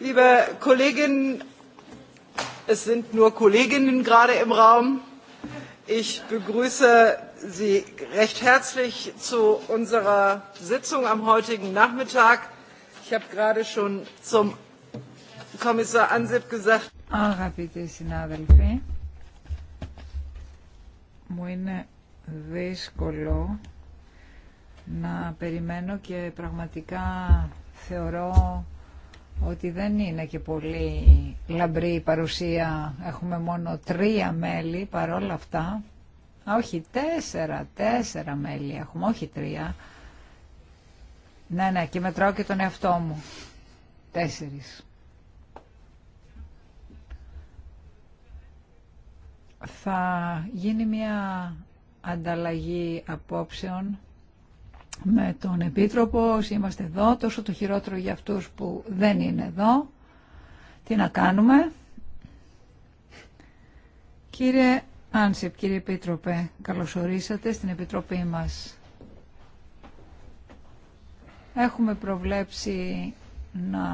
liebe Kolleginnen, es sind nur Kolleginnen gerade im Raum. Ich begrüße Sie recht herzlich zu unserer Sitzung am heutigen Nachmittag. Ich habe gerade schon zum Kommissar Ansip gesagt. Αγαπητοί συνάδελφοι, μου είναι δύσκολο να περιμένω και πραγματικά θεωρώ ότι δεν είναι και πολύ λαμπρή η παρουσία. Έχουμε μόνο τρία μέλη παρόλα αυτά. όχι, τέσσερα, τέσσερα μέλη έχουμε, όχι τρία. Ναι, ναι, και μετράω και τον εαυτό μου. Τέσσερις. Θα γίνει μια ανταλλαγή απόψεων με τον Επίτροπο, όσοι είμαστε εδώ, τόσο το χειρότερο για αυτούς που δεν είναι εδώ. Τι να κάνουμε. Κύριε Άνσεπ, κύριε Επίτροπε, καλωσορίσατε στην Επιτροπή μας. Έχουμε προβλέψει να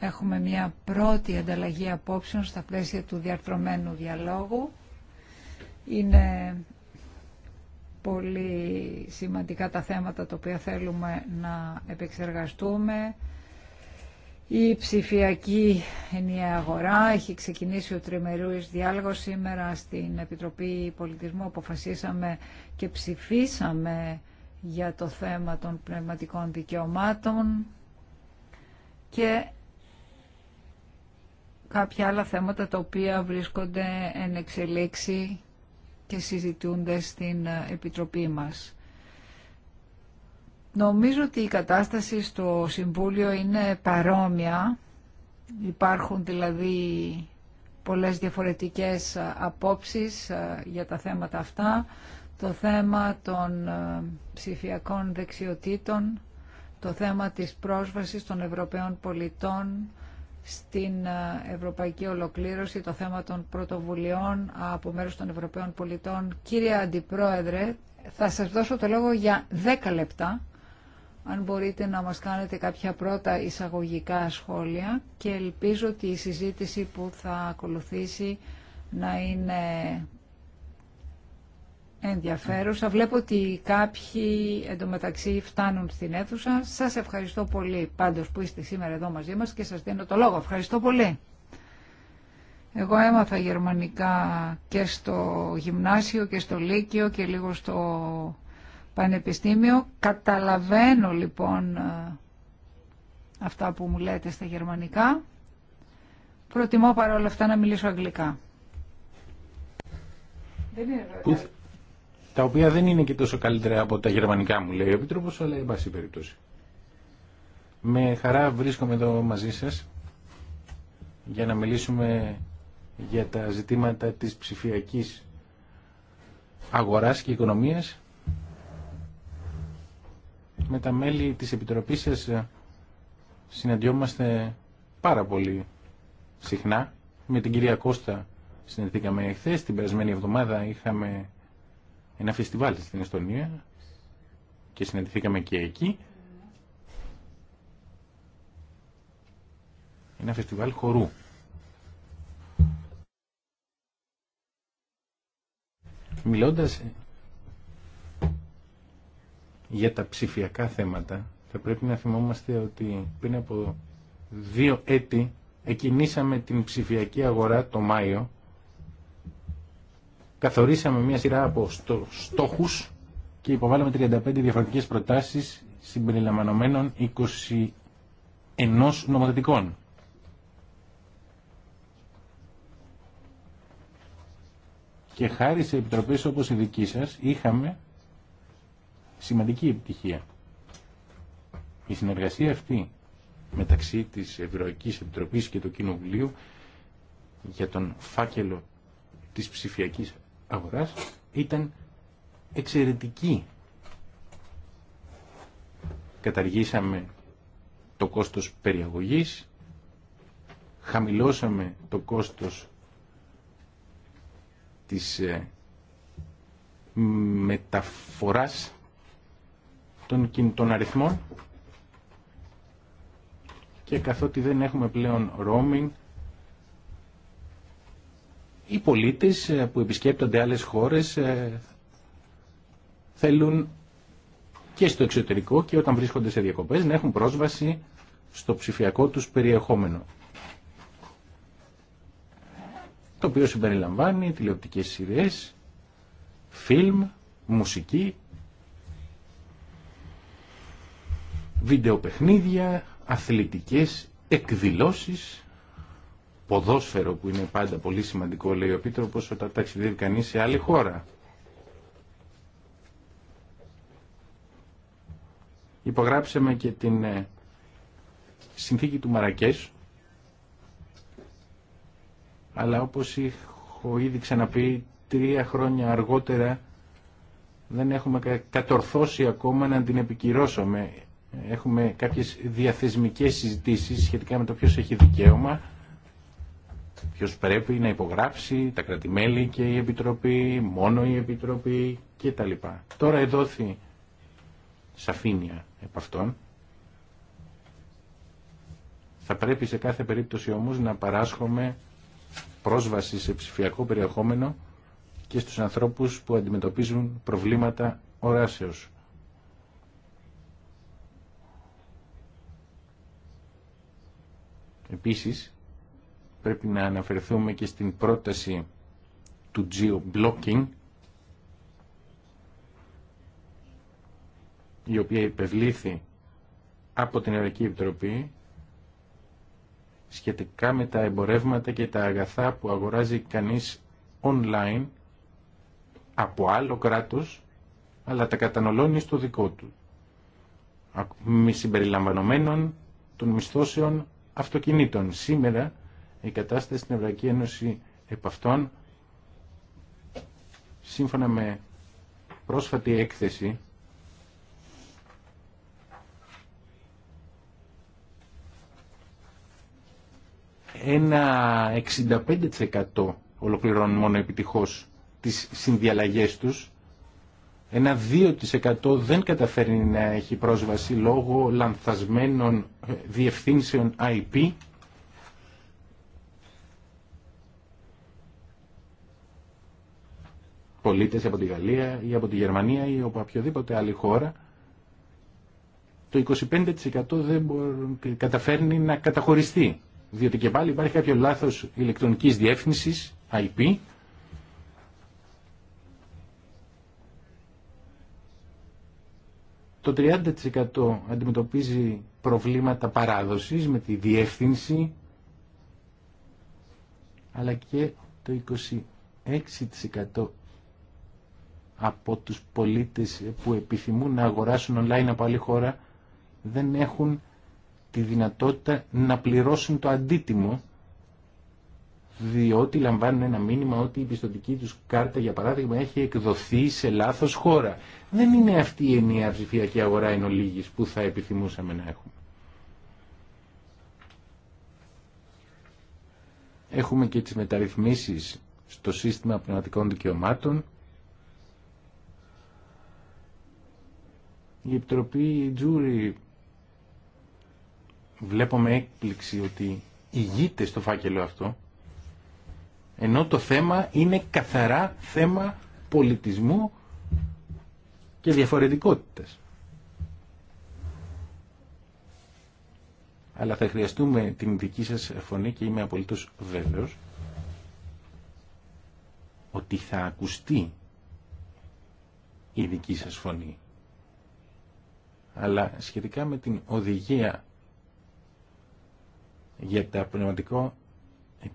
έχουμε μια πρώτη ανταλλαγή απόψεων στα πλαίσια του διαρθρωμένου διαλόγου. Είναι πολύ σημαντικά τα θέματα τα οποία θέλουμε να επεξεργαστούμε. Η ψηφιακή ενιαία αγορά έχει ξεκινήσει ο τριμερούς διάλογος σήμερα στην Επιτροπή Πολιτισμού αποφασίσαμε και ψηφίσαμε για το θέμα των πνευματικών δικαιωμάτων και κάποια άλλα θέματα τα οποία βρίσκονται εν εξελίξη και συζητούνται στην ε, Επιτροπή μας. Νομίζω ότι η κατάσταση στο Συμβούλιο είναι παρόμοια. Υπάρχουν δηλαδή πολλές διαφορετικές ε, απόψεις ε, για τα θέματα αυτά. Το θέμα των ψηφιακών δεξιοτήτων, το θέμα της πρόσβασης των Ευρωπαίων πολιτών στην ε, ευρωπαϊκή ολοκλήρωση το θέμα των πρωτοβουλειών από μέρους των Ευρωπαίων πολιτών. Κύριε Αντιπρόεδρε, θα σας δώσω το λόγο για 10 λεπτά, αν μπορείτε να μας κάνετε κάποια πρώτα εισαγωγικά σχόλια και ελπίζω ότι η συζήτηση που θα ακολουθήσει να είναι ενδιαφέρουσα. Βλέπω ότι κάποιοι εντωμεταξύ φτάνουν στην αίθουσα. Σας ευχαριστώ πολύ πάντως που είστε σήμερα εδώ μαζί μας και σας δίνω το λόγο. Ευχαριστώ πολύ. Εγώ έμαθα γερμανικά και στο γυμνάσιο και στο λύκειο και λίγο στο πανεπιστήμιο. Καταλαβαίνω λοιπόν αυτά που μου λέτε στα γερμανικά. Προτιμώ παρόλα αυτά να μιλήσω αγγλικά. Δεν είναι τα οποία δεν είναι και τόσο καλύτερα από τα γερμανικά μου λέει ο Επίτροπος, αλλά εν πάση περιπτώσει. Με χαρά βρίσκομαι εδώ μαζί σας για να μιλήσουμε για τα ζητήματα της ψηφιακής αγοράς και οικονομίας με τα μέλη της Επιτροπής σας ε, συναντιόμαστε πάρα πολύ συχνά με την κυρία Κώστα συναντήθηκαμε εχθές την περασμένη εβδομάδα είχαμε ένα φεστιβάλ στην Εστονία και συναντηθήκαμε και εκεί. Ένα φεστιβάλ χορού. Μιλώντας για τα ψηφιακά θέματα, θα πρέπει να θυμόμαστε ότι πριν από δύο έτη εκινήσαμε την ψηφιακή αγορά το Μάιο καθορίσαμε μια σειρά από στόχους και υποβάλαμε 35 διαφορετικές προτάσεις συμπεριλαμβανομένων 21 νομοθετικών. Και χάρη σε επιτροπές όπως η δική σας είχαμε σημαντική επιτυχία. Η συνεργασία αυτή μεταξύ της Ευρωπαϊκής Επιτροπής και του Κοινοβουλίου για τον φάκελο της ψηφιακής αγοράς ήταν εξαιρετική. Καταργήσαμε το κόστος περιαγωγής, χαμηλώσαμε το κόστος της ε, μεταφοράς των κινητών αριθμών και καθότι δεν έχουμε πλέον roaming οι πολίτες ε, που επισκέπτονται άλλες χώρες ε, θέλουν και στο εξωτερικό και όταν βρίσκονται σε διακοπές να έχουν πρόσβαση στο ψηφιακό τους περιεχόμενο. Το οποίο συμπεριλαμβάνει τηλεοπτικές σειρές, φιλμ, μουσική, βιντεοπαιχνίδια, αθλητικές εκδηλώσεις ποδόσφαιρο που είναι πάντα πολύ σημαντικό, λέει ο Επίτροπος, όταν ταξιδεύει κανείς σε άλλη χώρα. Υπογράψαμε και την ε, συνθήκη του Μαρακές, αλλά όπως έχω ήδη ξαναπεί, τρία χρόνια αργότερα δεν έχουμε κατορθώσει ακόμα να την επικυρώσουμε. Έχουμε κάποιες διαθεσμικές συζητήσεις σχετικά με το ποιος έχει δικαίωμα Ποιο πρέπει να υπογράψει, τα κρατημέλη και η Επιτροπή, μόνο η Επιτροπή κτλ. Τώρα εδόθη σαφήνεια επ' αυτόν Θα πρέπει σε κάθε περίπτωση όμως να παράσχομαι πρόσβαση σε ψηφιακό περιεχόμενο και στους ανθρώπους που αντιμετωπίζουν προβλήματα οράσεως. Επίσης, πρέπει να αναφερθούμε και στην πρόταση του GEOBLOCKING blocking η οποία υπευλήθη από την Ευρωπαϊκή Επιτροπή σχετικά με τα εμπορεύματα και τα αγαθά που αγοράζει κανείς online από άλλο κράτος αλλά τα κατανολώνει στο δικό του μη συμπεριλαμβανομένων των μισθώσεων αυτοκινήτων. Σήμερα η κατάσταση στην Ευρωπαϊκή Ένωση επ' αυτών, σύμφωνα με πρόσφατη έκθεση ένα 65% ολοκληρώνουν μόνο επιτυχώς τις συνδιαλλαγές τους, ένα 2% δεν καταφέρνει να έχει πρόσβαση λόγω λανθασμένων ε, διευθύνσεων IP πολίτες από τη Γαλλία ή από τη Γερμανία ή από οποιοδήποτε άλλη χώρα, το 25% δεν μπορεί, καταφέρνει να καταχωριστεί. Διότι και πάλι υπάρχει κάποιο λάθος ηλεκτρονικής διεύθυνσης, IP, το 30% αντιμετωπίζει προβλήματα παράδοσης με τη διεύθυνση αλλά και το 26% από τους πολίτες που επιθυμούν να αγοράσουν online από άλλη χώρα δεν έχουν τη δυνατότητα να πληρώσουν το αντίτιμο διότι λαμβάνουν ένα μήνυμα ότι η πιστοτική τους κάρτα για παράδειγμα έχει εκδοθεί σε λάθος χώρα. Δεν είναι αυτή η ενιαία ψηφιακή αγορά εν ολίγης που θα επιθυμούσαμε να έχουμε. Έχουμε και τις μεταρρυθμίσεις στο σύστημα πνευματικών δικαιωμάτων Η Επιτροπή Τζούρι βλέπω με έκπληξη ότι ηγείται στο φάκελο αυτό ενώ το θέμα είναι καθαρά θέμα πολιτισμού και διαφορετικότητες. Αλλά θα χρειαστούμε την δική σας φωνή και είμαι απολύτως βέβαιος ότι θα ακουστεί η δική σας φωνή αλλά σχετικά με την οδηγία για τα πνευματικό,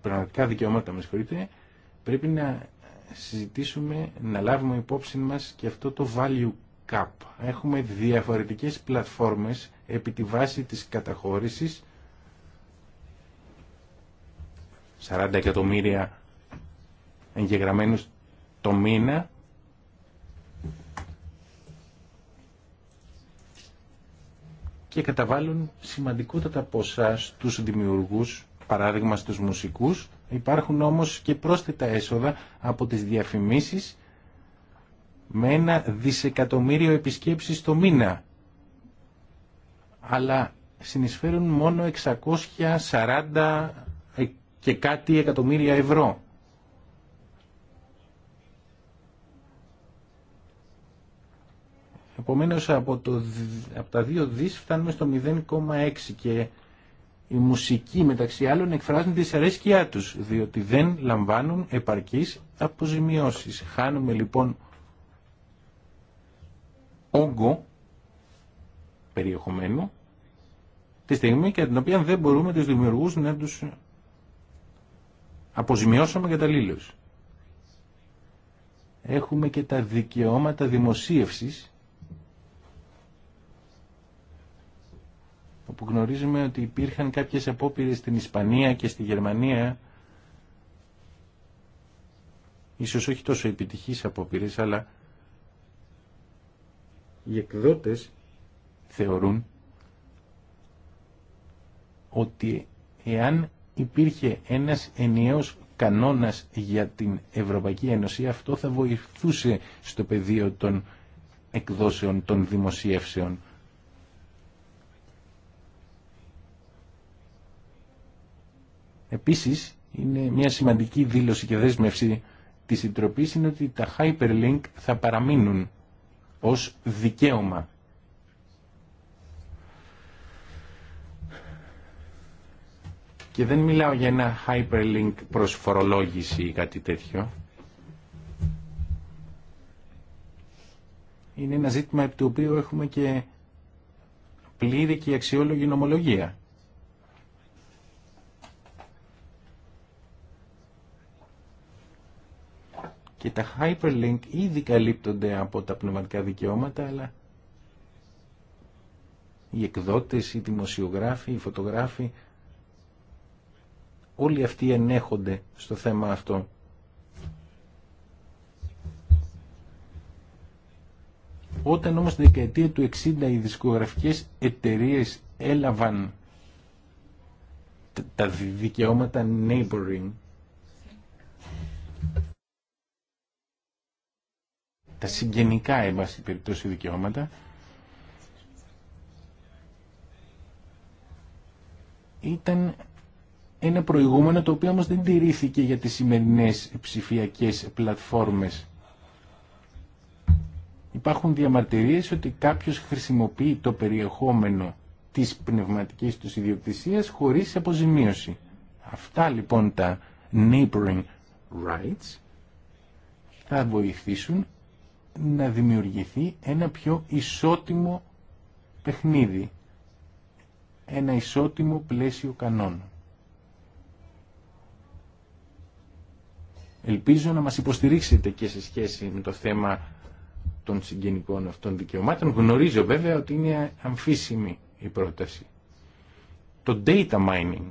πνευματικά δικαιώματα, με πρέπει να συζητήσουμε, να λάβουμε υπόψη μας και αυτό το value cap. Έχουμε διαφορετικές πλατφόρμες επί τη βάση της καταχώρησης, 40 εκατομμύρια εγγεγραμμένους το μήνα και καταβάλουν σημαντικότατα ποσά στους δημιουργούς, παράδειγμα στους μουσικούς. Υπάρχουν όμως και πρόσθετα έσοδα από τις διαφημίσεις με ένα δισεκατομμύριο επισκέψεις το μήνα. Αλλά συνεισφέρουν μόνο 640 και κάτι εκατομμύρια ευρώ. Επομένως από, από τα 2 δις φτάνουμε στο 0,6 και η μουσική, μεταξύ άλλων εκφράζουν τη δυσαρέσκειά τους διότι δεν λαμβάνουν επαρκείς αποζημιώσεις. Χάνουμε λοιπόν όγκο περιεχομένου τη στιγμή και την οποία δεν μπορούμε τους δημιουργούς να τους αποζημιώσουμε καταλήλως. Έχουμε και τα δικαιώματα δημοσίευσης όπου γνωρίζουμε ότι υπήρχαν κάποιες απόπειρες στην Ισπανία και στη Γερμανία ίσως όχι τόσο επιτυχείς απόπειρες αλλά οι εκδότες θεωρούν ότι εάν υπήρχε ένας ενιαίος κανόνας για την Ευρωπαϊκή Ένωση αυτό θα βοηθούσε στο πεδίο των εκδόσεων των δημοσίευσεων Επίσης, είναι μια σημαντική δήλωση και δέσμευση της Επιτροπής είναι ότι τα hyperlink θα παραμείνουν ως δικαίωμα. Και δεν μιλάω για ένα hyperlink προς φορολόγηση ή κάτι τέτοιο. Είναι ένα ζήτημα επί του έχουμε και πλήρη και αξιόλογη νομολογία. και τα hyperlink ήδη καλύπτονται από τα πνευματικά δικαιώματα, αλλά οι εκδότες, οι δημοσιογράφοι, οι φωτογράφοι, όλοι αυτοί ενέχονται στο θέμα αυτό. Όταν όμως τη δεκαετία του 60 οι δισκογραφικές εταιρείες έλαβαν τα δικαιώματα neighboring τα συγγενικά εν περιπτώσει δικαιώματα ήταν ένα προηγούμενο το οποίο όμως δεν τηρήθηκε για τις σημερινές ψηφιακές πλατφόρμες. Υπάρχουν διαμαρτυρίες ότι κάποιος χρησιμοποιεί το περιεχόμενο της πνευματικής του ιδιοκτησίας χωρίς αποζημίωση. Αυτά λοιπόν τα neighboring rights θα βοηθήσουν να δημιουργηθεί ένα πιο ισότιμο παιχνίδι, ένα ισότιμο πλαίσιο κανόνων. Ελπίζω να μας υποστηρίξετε και σε σχέση με το θέμα των συγγενικών αυτών δικαιωμάτων. Γνωρίζω βέβαια ότι είναι αμφίσιμη η πρόταση. Το data mining,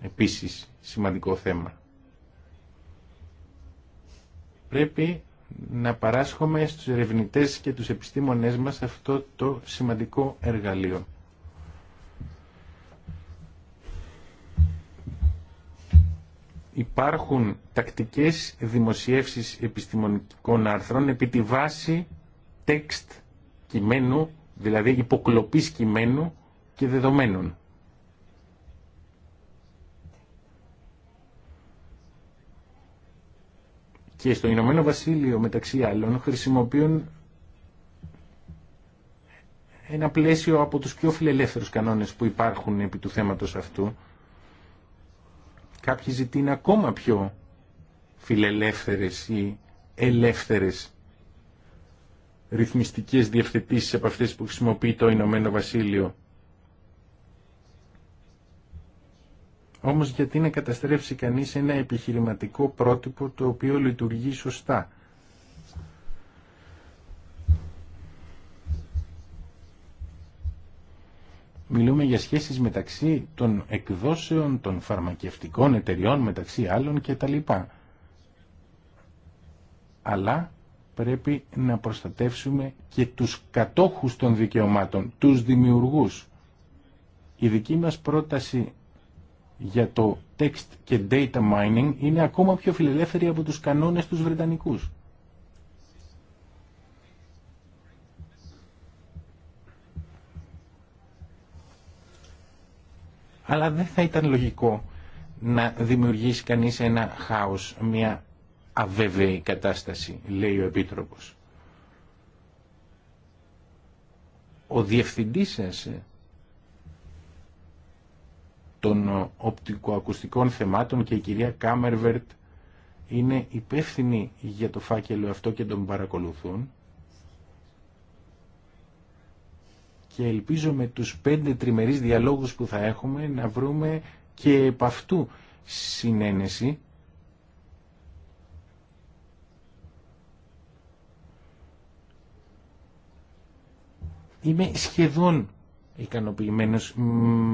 επίσης σημαντικό θέμα. Πρέπει να παράσχουμε στους ερευνητές και τους επιστήμονές μας αυτό το σημαντικό εργαλείο. Υπάρχουν τακτικές δημοσιεύσεις επιστημονικών άρθρων επί τη βάση τέξτ κειμένου, δηλαδή υποκλοπής κειμένου και δεδομένων. Και στο Ηνωμένο Βασίλειο, μεταξύ άλλων, χρησιμοποιούν ένα πλαίσιο από τους πιο φιλελεύθερους κανόνες που υπάρχουν επί του θέματος αυτού. Κάποιοι ζητήν ακόμα πιο φιλελεύθερες ή ελεύθερες ρυθμιστικές διευθετήσεις από αυτές που χρησιμοποιεί το Ηνωμένο Βασίλειο Όμως γιατί να καταστρέψει κανείς ένα επιχειρηματικό πρότυπο το οποίο λειτουργεί σωστά. Μιλούμε για σχέσεις μεταξύ των εκδόσεων των φαρμακευτικών εταιριών μεταξύ άλλων κτλ. Αλλά πρέπει να προστατεύσουμε και τους κατόχους των δικαιωμάτων, τους δημιουργούς. Η δική μας πρόταση για το text και data mining είναι ακόμα πιο φιλελεύθερη από τους κανόνες τους Βρετανικούς. Αλλά δεν θα ήταν λογικό να δημιουργήσει κανείς ένα χάος, μια αβέβαιη κατάσταση, λέει ο Επίτροπος. Ο διευθυντής σας των οπτικοακουστικών θεμάτων και η κυρία Κάμερβερτ είναι υπεύθυνη για το φάκελο αυτό και τον παρακολουθούν. Και ελπίζω με τους πέντε τριμερείς διαλόγους που θα έχουμε να βρούμε και επ' αυτού συνένεση. Είμαι σχεδόν ικανοποιημένος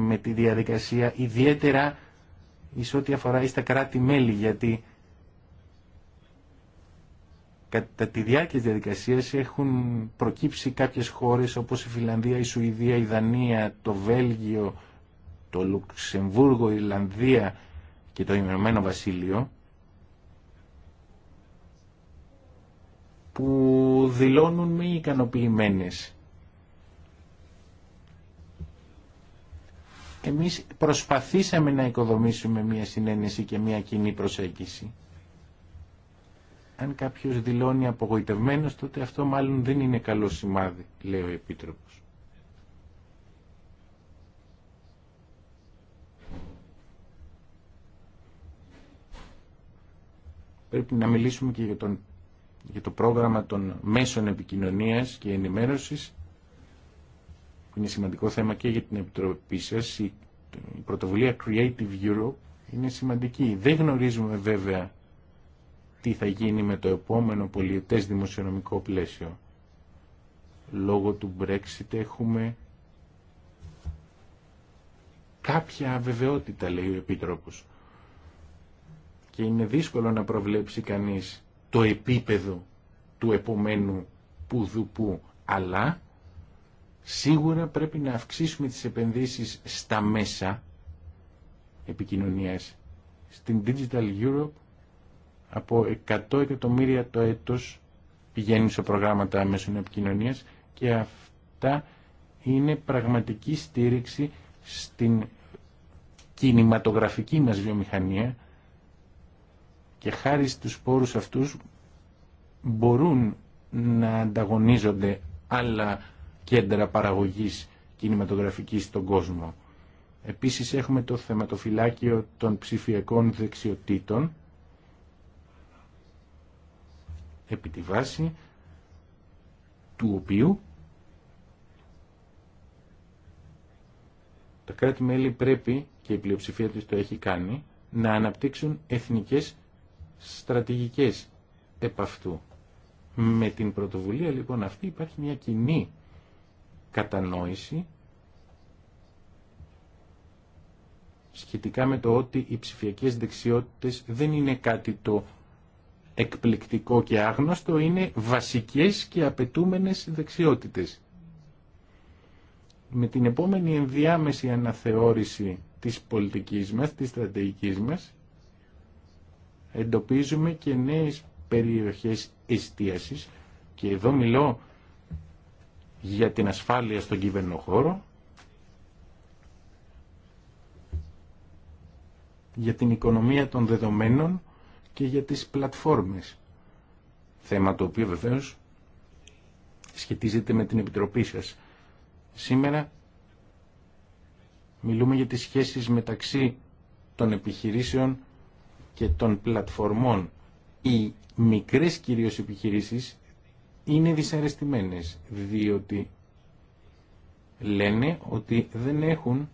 με τη διαδικασία, ιδιαίτερα εις ό,τι αφορά στα κράτη-μέλη, γιατί κατά τη διάρκεια της διαδικασίας έχουν προκύψει κάποιες χώρες όπως η Φιλανδία, η Σουηδία, η Δανία, το Βέλγιο, το Λουξεμβούργο, η Ιρλανδία και το Ηνωμένο Βασίλειο, που δηλώνουν μη ικανοποιημένες Εμείς προσπαθήσαμε να οικοδομήσουμε μια συνένεση και μια κοινή προσέγγιση. Αν κάποιος δηλώνει απογοητευμένος, τότε αυτό μάλλον δεν είναι καλό σημάδι, λέει ο Επίτροπος. Πρέπει να μιλήσουμε και για, τον, για το πρόγραμμα των μέσων επικοινωνίας και ενημέρωσης που είναι σημαντικό θέμα και για την Επιτροπή σας, η πρωτοβουλία Creative Europe είναι σημαντική. Δεν γνωρίζουμε βέβαια τι θα γίνει με το επόμενο πολιετές δημοσιονομικό πλαίσιο. Λόγω του Brexit έχουμε κάποια αβεβαιότητα, λέει ο Επίτροπος. Και είναι δύσκολο να προβλέψει κανείς το επίπεδο του επομένου που-δου-πού. αλλά Σίγουρα πρέπει να αυξήσουμε τις επενδύσεις στα μέσα επικοινωνίας. Στην Digital Europe από 100 εκατομμύρια το έτος πηγαίνουν σε προγράμματα μέσων επικοινωνίας και αυτά είναι πραγματική στήριξη στην κινηματογραφική μας βιομηχανία και χάρη στους πόρους αυτούς μπορούν να ανταγωνίζονται άλλα κέντρα παραγωγής κινηματογραφικής στον κόσμο. Επίσης έχουμε το θεματοφυλάκιο των ψηφιακών δεξιοτήτων επί τη βάση του οποίου τα κράτη-μέλη πρέπει, και η πλειοψηφία της το έχει κάνει, να αναπτύξουν εθνικές στρατηγικές επ' αυτού. Με την πρωτοβουλία λοιπόν αυτή υπάρχει μια κοινή κατανόηση σχετικά με το ότι οι ψηφιακές δεξιότητες δεν είναι κάτι το εκπληκτικό και άγνωστο, είναι βασικές και απαιτούμενες δεξιότητες. Με την επόμενη ενδιάμεση αναθεώρηση της πολιτικής μας, της στρατηγικής μας, εντοπίζουμε και νέες περιοχές εστίασης και εδώ μιλώ για την ασφάλεια στον κυβερνοχώρο, για την οικονομία των δεδομένων και για τις πλατφόρμες. Θέμα το οποίο βεβαίως σχετίζεται με την Επιτροπή σας. Σήμερα μιλούμε για τις σχέσεις μεταξύ των επιχειρήσεων και των πλατφορμών. Οι μικρές κυρίως επιχειρήσεις είναι δυσαρεστημένες διότι λένε ότι δεν έχουν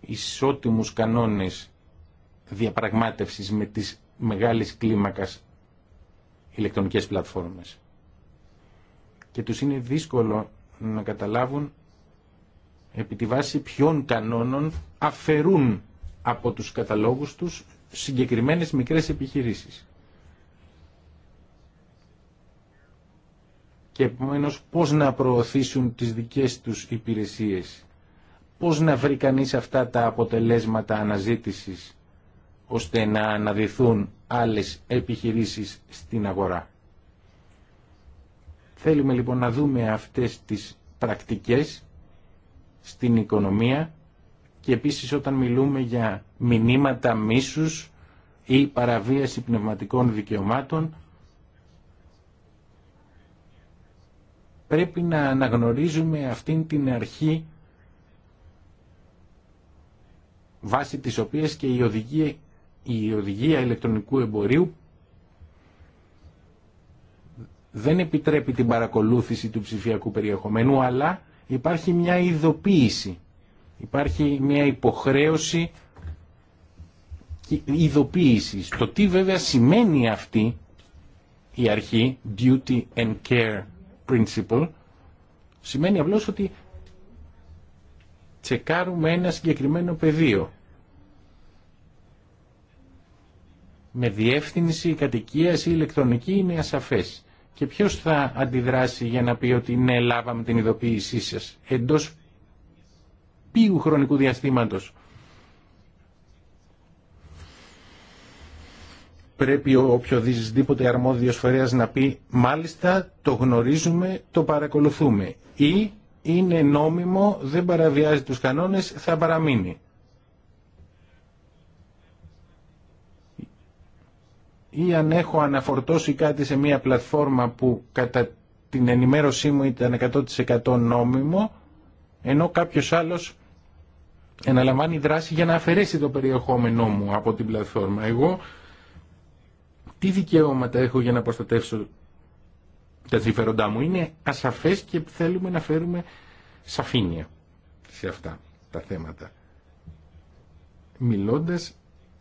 ισότιμους κανόνες διαπραγμάτευσης με τις μεγάλες κλίμακας ηλεκτρονικές πλατφόρμες. Και τους είναι δύσκολο να καταλάβουν επί τη βάση ποιών κανόνων αφαιρούν από τους καταλόγους τους συγκεκριμένες μικρές επιχειρήσεις. και επομένω πώς να προωθήσουν τις δικές τους υπηρεσίες. Πώς να βρει κανεί αυτά τα αποτελέσματα αναζήτησης ώστε να αναδυθούν άλλες επιχειρήσεις στην αγορά. Θέλουμε λοιπόν να δούμε αυτές τις πρακτικές στην οικονομία και επίσης όταν μιλούμε για μηνύματα μίσους ή παραβίαση πνευματικών δικαιωμάτων πρέπει να αναγνωρίζουμε αυτήν την αρχή βάσει της οποίας και η οδηγία, η οδηγία ηλεκτρονικού εμπορίου δεν επιτρέπει την παρακολούθηση του ψηφιακού περιεχομένου, αλλά υπάρχει μια ειδοποίηση, υπάρχει μια υποχρέωση ειδοποίηση. Το τι βέβαια σημαίνει αυτή η αρχή, duty and care principle σημαίνει απλώς ότι τσεκάρουμε ένα συγκεκριμένο πεδίο με διεύθυνση κατοικία ή ηλεκτρονική είναι ασαφές. Και ποιος θα αντιδράσει για να πει ότι ναι, λάβαμε την ειδοποίησή σας εντός ποιου χρονικού διαστήματος πρέπει οποιοδήποτε αρμόδιος φορέας να πει «Μάλιστα, το γνωρίζουμε, το παρακολουθούμε» ή «Είναι νόμιμο, δεν παραβιάζει τους κανόνες, θα παραμείνει». Ή αν έχω αναφορτώσει κάτι σε μια πλατφόρμα που κατά την ενημέρωσή μου ήταν 100% νόμιμο, ενώ κάποιος άλλος εναλαμβάνει δράση για να αφαιρέσει το περιεχόμενό μου από την πλατφόρμα. Εγώ τι δικαιώματα έχω για να προστατεύσω τα συμφέροντά μου. Είναι ασαφές και θέλουμε να φέρουμε σαφήνεια σε αυτά τα θέματα. Μιλώντας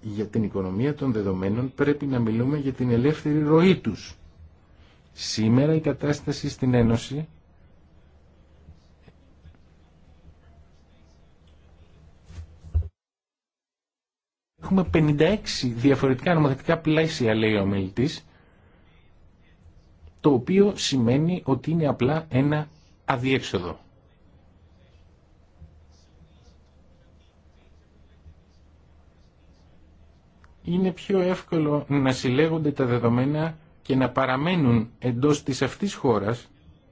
για την οικονομία των δεδομένων πρέπει να μιλούμε για την ελεύθερη ροή τους. Σήμερα η κατάσταση στην Ένωση Έχουμε 56 διαφορετικά νομοθετικά πλαίσια, λέει ο μιλητή, το οποίο σημαίνει ότι είναι απλά ένα αδιέξοδο. Είναι πιο εύκολο να συλλέγονται τα δεδομένα και να παραμένουν εντός της αυτής χώρας,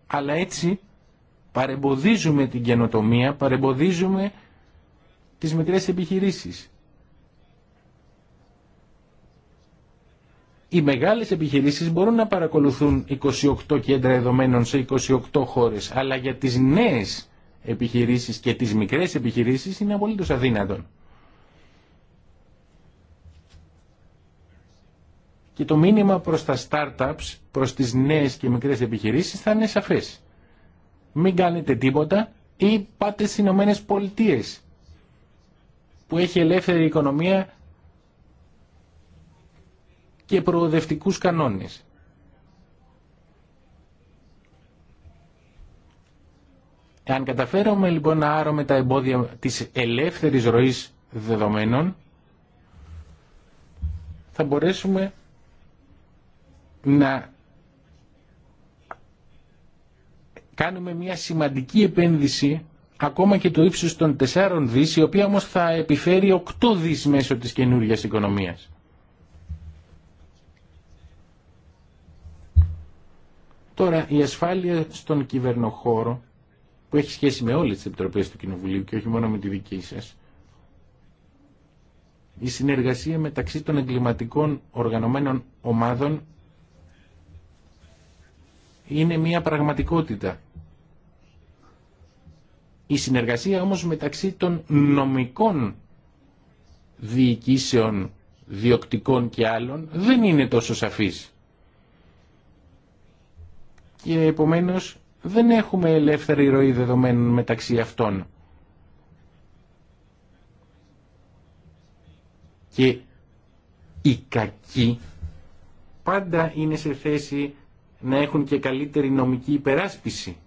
αλλά έτσι παρεμποδίζουμε την καινοτομία, παρεμποδίζουμε τις μικρές επιχειρήσεις. οι μεγάλες επιχειρήσεις μπορούν να παρακολουθούν 28 κέντρα εδωμένων σε 28 χώρες, αλλά για τις νέες επιχειρήσεις και τις μικρές επιχειρήσεις είναι απολύτως αδύνατον. Και το μήνυμα προς τα startups, προς τις νέες και μικρές επιχειρήσεις θα είναι σαφές. Μην κάνετε τίποτα ή πάτε στις Ηνωμένε Πολιτείες που έχει ελεύθερη οικονομία και προοδευτικούς κανόνες. Αν καταφέραμε λοιπόν να άρωμε τα εμπόδια της ελεύθερης ροής δεδομένων, θα μπορέσουμε να κάνουμε μια σημαντική επένδυση ακόμα και το ύψος των 4 δις, η οποία όμως θα επιφέρει 8 δις μέσω της καινούργιας οικονομίας. Τώρα, η ασφάλεια στον κυβερνοχώρο, που έχει σχέση με όλες τις επιτροπές του Κοινοβουλίου και όχι μόνο με τη δική σας, η συνεργασία μεταξύ των εγκληματικών οργανωμένων ομάδων είναι μια πραγματικότητα. Η συνεργασία όμως μεταξύ των νομικών διοικήσεων, διοκτικών και άλλων δεν είναι τόσο σαφής και επομένως δεν έχουμε ελεύθερη ροή δεδομένων μεταξύ αυτών. Και οι κακοί πάντα είναι σε θέση να έχουν και καλύτερη νομική υπεράσπιση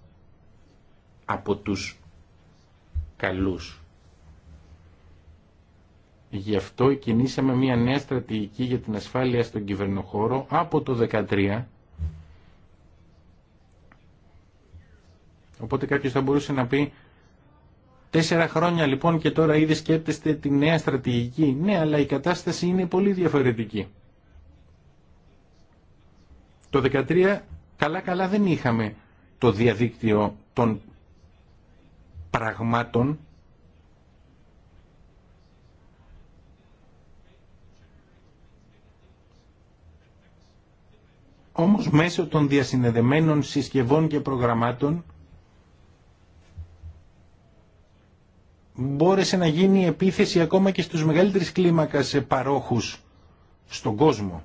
από τους καλούς. Γι' αυτό κινήσαμε μια νέα στρατηγική για την ασφάλεια στον κυβερνοχώρο από το 2013 Οπότε κάποιο θα μπορούσε να πει τέσσερα χρόνια λοιπόν και τώρα ήδη σκέπτεστε τη νέα στρατηγική. Ναι, αλλά η κατάσταση είναι πολύ διαφορετική. Το 2013 καλά-καλά δεν είχαμε το διαδίκτυο των πραγμάτων Όμως μέσω των διασυνδεδεμένων συσκευών και προγραμμάτων μπόρεσε να γίνει επίθεση ακόμα και στους μεγαλύτερες κλίμακας παρόχους στον κόσμο.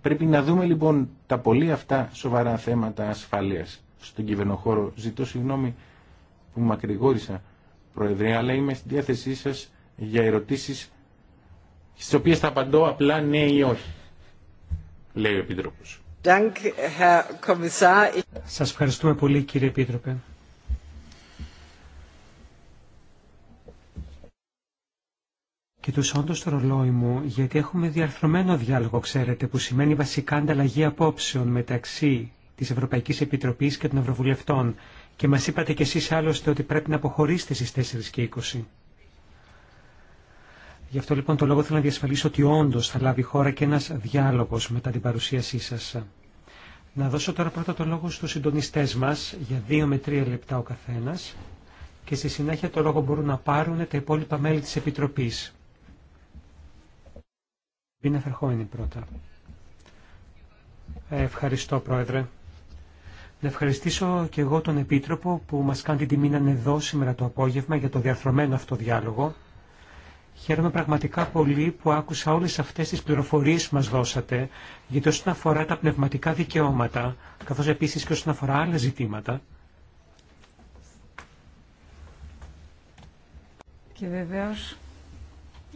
Πρέπει να δούμε λοιπόν τα πολύ αυτά σοβαρά θέματα ασφαλείας στον κυβερνοχώρο. Ζητώ συγγνώμη που μακρηγόρησα, Προεδρέ, αλλά είμαι στη διάθεσή σας για ερωτήσεις στις οποίες θα απαντώ απλά ναι ή όχι, λέει ο Επίτροπος. Σας ευχαριστούμε πολύ κύριε Επίτροπε. του όντω το ρολόι μου, γιατί έχουμε διαρθρωμένο διάλογο, ξέρετε, που σημαίνει βασικά ανταλλαγή απόψεων μεταξύ τη Ευρωπαϊκή Επιτροπή και των Ευρωβουλευτών. Και μα είπατε κι εσεί άλλωστε ότι πρέπει να αποχωρήσετε στι 4 και 20. Γι' αυτό λοιπόν το λόγο θέλω να διασφαλίσω ότι όντω θα λάβει χώρα και ένα διάλογο μετά την παρουσίασή σα. Να δώσω τώρα πρώτα το λόγο στους συντονιστές μας για 2 με 3 λεπτά ο καθένας και στη συνέχεια το λόγο μπορούν να πάρουν τα υπόλοιπα μέλη τη Επιτροπής. Ε, ευχαριστώ, Πρόεδρε. Να ευχαριστήσω και εγώ τον Επίτροπο που μας κάνει την τιμή να είναι εδώ σήμερα το απόγευμα για το διαρθρωμένο αυτό διάλογο. Χαίρομαι πραγματικά πολύ που άκουσα όλες αυτές τις πληροφορίες που μας δώσατε, γιατί όσον αφορά τα πνευματικά δικαιώματα, καθώς επίσης και όσον αφορά άλλα ζητήματα. Και βεβαίως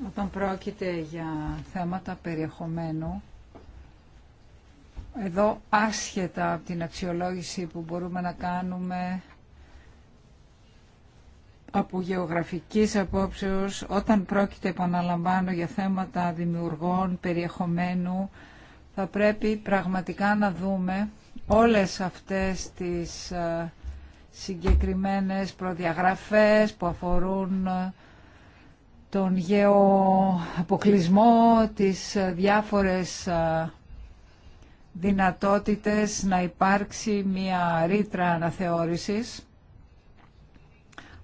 όταν πρόκειται για θέματα περιεχομένου, εδώ άσχετα από την αξιολόγηση που μπορούμε να κάνουμε από γεωγραφικής απόψεως, όταν πρόκειται, επαναλαμβάνω, για θέματα δημιουργών, περιεχομένου, θα πρέπει πραγματικά να δούμε όλες αυτές τις ε, συγκεκριμένες προδιαγραφές που αφορούν ε, τον γεωαποκλεισμό, τις ε, διάφορες ε, δυνατότητες να υπάρξει μια ρήτρα αναθεώρησης.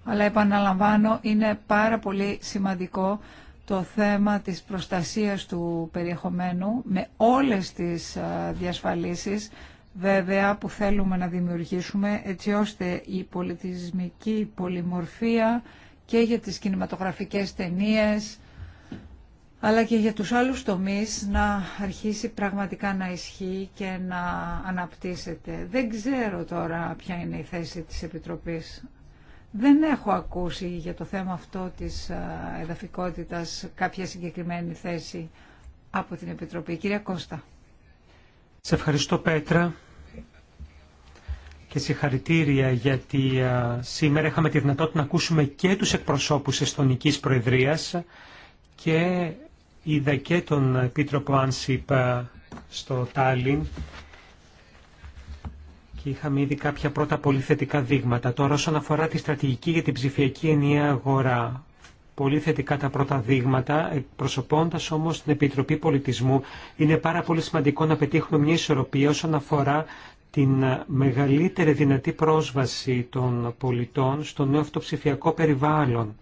Αλλά επαναλαμβάνω, είναι πάρα πολύ σημαντικό το θέμα της προστασίας του περιεχομένου με όλες τις ε, διασφαλίσεις βέβαια που θέλουμε να δημιουργήσουμε έτσι ώστε η πολιτισμική πολυμορφία και για τις κινηματογραφικές ταινίες αλλά και για τους άλλους τομείς να αρχίσει πραγματικά να ισχύει και να αναπτύσσεται. Δεν ξέρω τώρα ποια είναι η θέση της Επιτροπής. Δεν έχω ακούσει για το θέμα αυτό της ε, εδαφικότητας κάποια συγκεκριμένη θέση από την Επιτροπή. Κυρία Κώστα. Σε ευχαριστώ Πέτρα και συγχαρητήρια γιατί σήμερα είχαμε τη δυνατότητα να ακούσουμε και τους εκπροσώπους Εστονικής Προεδρίας και είδα και τον Επίτροπο Άνσιπ στο Τάλιν και είχαμε ήδη κάποια πρώτα πολύ θετικά δείγματα. Τώρα όσον αφορά τη στρατηγική για την ψηφιακή ενιαία αγορά, πολύ θετικά τα πρώτα δείγματα, εκπροσωπώντας όμως την Επιτροπή Πολιτισμού, είναι πάρα πολύ σημαντικό να πετύχουμε μια ισορροπία όσον αφορά την μεγαλύτερη δυνατή πρόσβαση των πολιτών στο νέο αυτοψηφιακό περιβάλλον.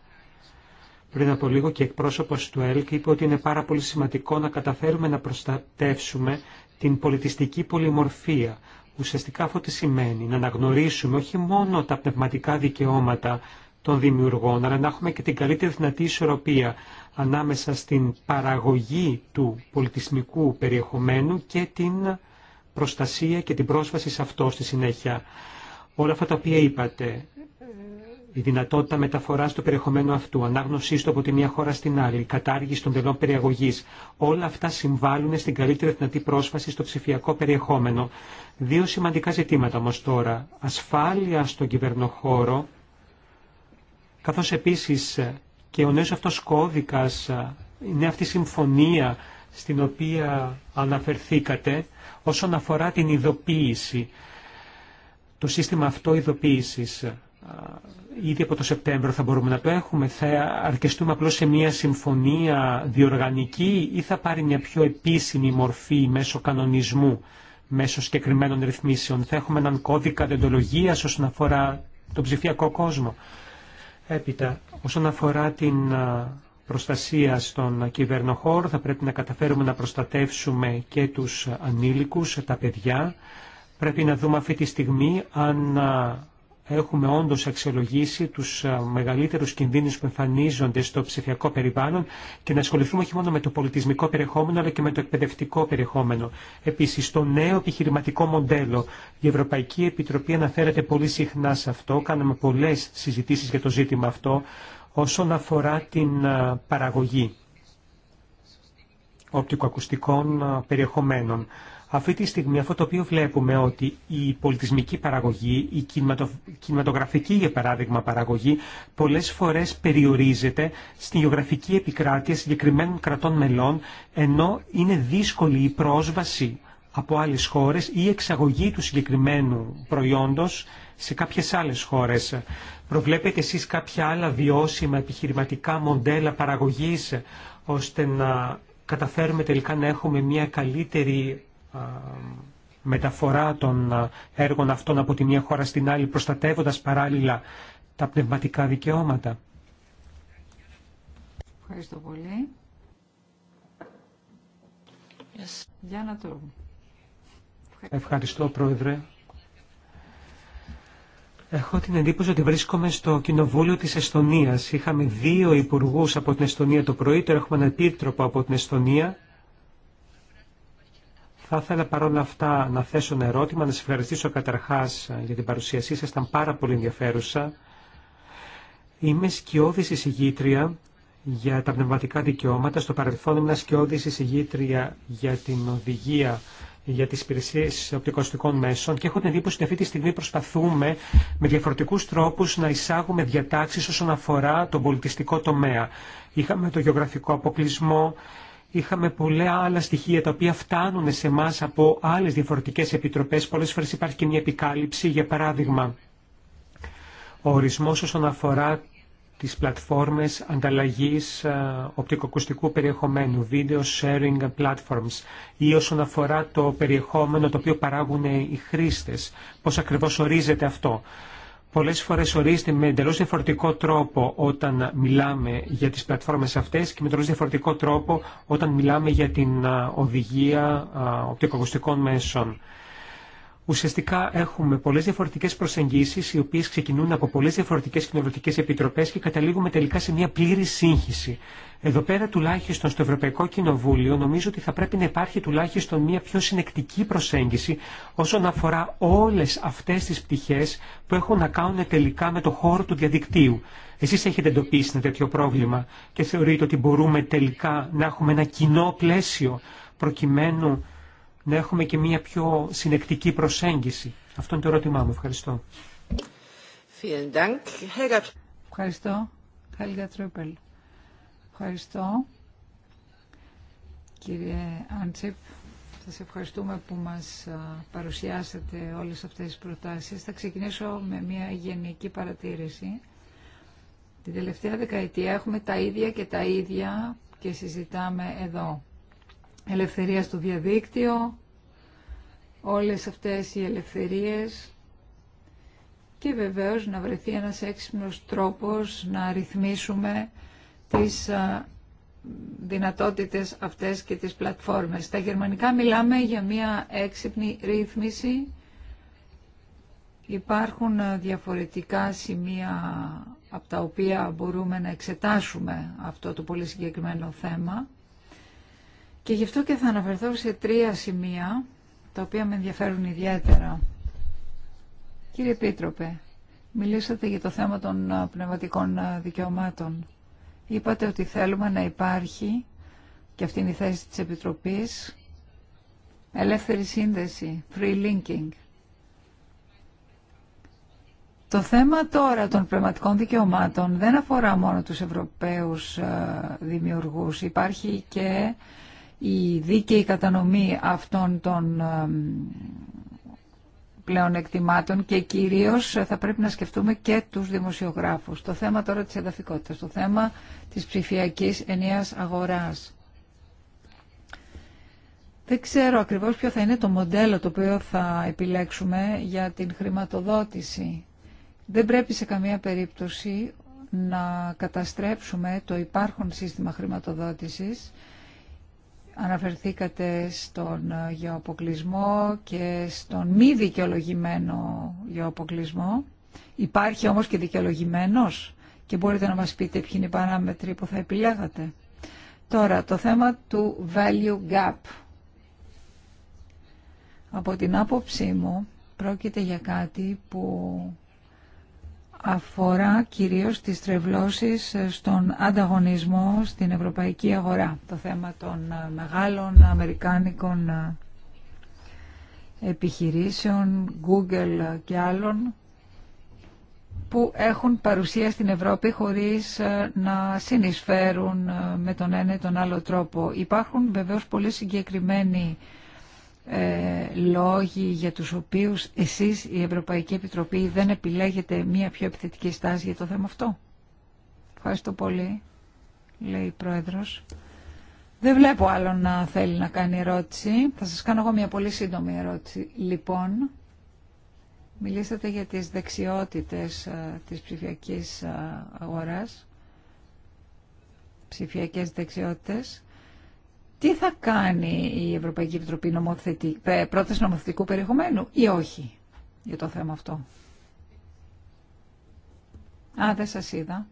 Πριν από λίγο και εκπρόσωπος του ΕΛΚ είπε ότι είναι πάρα πολύ σημαντικό να καταφέρουμε να προστατεύσουμε την πολιτιστική πολυμορφία. Ουσιαστικά αυτό τι σημαίνει, να αναγνωρίσουμε όχι μόνο τα πνευματικά δικαιώματα των δημιουργών, αλλά να έχουμε και την καλύτερη δυνατή ισορροπία ανάμεσα στην παραγωγή του πολιτισμικού περιεχομένου και την προστασία και την πρόσβαση σε αυτό στη συνέχεια. Όλα αυτά τα οποία είπατε, η δυνατότητα μεταφορά του περιεχομένου αυτού, ανάγνωσή του από τη μία χώρα στην άλλη, η κατάργηση των τελών περιαγωγή, όλα αυτά συμβάλλουν στην καλύτερη δυνατή πρόσβαση στο ψηφιακό περιεχόμενο. Δύο σημαντικά ζητήματα όμω τώρα. Ασφάλεια στον κυβερνοχώρο, καθώ επίση και ο νέο αυτό κώδικα, ε, η νέα αυτή συμφωνία στην οποία αναφερθήκατε, όσον αφορά την ειδοποίηση, το σύστημα αυτό ειδοποίησης, ήδη από το Σεπτέμβριο θα μπορούμε να το έχουμε, θα αρκεστούμε απλώς σε μια συμφωνία διοργανική ή θα πάρει μια πιο επίσημη μορφή μέσω κανονισμού, μέσω συγκεκριμένων ρυθμίσεων. Θα έχουμε έναν κώδικα δεντολογίας όσον αφορά τον ψηφιακό κόσμο. Έπειτα, όσον αφορά την προστασία στον κυβερνοχώρο. Θα πρέπει να καταφέρουμε να προστατεύσουμε και τους ανήλικους, τα παιδιά. Πρέπει να δούμε αυτή τη στιγμή αν έχουμε όντως αξιολογήσει τους μεγαλύτερους κινδύνους που εμφανίζονται στο ψηφιακό περιβάλλον και να ασχοληθούμε όχι μόνο με το πολιτισμικό περιεχόμενο αλλά και με το εκπαιδευτικό περιεχόμενο. Επίσης, το νέο επιχειρηματικό μοντέλο. Η Ευρωπαϊκή Επιτροπή αναφέρεται πολύ συχνά σε αυτό. Κάναμε πολλές συζητήσεις για το ζήτημα αυτό όσον αφορά την παραγωγή οπτικοακουστικών περιεχομένων. Αυτή τη στιγμή αυτό το οποίο βλέπουμε ότι η πολιτισμική παραγωγή, η κινηματογραφική για παράδειγμα παραγωγή, πολλές φορές περιορίζεται στη γεωγραφική επικράτεια συγκεκριμένων κρατών μελών, ενώ είναι δύσκολη η πρόσβαση από άλλες χώρες ή η εξαγωγή του συγκεκριμένου προϊόντος σε κάποιες άλλες χώρες. Προβλέπετε εσείς κάποια άλλα βιώσιμα επιχειρηματικά μοντέλα παραγωγής ώστε να καταφέρουμε τελικά να έχουμε μια καλύτερη μεταφορά των έργων αυτών από τη μία χώρα στην άλλη προστατεύοντας παράλληλα τα πνευματικά δικαιώματα. Ευχαριστώ πολύ. Yes. Για να το... Ευχαριστώ, Πρόεδρε. Έχω την εντύπωση ότι βρίσκομαι στο Κοινοβούλιο της Εστονίας. Είχαμε δύο υπουργούς από την Εστονία το πρωί, τώρα έχουμε έναν επίτροπο από την Εστονία. Θα ήθελα παρόλα αυτά να θέσω ένα ερώτημα, να σας ευχαριστήσω καταρχάς για την παρουσίασή σας, ήταν πάρα πολύ ενδιαφέρουσα. Είμαι σκιώδης εισηγήτρια για τα πνευματικά δικαιώματα. Στο παρελθόν ήμουν σκιώδης εισηγήτρια για την οδηγία για τις υπηρεσίες οπτικοστικών μέσων και έχω την εντύπωση ότι αυτή τη στιγμή προσπαθούμε με διαφορετικούς τρόπους να εισάγουμε διατάξεις όσον αφορά τον πολιτιστικό τομέα. Είχαμε το γεωγραφικό αποκλεισμό, είχαμε πολλά άλλα στοιχεία τα οποία φτάνουν σε εμά από άλλες διαφορετικές επιτροπές. Πολλές φορές υπάρχει και μια επικάλυψη, για παράδειγμα, ο ορισμός όσον αφορά τις πλατφόρμες ανταλλαγής ε, οπτικοκουστικού περιεχομένου, video sharing platforms, ή όσον αφορά το περιεχόμενο το οποίο παράγουν οι χρήστες, πώς ακριβώς ορίζεται αυτό. Πολλές φορές ορίζεται με εντελώ διαφορετικό τρόπο όταν μιλάμε για τις πλατφόρμες αυτές και με εντελώ διαφορετικό τρόπο όταν μιλάμε για την ε, οδηγία ε, οπτικοκουστικών μέσων. Ουσιαστικά έχουμε πολλές διαφορετικές προσεγγίσεις, οι οποίες ξεκινούν από πολλές διαφορετικές κοινοβουλευτικές επιτροπές και καταλήγουμε τελικά σε μια πλήρη σύγχυση. Εδώ πέρα τουλάχιστον στο Ευρωπαϊκό Κοινοβούλιο νομίζω ότι θα πρέπει να υπάρχει τουλάχιστον μια πιο συνεκτική προσέγγιση όσον αφορά όλες αυτές τις πτυχές που έχουν να κάνουν τελικά με το χώρο του διαδικτύου. Εσείς έχετε εντοπίσει ένα τέτοιο πρόβλημα και θεωρείτε ότι μπορούμε τελικά να έχουμε ένα κοινό πλαίσιο προκειμένου να έχουμε και μια πιο συνεκτική προσέγγιση. Αυτό είναι το ερώτημά μου. Ευχαριστώ. Ευχαριστώ. Χέλγα Τρούπελ. Ευχαριστώ. Κύριε Άντσιπ, σας ευχαριστούμε που μας παρουσιάσατε όλες αυτές τις προτάσεις. Θα ξεκινήσω με μια γενική παρατήρηση. Την τελευταία δεκαετία έχουμε τα ίδια και τα ίδια και συζητάμε εδώ ελευθερία στο διαδίκτυο, όλες αυτές οι ελευθερίες και βεβαίως να βρεθεί ένας έξυπνος τρόπος να ρυθμίσουμε τις δυνατότητες αυτές και τις πλατφόρμες. Στα γερμανικά μιλάμε για μια έξυπνη ρύθμιση. Υπάρχουν διαφορετικά σημεία από τα οποία μπορούμε να εξετάσουμε αυτό το πολύ συγκεκριμένο θέμα. Και γι' αυτό και θα αναφερθώ σε τρία σημεία τα οποία με ενδιαφέρουν ιδιαίτερα. Κύριε Επίτροπε, μιλήσατε για το θέμα των πνευματικών δικαιωμάτων. Είπατε ότι θέλουμε να υπάρχει, και αυτή είναι η θέση της Επιτροπής, ελεύθερη σύνδεση, free linking. Το θέμα τώρα των πνευματικών δικαιωμάτων δεν αφορά μόνο τους Ευρωπαίους δημιουργούς. Υπάρχει και η δίκαιη κατανομή αυτών των πλέον εκτιμάτων και κυρίως θα πρέπει να σκεφτούμε και τους δημοσιογράφους. Το θέμα τώρα της εδαφικότητας, το θέμα της ψηφιακής ενιαίας αγοράς. Δεν ξέρω ακριβώς ποιο θα είναι το μοντέλο το οποίο θα επιλέξουμε για την χρηματοδότηση. Δεν πρέπει σε καμία περίπτωση να καταστρέψουμε το υπάρχον σύστημα χρηματοδότησης Αναφερθήκατε στον ε, γεωποκλεισμό και στον μη δικαιολογημένο γεωαποκλεισμό. Υπάρχει όμως και δικαιολογημένος και μπορείτε να μας πείτε ποιοι είναι οι παράμετροι που θα επιλέγατε. Τώρα, το θέμα του value gap. Από την άποψή μου πρόκειται για κάτι που αφορά κυρίως τις τρευλώσεις στον ανταγωνισμό στην ευρωπαϊκή αγορά. Το θέμα των ε, μεγάλων αμερικάνικων ε, επιχειρήσεων, Google ε, και άλλων, που έχουν παρουσία στην Ευρώπη χωρίς να συνεισφέρουν με τον ένα ή τον άλλο τρόπο. Υπάρχουν βεβαίως πολύ συγκεκριμένοι ε, λόγοι για τους οποίους εσείς η Ευρωπαϊκή Επιτροπή δεν επιλέγετε μία πιο επιθετική στάση για το θέμα αυτό. Ευχαριστώ πολύ, λέει η Πρόεδρος. Δεν βλέπω άλλο να θέλει να κάνει ερώτηση. Θα σας κάνω εγώ μια πολύ σύντομη ερώτηση. Λοιπόν, μιλήσατε για τις δεξιότητες ε, της ψηφιακής ε, αγοράς, ψηφιακές δεξιότητες τι θα κάνει η Ευρωπαϊκή Επιτροπή νομοθετή, ε, νομοθετικού περιεχομένου ή όχι για το θέμα αυτό. Α, δεν σας είδα.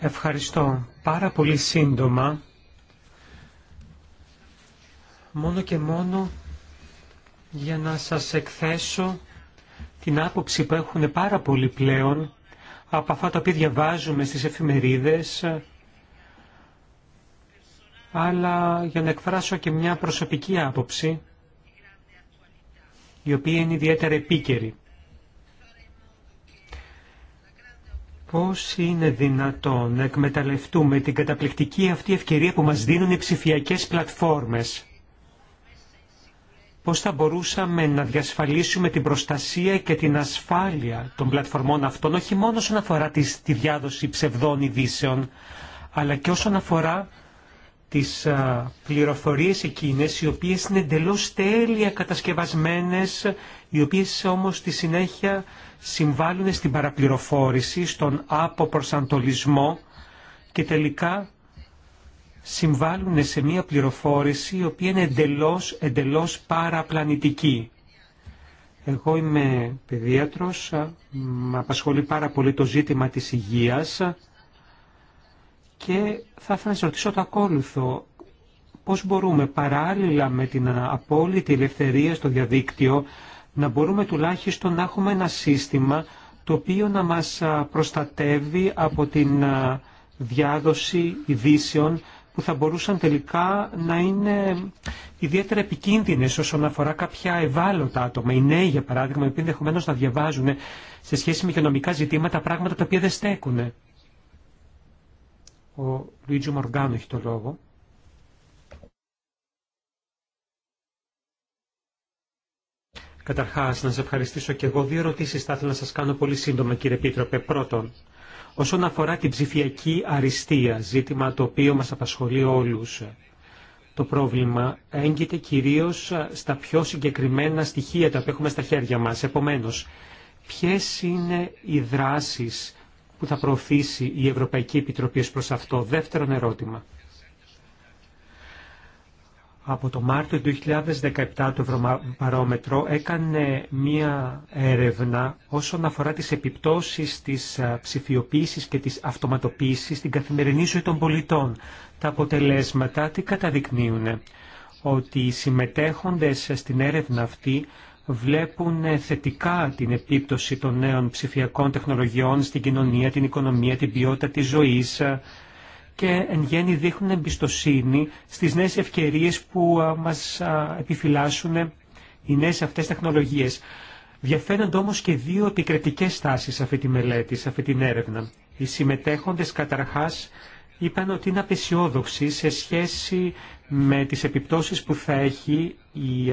Ευχαριστώ. Πάρα πολύ σύντομα. Μόνο και μόνο για να σας εκθέσω την άποψη που έχουν πάρα πολύ πλέον από αυτά τα οποία διαβάζουμε στις εφημερίδες, αλλά για να εκφράσω και μια προσωπική άποψη, η οποία είναι ιδιαίτερα επίκαιρη. Πώς είναι δυνατόν να εκμεταλλευτούμε την καταπληκτική αυτή ευκαιρία που μας δίνουν οι ψηφιακές πλατφόρμες πώς θα μπορούσαμε να διασφαλίσουμε την προστασία και την ασφάλεια των πλατφορμών αυτών, όχι μόνο όσον αφορά τη διάδοση ψευδών ειδήσεων, αλλά και όσον αφορά τις α, πληροφορίες εκείνες οι οποίες είναι εντελώ τέλεια κατασκευασμένες, οι οποίες όμως στη συνέχεια συμβάλλουν στην παραπληροφόρηση, στον αποπροσανατολισμό και τελικά συμβάλλουν σε μία πληροφόρηση η οποία είναι εντελώς, εντελώς παραπλανητική. Εγώ είμαι παιδίατρος, με απασχολεί πάρα πολύ το ζήτημα της υγείας και θα ήθελα να σας ρωτήσω το ακόλουθο. Πώς μπορούμε παράλληλα με την απόλυτη ελευθερία στο διαδίκτυο να μπορούμε τουλάχιστον να έχουμε ένα σύστημα το οποίο να μας προστατεύει από την διάδοση ειδήσεων που θα μπορούσαν τελικά να είναι ιδιαίτερα επικίνδυνε όσον αφορά κάποια ευάλωτα άτομα. Οι νέοι, για παράδειγμα, οι οποίοι ενδεχομένω να διαβάζουν σε σχέση με οικονομικά ζητήματα πράγματα τα οποία δεν στέκουν. Ο Λουίτζο Μοργάνο έχει το λόγο. Καταρχάς, να σας ευχαριστήσω και εγώ. Δύο ερωτήσεις θα ήθελα να σας κάνω πολύ σύντομα, κύριε Πίτροπε. Πρώτον, όσον αφορά την ψηφιακή αριστεία, ζήτημα το οποίο μας απασχολεί όλους. Το πρόβλημα έγκυται κυρίως στα πιο συγκεκριμένα στοιχεία τα οποία έχουμε στα χέρια μας. Επομένως, ποιες είναι οι δράσεις που θα προωθήσει η Ευρωπαϊκή Επιτροπή προς αυτό. Δεύτερον ερώτημα από το Μάρτιο του 2017 το Ευρωπαρόμετρο έκανε μία έρευνα όσον αφορά τις επιπτώσεις της ε, ψηφιοποίησης και της αυτοματοποίησης στην καθημερινή ζωή των πολιτών. Τα αποτελέσματα τι καταδεικνύουν, ότι οι συμμετέχοντες στην έρευνα αυτή βλέπουν ε, θετικά την επίπτωση των νέων ψηφιακών τεχνολογιών στην κοινωνία, την οικονομία, την ποιότητα της ζωής, ε, και εν γέννη δείχνουν εμπιστοσύνη στις νέες ευκαιρίες που μας επιφυλάσσουν οι νέες αυτές τεχνολογίες. Διαφαίνονται όμως και δύο επικριτικές στάσεις σε αυτή τη μελέτη, σε αυτή την έρευνα. Οι συμμετέχοντες καταρχάς είπαν ότι είναι απεσιόδοξοι σε σχέση με τις επιπτώσεις που θα έχει η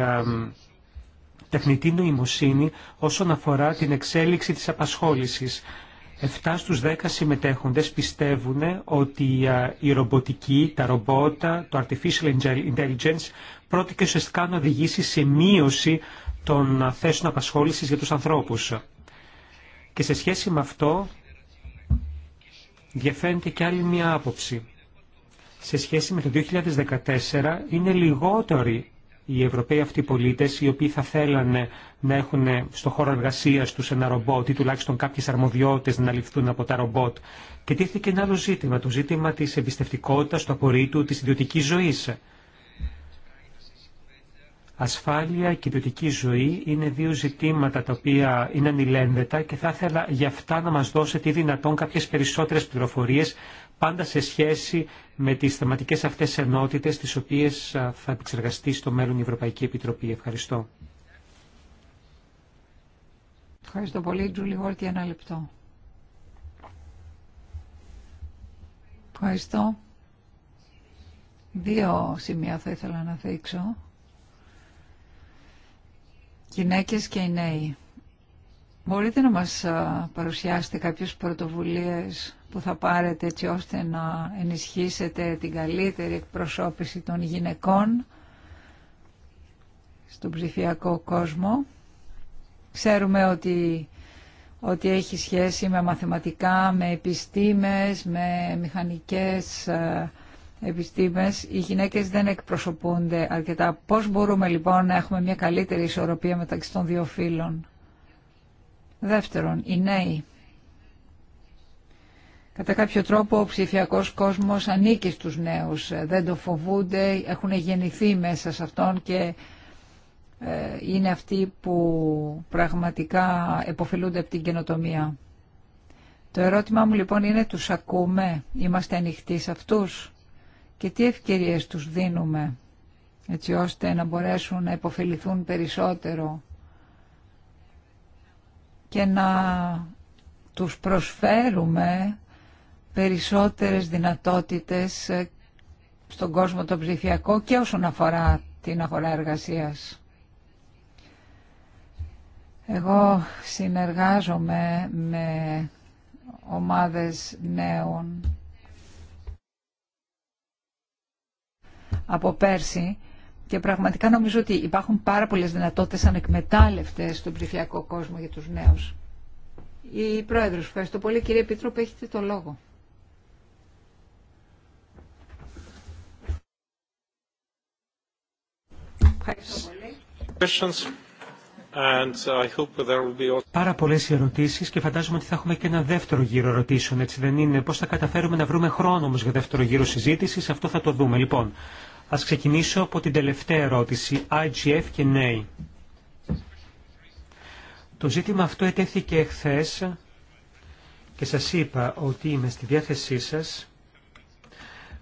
τεχνητή νοημοσύνη όσον αφορά την εξέλιξη της απασχόλησης. 7 στους 10 συμμετέχοντες πιστεύουν ότι η ρομποτική, τα ρομπότα, το artificial intelligence πρόκειται και ουσιαστικά να οδηγήσει σε μείωση των θέσεων απασχόλησης για τους ανθρώπους. Και σε σχέση με αυτό διαφαίνεται και άλλη μια άποψη. Σε σχέση με το 2014 είναι λιγότεροι οι Ευρωπαίοι αυτοί πολίτε, οι οποίοι θα θέλανε να έχουν στο χώρο εργασία του ένα ρομπότ ή τουλάχιστον κάποιε αρμοδιότητε να ληφθούν από τα ρομπότ. Και τίθεται ένα άλλο ζήτημα, το ζήτημα τη εμπιστευτικότητα, του απορρίτου, τη ιδιωτική ζωή. Ασφάλεια και ιδιωτική ζωή είναι δύο ζητήματα τα οποία είναι ανηλένδετα και θα ήθελα για αυτά να μας δώσετε δυνατόν κάποιες περισσότερες πληροφορίες πάντα σε σχέση με τις θεματικές αυτές ενότητες τις οποίες θα επεξεργαστεί στο μέλλον η Ευρωπαϊκή Επιτροπή. Ευχαριστώ. Ευχαριστώ πολύ, Τζούλη Γόρτη, ένα λεπτό. Ευχαριστώ. Δύο σημεία θα ήθελα να δείξω. Γυναίκες και οι νέοι. Μπορείτε να μας παρουσιάσετε κάποιες πρωτοβουλίες που θα πάρετε έτσι ώστε να ενισχύσετε την καλύτερη εκπροσώπηση των γυναικών στον ψηφιακό κόσμο. Ξέρουμε ότι, ότι έχει σχέση με μαθηματικά, με επιστήμες, με μηχανικές ε, επιστήμες. Οι γυναίκες δεν εκπροσωπούνται αρκετά. Πώς μπορούμε λοιπόν να έχουμε μια καλύτερη ισορροπία μεταξύ των δύο φύλων. Δεύτερον, οι νέοι Κατά κάποιο τρόπο ο ψηφιακός κόσμος ανήκει στους νέους, ε, δεν το φοβούνται, έχουν γεννηθεί μέσα σε αυτόν και ε, είναι αυτοί που πραγματικά εποφελούνται από την καινοτομία. Το ερώτημά μου λοιπόν είναι τους ακούμε, είμαστε ανοιχτοί σε αυτούς και τι ευκαιρίες τους δίνουμε έτσι ώστε να μπορέσουν να υποφεληθούν περισσότερο και να τους προσφέρουμε περισσότερες δυνατότητες ε, στον κόσμο το ψηφιακό και όσον αφορά την αγορά εργασίας. Εγώ συνεργάζομαι με ομάδες νέων από πέρσι και πραγματικά νομίζω ότι υπάρχουν πάρα πολλές δυνατότητες ανεκμετάλλευτες στον ψηφιακό κόσμο για τους νέους. Η Πρόεδρος, ευχαριστώ πολύ. Κύριε Επίτροπε, έχετε το λόγο. Πάρα πολλές ερωτήσεις και φαντάζομαι ότι θα έχουμε και ένα δεύτερο γύρο ερωτήσεων, έτσι δεν είναι. πώ θα καταφέρουμε να βρούμε χρόνο όμω για δεύτερο γύρο συζήτηση, αυτό θα το δούμε. Λοιπόν, Α ξεκινήσω από την τελευταία ερώτηση, IGF και Nay. Το ζήτημα αυτό ετέθηκε εχθές και σα είπα ότι είμαι στη διάθεσή σας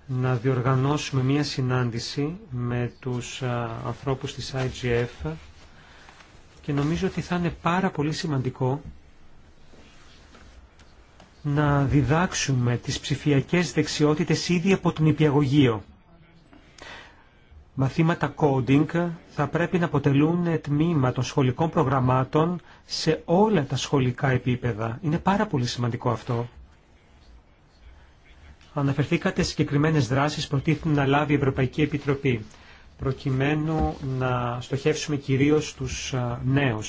να διοργανώσουμε μία συνάντηση με τους ανθρώπους της IGF και νομίζω ότι θα είναι πάρα πολύ σημαντικό να διδάξουμε τις ψηφιακές δεξιότητες ήδη από τον υπηαγωγείο. Μαθήματα coding θα πρέπει να αποτελούν τμήμα των σχολικών προγραμμάτων σε όλα τα σχολικά επίπεδα. Είναι πάρα πολύ σημαντικό αυτό αναφερθήκατε σε συγκεκριμένε δράσει που προτίθεται να λάβει η Ευρωπαϊκή Επιτροπή προκειμένου να στοχεύσουμε κυρίω του ε, νέου.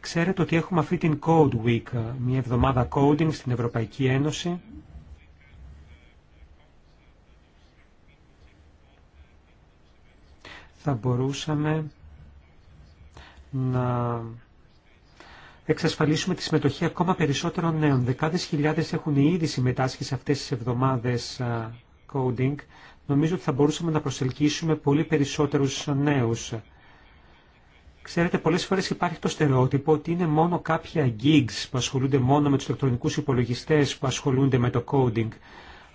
Ξέρετε ότι έχουμε αυτή την Code Week, ε, μια εβδομάδα coding στην Ευρωπαϊκή Ένωση. Θα μπορούσαμε να εξασφαλίσουμε τη συμμετοχή ακόμα περισσότερων νέων. Δεκάδες χιλιάδες έχουν ήδη συμμετάσχει σε αυτές τις εβδομάδες coding. Νομίζω ότι θα μπορούσαμε να προσελκύσουμε πολύ περισσότερους νέους. Ξέρετε, πολλές φορές υπάρχει το στερεότυπο ότι είναι μόνο κάποια gigs που ασχολούνται μόνο με τους ηλεκτρονικούς υπολογιστές που ασχολούνται με το coding.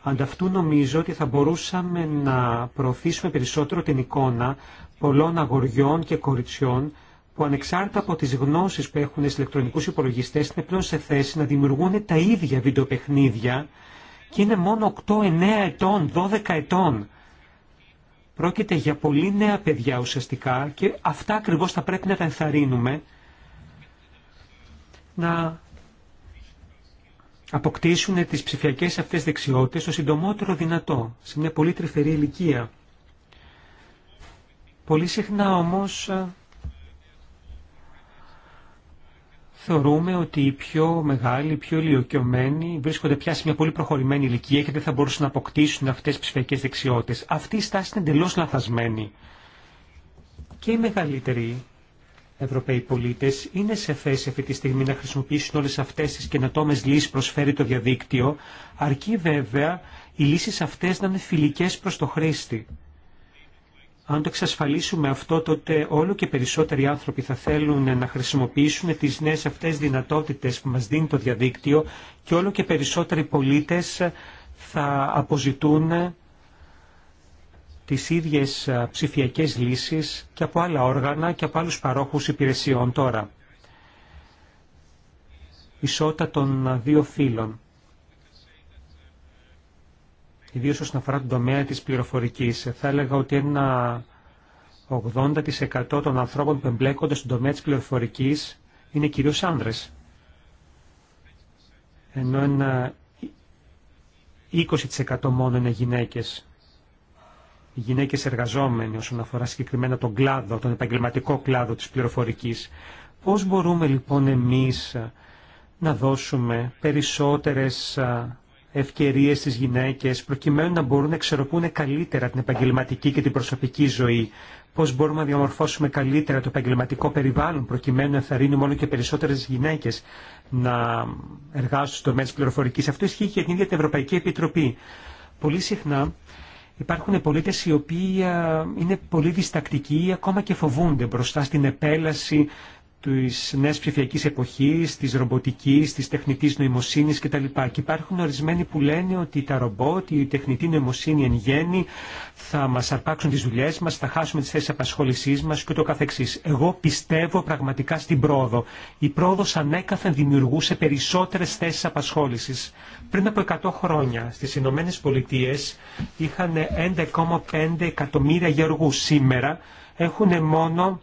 Ανταυτού νομίζω ότι θα μπορούσαμε να προωθήσουμε περισσότερο την εικόνα πολλών αγοριών και κοριτσιών που ανεξάρτητα από τις γνώσεις που έχουν στις ηλεκτρονικούς υπολογιστές είναι πλέον σε θέση να δημιουργούν τα ίδια βιντεοπαιχνίδια και είναι μόνο 8, 9 ετών, 12 ετών. Πρόκειται για πολύ νέα παιδιά ουσιαστικά και αυτά ακριβώς θα πρέπει να τα ενθαρρύνουμε να αποκτήσουν τις ψηφιακές αυτές δεξιότητες το συντομότερο δυνατό, σε μια πολύ τρυφερή ηλικία. Πολύ συχνά όμως θεωρούμε ότι οι πιο μεγάλοι, οι πιο ηλικιωμένοι βρίσκονται πια σε μια πολύ προχωρημένη ηλικία και δεν θα μπορούσαν να αποκτήσουν αυτές τις ψηφιακές δεξιότητες. Αυτή η στάση είναι εντελώς λαθασμένη. Και οι μεγαλύτεροι Ευρωπαίοι πολίτε είναι σε θέση αυτή τη στιγμή να χρησιμοποιήσουν όλε αυτέ τι καινοτόμε λύσει που προσφέρει το διαδίκτυο, αρκεί βέβαια οι λύσει αυτέ να είναι φιλικέ προ το χρήστη. Αν το εξασφαλίσουμε αυτό, τότε όλο και περισσότεροι άνθρωποι θα θέλουν να χρησιμοποιήσουν τις νέες αυτές δυνατότητες που μας δίνει το διαδίκτυο και όλο και περισσότεροι πολίτες θα αποζητούν τις ίδιες ψηφιακές λύσεις και από άλλα όργανα και από άλλους παρόχους υπηρεσιών τώρα. Ισότητα των δύο φύλων ιδίως όσον αφορά τον τομέα της πληροφορικής. Θα έλεγα ότι ένα 80% των ανθρώπων που εμπλέκονται στον τομέα της πληροφορικής είναι κυρίως άνδρες. Ενώ ένα 20% μόνο είναι γυναίκες. Οι γυναίκες εργαζόμενοι όσον αφορά συγκεκριμένα τον κλάδο, τον επαγγελματικό κλάδο της πληροφορικής. Πώς μπορούμε λοιπόν εμείς να δώσουμε περισσότερες ευκαιρίες στις γυναίκες προκειμένου να μπορούν να εξορροπούν καλύτερα την επαγγελματική και την προσωπική ζωή. Πώς μπορούμε να διαμορφώσουμε καλύτερα το επαγγελματικό περιβάλλον προκειμένου να θαρρύνουμε όλο και περισσότερες γυναίκες να εργάζονται στο μέσο της πληροφορικής. Αυτό ισχύει και για την ίδια την Ευρωπαϊκή Επιτροπή. Πολύ συχνά υπάρχουν πολίτες οι οποίοι είναι πολύ διστακτικοί ή ακόμα και φοβούνται μπροστά στην επέλαση της νέας ψηφιακής εποχής, της ρομποτικής, της τεχνητής νοημοσύνης κτλ. Και υπάρχουν ορισμένοι που λένε ότι τα ρομπότ, η τεχνητή νοημοσύνη εν γέννη θα μας αρπάξουν τις δουλειές μας, θα χάσουμε τις θέσεις απασχόλησής μας και το καθεξής. Εγώ πιστεύω πραγματικά στην πρόοδο. Η πρόοδος ανέκαθεν δημιουργούσε περισσότερες θέσεις απασχόλησης. Πριν από 100 χρόνια στις Ηνωμένες Πολιτείες είχαν 1,5 εκατομμύρια γεωργούς. Σήμερα έχουν μόνο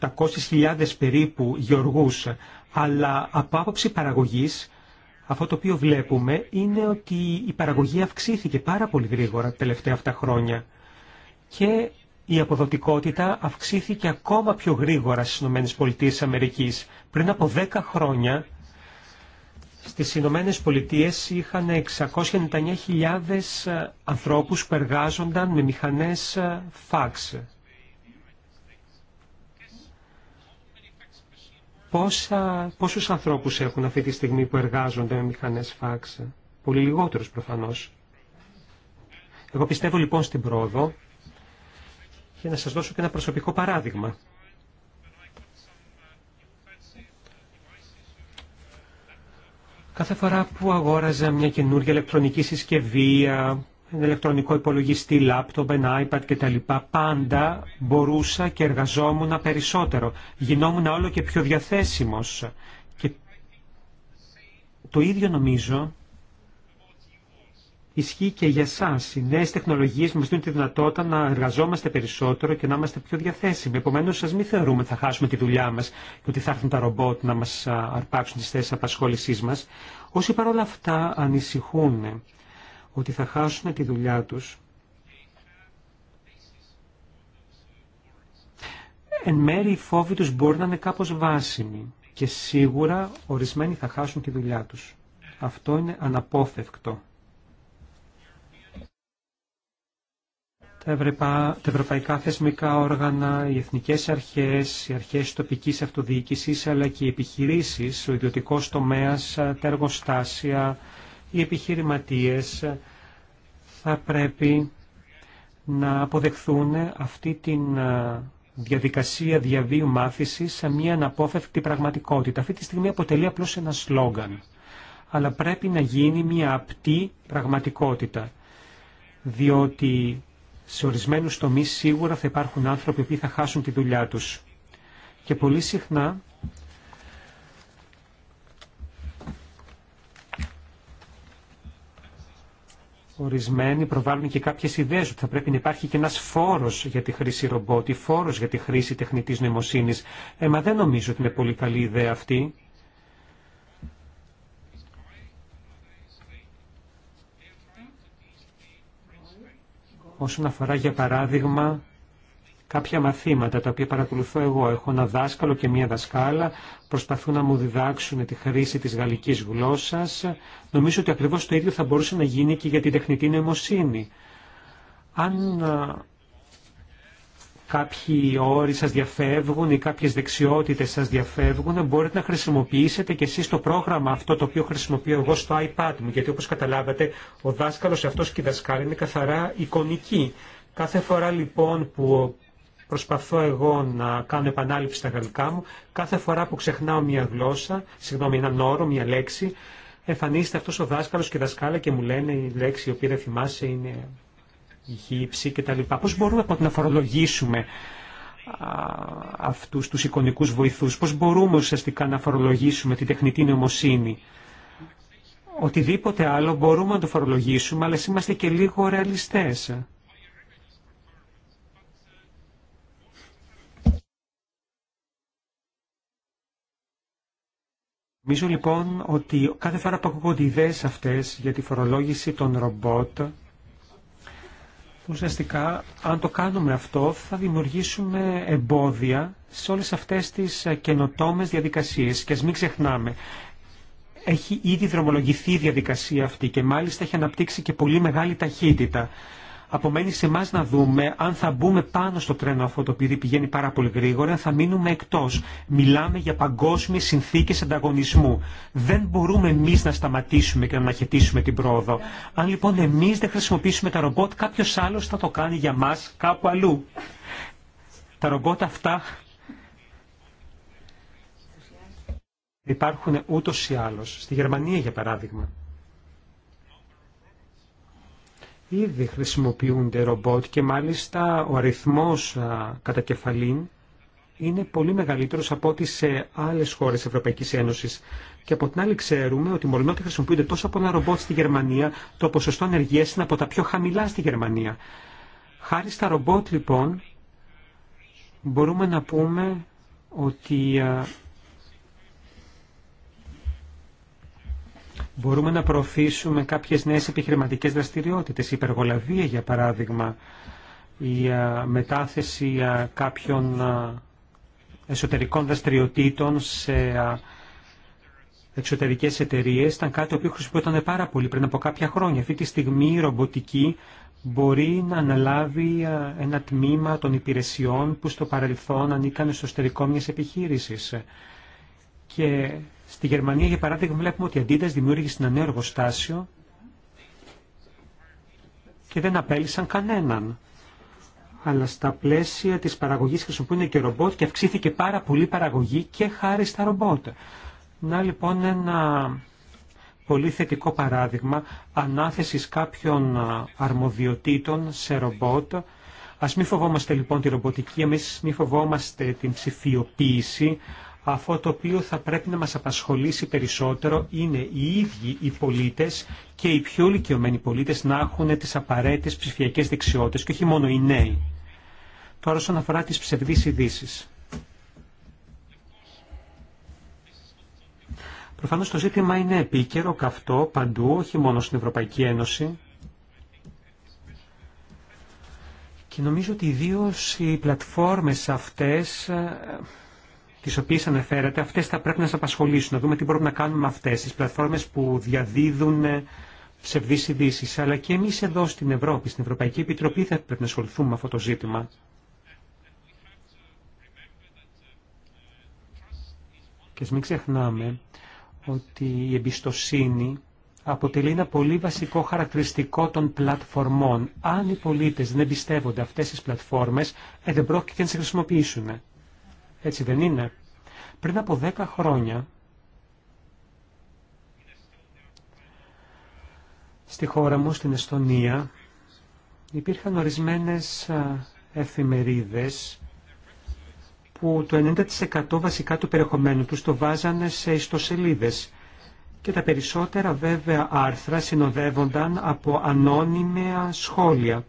800.000 περίπου γεωργούς, αλλά από άποψη παραγωγής αυτό το οποίο βλέπουμε είναι ότι η παραγωγή αυξήθηκε πάρα πολύ γρήγορα τα τελευταία αυτά χρόνια και η αποδοτικότητα αυξήθηκε ακόμα πιο γρήγορα στις ΗΠΑ. Πριν από 10 χρόνια στις ΗΠΑ είχαν 699.000 ανθρώπους που εργάζονταν με μηχανές φάξ, Πόσα, πόσους ανθρώπους έχουν αυτή τη στιγμή που εργάζονται με μηχανές φάξ. Πολύ λιγότερους προφανώς. Εγώ πιστεύω λοιπόν στην πρόοδο και να σας δώσω και ένα προσωπικό παράδειγμα. Κάθε φορά που αγόραζα μια καινούργια ηλεκτρονική συσκευή, ένα ηλεκτρονικό υπολογιστή, λάπτοπ, ένα iPad κτλ. Πάντα μπορούσα και εργαζόμουν περισσότερο. Γινόμουν όλο και πιο διαθέσιμος. Και το ίδιο νομίζω ισχύει και για εσά. Οι νέε τεχνολογίε μα δίνουν τη δυνατότητα να εργαζόμαστε περισσότερο και να είμαστε πιο διαθέσιμοι. Επομένω, σα μην θεωρούμε ότι θα χάσουμε τη δουλειά μα και ότι θα έρθουν τα ρομπότ να μα αρπάξουν τι θέσει απασχόλησή μα. Όσοι παρόλα αυτά ανησυχούν ότι θα χάσουν τη δουλειά τους εν μέρη, οι φόβοι τους μπορεί να είναι κάπως βάσιμοι και σίγουρα ορισμένοι θα χάσουν τη δουλειά τους. Αυτό είναι αναπόφευκτο. Τα, τα ευρωπαϊκά θεσμικά όργανα, οι εθνικές αρχές, οι αρχές τοπικής αυτοδιοίκησης, αλλά και οι επιχειρήσεις, ο ιδιωτικός τομέας, τα εργοστάσια, οι επιχειρηματίες θα πρέπει να αποδεχθούν αυτή την ε, διαδικασία διαβίου μάθησης σε μια αναπόφευκτη πραγματικότητα. Αυτή τη στιγμή αποτελεί απλώς ένα σλόγγαν, αλλά πρέπει να γίνει μια απτή πραγματικότητα, διότι σε ορισμένους τομείς σίγουρα θα υπάρχουν άνθρωποι που θα χάσουν τη δουλειά τους. Και πολύ συχνά Ορισμένοι προβάλλουν και κάποιες ιδέες ότι θα πρέπει να υπάρχει και ένας φόρος για τη χρήση ρομπότη, φόρος για τη χρήση τεχνητής νοημοσύνης. Ε, μα δεν νομίζω ότι είναι πολύ καλή ιδέα αυτή. Όσον αφορά για παράδειγμα κάποια μαθήματα τα οποία παρακολουθώ εγώ. Έχω ένα δάσκαλο και μία δασκάλα, προσπαθούν να μου διδάξουν τη χρήση της γαλλικής γλώσσας. Νομίζω ότι ακριβώς το ίδιο θα μπορούσε να γίνει και για την τεχνητή νοημοσύνη. Αν κάποιοι όροι σας διαφεύγουν ή κάποιες δεξιότητες σας διαφεύγουν, μπορείτε να χρησιμοποιήσετε και εσείς το πρόγραμμα αυτό το οποίο χρησιμοποιώ εγώ στο iPad μου, γιατί όπως καταλάβατε ο δάσκαλος αυτός και η δασκάλη είναι καθαρά εικονική. Κάθε φορά λοιπόν που Προσπαθώ εγώ να κάνω επανάληψη στα γαλλικά μου. Κάθε φορά που ξεχνάω μια γλώσσα, συγγνώμη, έναν όρο, μια λέξη, εμφανίζεται αυτός ο δάσκαλος και δασκάλα και μου λένε η λέξη η οποία θυμάσαι είναι η κτλ. Πώς μπορούμε να φορολογήσουμε αυτούς τους εικονικούς βοηθούς, πώς μπορούμε ουσιαστικά να φορολογήσουμε την τεχνητή νοημοσύνη. Οτιδήποτε άλλο μπορούμε να το φορολογήσουμε, αλλά είμαστε και λίγο ρεαλιστές. Νομίζω λοιπόν ότι κάθε φορά που ακούγονται ιδέες αυτές για τη φορολόγηση των ρομπότ, ουσιαστικά αν το κάνουμε αυτό θα δημιουργήσουμε εμπόδια σε όλες αυτές τις ε, καινοτόμες διαδικασίες. Και ας μην ξεχνάμε, έχει ήδη δρομολογηθεί η διαδικασία αυτή και μάλιστα έχει αναπτύξει και πολύ μεγάλη ταχύτητα. Απομένει σε εμά να δούμε αν θα μπούμε πάνω στο τρένο αυτό το οποίο πηγαίνει πάρα πολύ γρήγορα, θα μείνουμε εκτό. Μιλάμε για παγκόσμιε συνθήκε ανταγωνισμού. Δεν μπορούμε εμεί να σταματήσουμε και να μαχαιτήσουμε την πρόοδο. Αν λοιπόν εμεί δεν χρησιμοποιήσουμε τα ρομπότ, κάποιο άλλο θα το κάνει για μα κάπου αλλού. Τα ρομπότ αυτά υπάρχουν ούτως ή άλλως. Στη Γερμανία, για παράδειγμα. Ήδη χρησιμοποιούνται ρομπότ και μάλιστα ο αριθμός κατά κεφαλήν είναι πολύ μεγαλύτερος από ό,τι σε άλλες χώρες Ευρωπαϊκής Ένωσης. Και από την άλλη ξέρουμε ότι μόλις χρησιμοποιούνται τόσο πολλά ρομπότ στη Γερμανία, το ποσοστό ανεργίας είναι από τα πιο χαμηλά στη Γερμανία. Χάρη στα ρομπότ λοιπόν μπορούμε να πούμε ότι Μπορούμε να προωθήσουμε κάποιες νέες επιχειρηματικές δραστηριότητες, η υπεργολαβία για παράδειγμα, η μετάθεση κάποιων εσωτερικών δραστηριοτήτων σε εξωτερικές εταιρείες ήταν κάτι το οποίο πάρα πολύ πριν από κάποια χρόνια. Αυτή τη στιγμή η ρομποτική μπορεί να αναλάβει ένα τμήμα των υπηρεσιών που στο παρελθόν ανήκαν στο εσωτερικό μιας επιχείρησης. Και Στη Γερμανία, για παράδειγμα, βλέπουμε ότι η δημιούργησε ένα νέο εργοστάσιο και δεν απέλησαν κανέναν. Αλλά στα πλαίσια της παραγωγής χρησιμοποιούν και ρομπότ και αυξήθηκε πάρα πολύ παραγωγή και χάρη στα ρομπότ. Να λοιπόν ένα πολύ θετικό παράδειγμα ανάθεσης κάποιων αρμοδιοτήτων σε ρομπότ. Ας μην φοβόμαστε λοιπόν τη ρομποτική, Εμεί μην φοβόμαστε την ψηφιοποίηση, αυτό το οποίο θα πρέπει να μας απασχολήσει περισσότερο είναι οι ίδιοι οι πολίτες και οι πιο ηλικιωμένοι πολίτες να έχουν τις απαραίτητες ψηφιακές δεξιότητες και όχι μόνο οι νέοι. Τώρα όσον αφορά τις ψευδείς ειδήσει. Προφανώς το ζήτημα είναι επίκαιρο, καυτό, παντού, όχι μόνο στην Ευρωπαϊκή Ένωση. Και νομίζω ότι ιδίω οι πλατφόρμες αυτές ε, τις οποίες αναφέρατε, αυτές θα πρέπει να σας απασχολήσουν, να δούμε τι μπορούμε να κάνουμε με αυτές, τις πλατφόρμες που διαδίδουν ε, ψευδείς ειδήσει, αλλά και εμείς εδώ στην Ευρώπη, στην Ευρωπαϊκή Επιτροπή θα πρέπει να ασχοληθούμε με αυτό το ζήτημα. Και μην ξεχνάμε ότι η εμπιστοσύνη αποτελεί ένα πολύ βασικό χαρακτηριστικό των πλατφορμών. Αν οι πολίτες δεν εμπιστεύονται αυτές τις πλατφόρμες, ε, δεν πρόκειται να τις χρησιμοποιήσουν. Έτσι δεν είναι. Πριν από δέκα χρόνια, στη χώρα μου, στην Εστονία, υπήρχαν ορισμένες εφημερίδες που το 90% βασικά του περιεχομένου τους το βάζανε σε ιστοσελίδες και τα περισσότερα βέβαια άρθρα συνοδεύονταν από ανώνυμα σχόλια.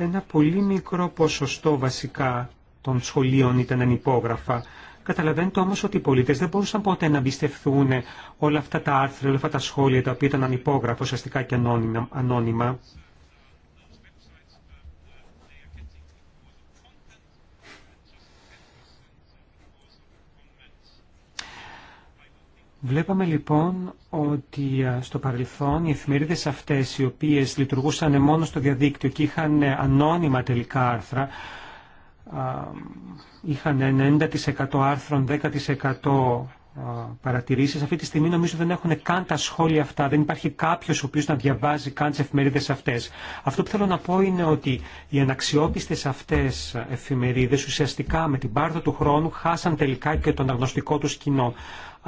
Ένα πολύ μικρό ποσοστό βασικά των σχολείων ήταν ανυπόγραφα. Καταλαβαίνετε όμως ότι οι πολίτες δεν μπορούσαν ποτέ να εμπιστευθούν όλα αυτά τα άρθρα, όλα αυτά τα σχόλια τα οποία ήταν ανυπόγραφα ουσιαστικά και ανώνυμα. Βλέπαμε λοιπόν ότι στο παρελθόν οι εφημερίδες αυτές οι οποίες λειτουργούσαν μόνο στο διαδίκτυο και είχαν ε, ανώνυμα τελικά άρθρα, είχαν 90% ε, άρθρων, 10% παρατηρήσεις. Αυτή τη στιγμή νομίζω δεν έχουν καν τα σχόλια αυτά. Δεν υπάρχει κάποιος ο οποίος να διαβάζει καν τις εφημερίδες αυτές. Αυτό που θέλω να πω είναι ότι οι αναξιόπιστες αυτές εφημερίδες ουσιαστικά με την πάρδο του χρόνου χάσαν τελικά και τον αγνωστικό του κοινό.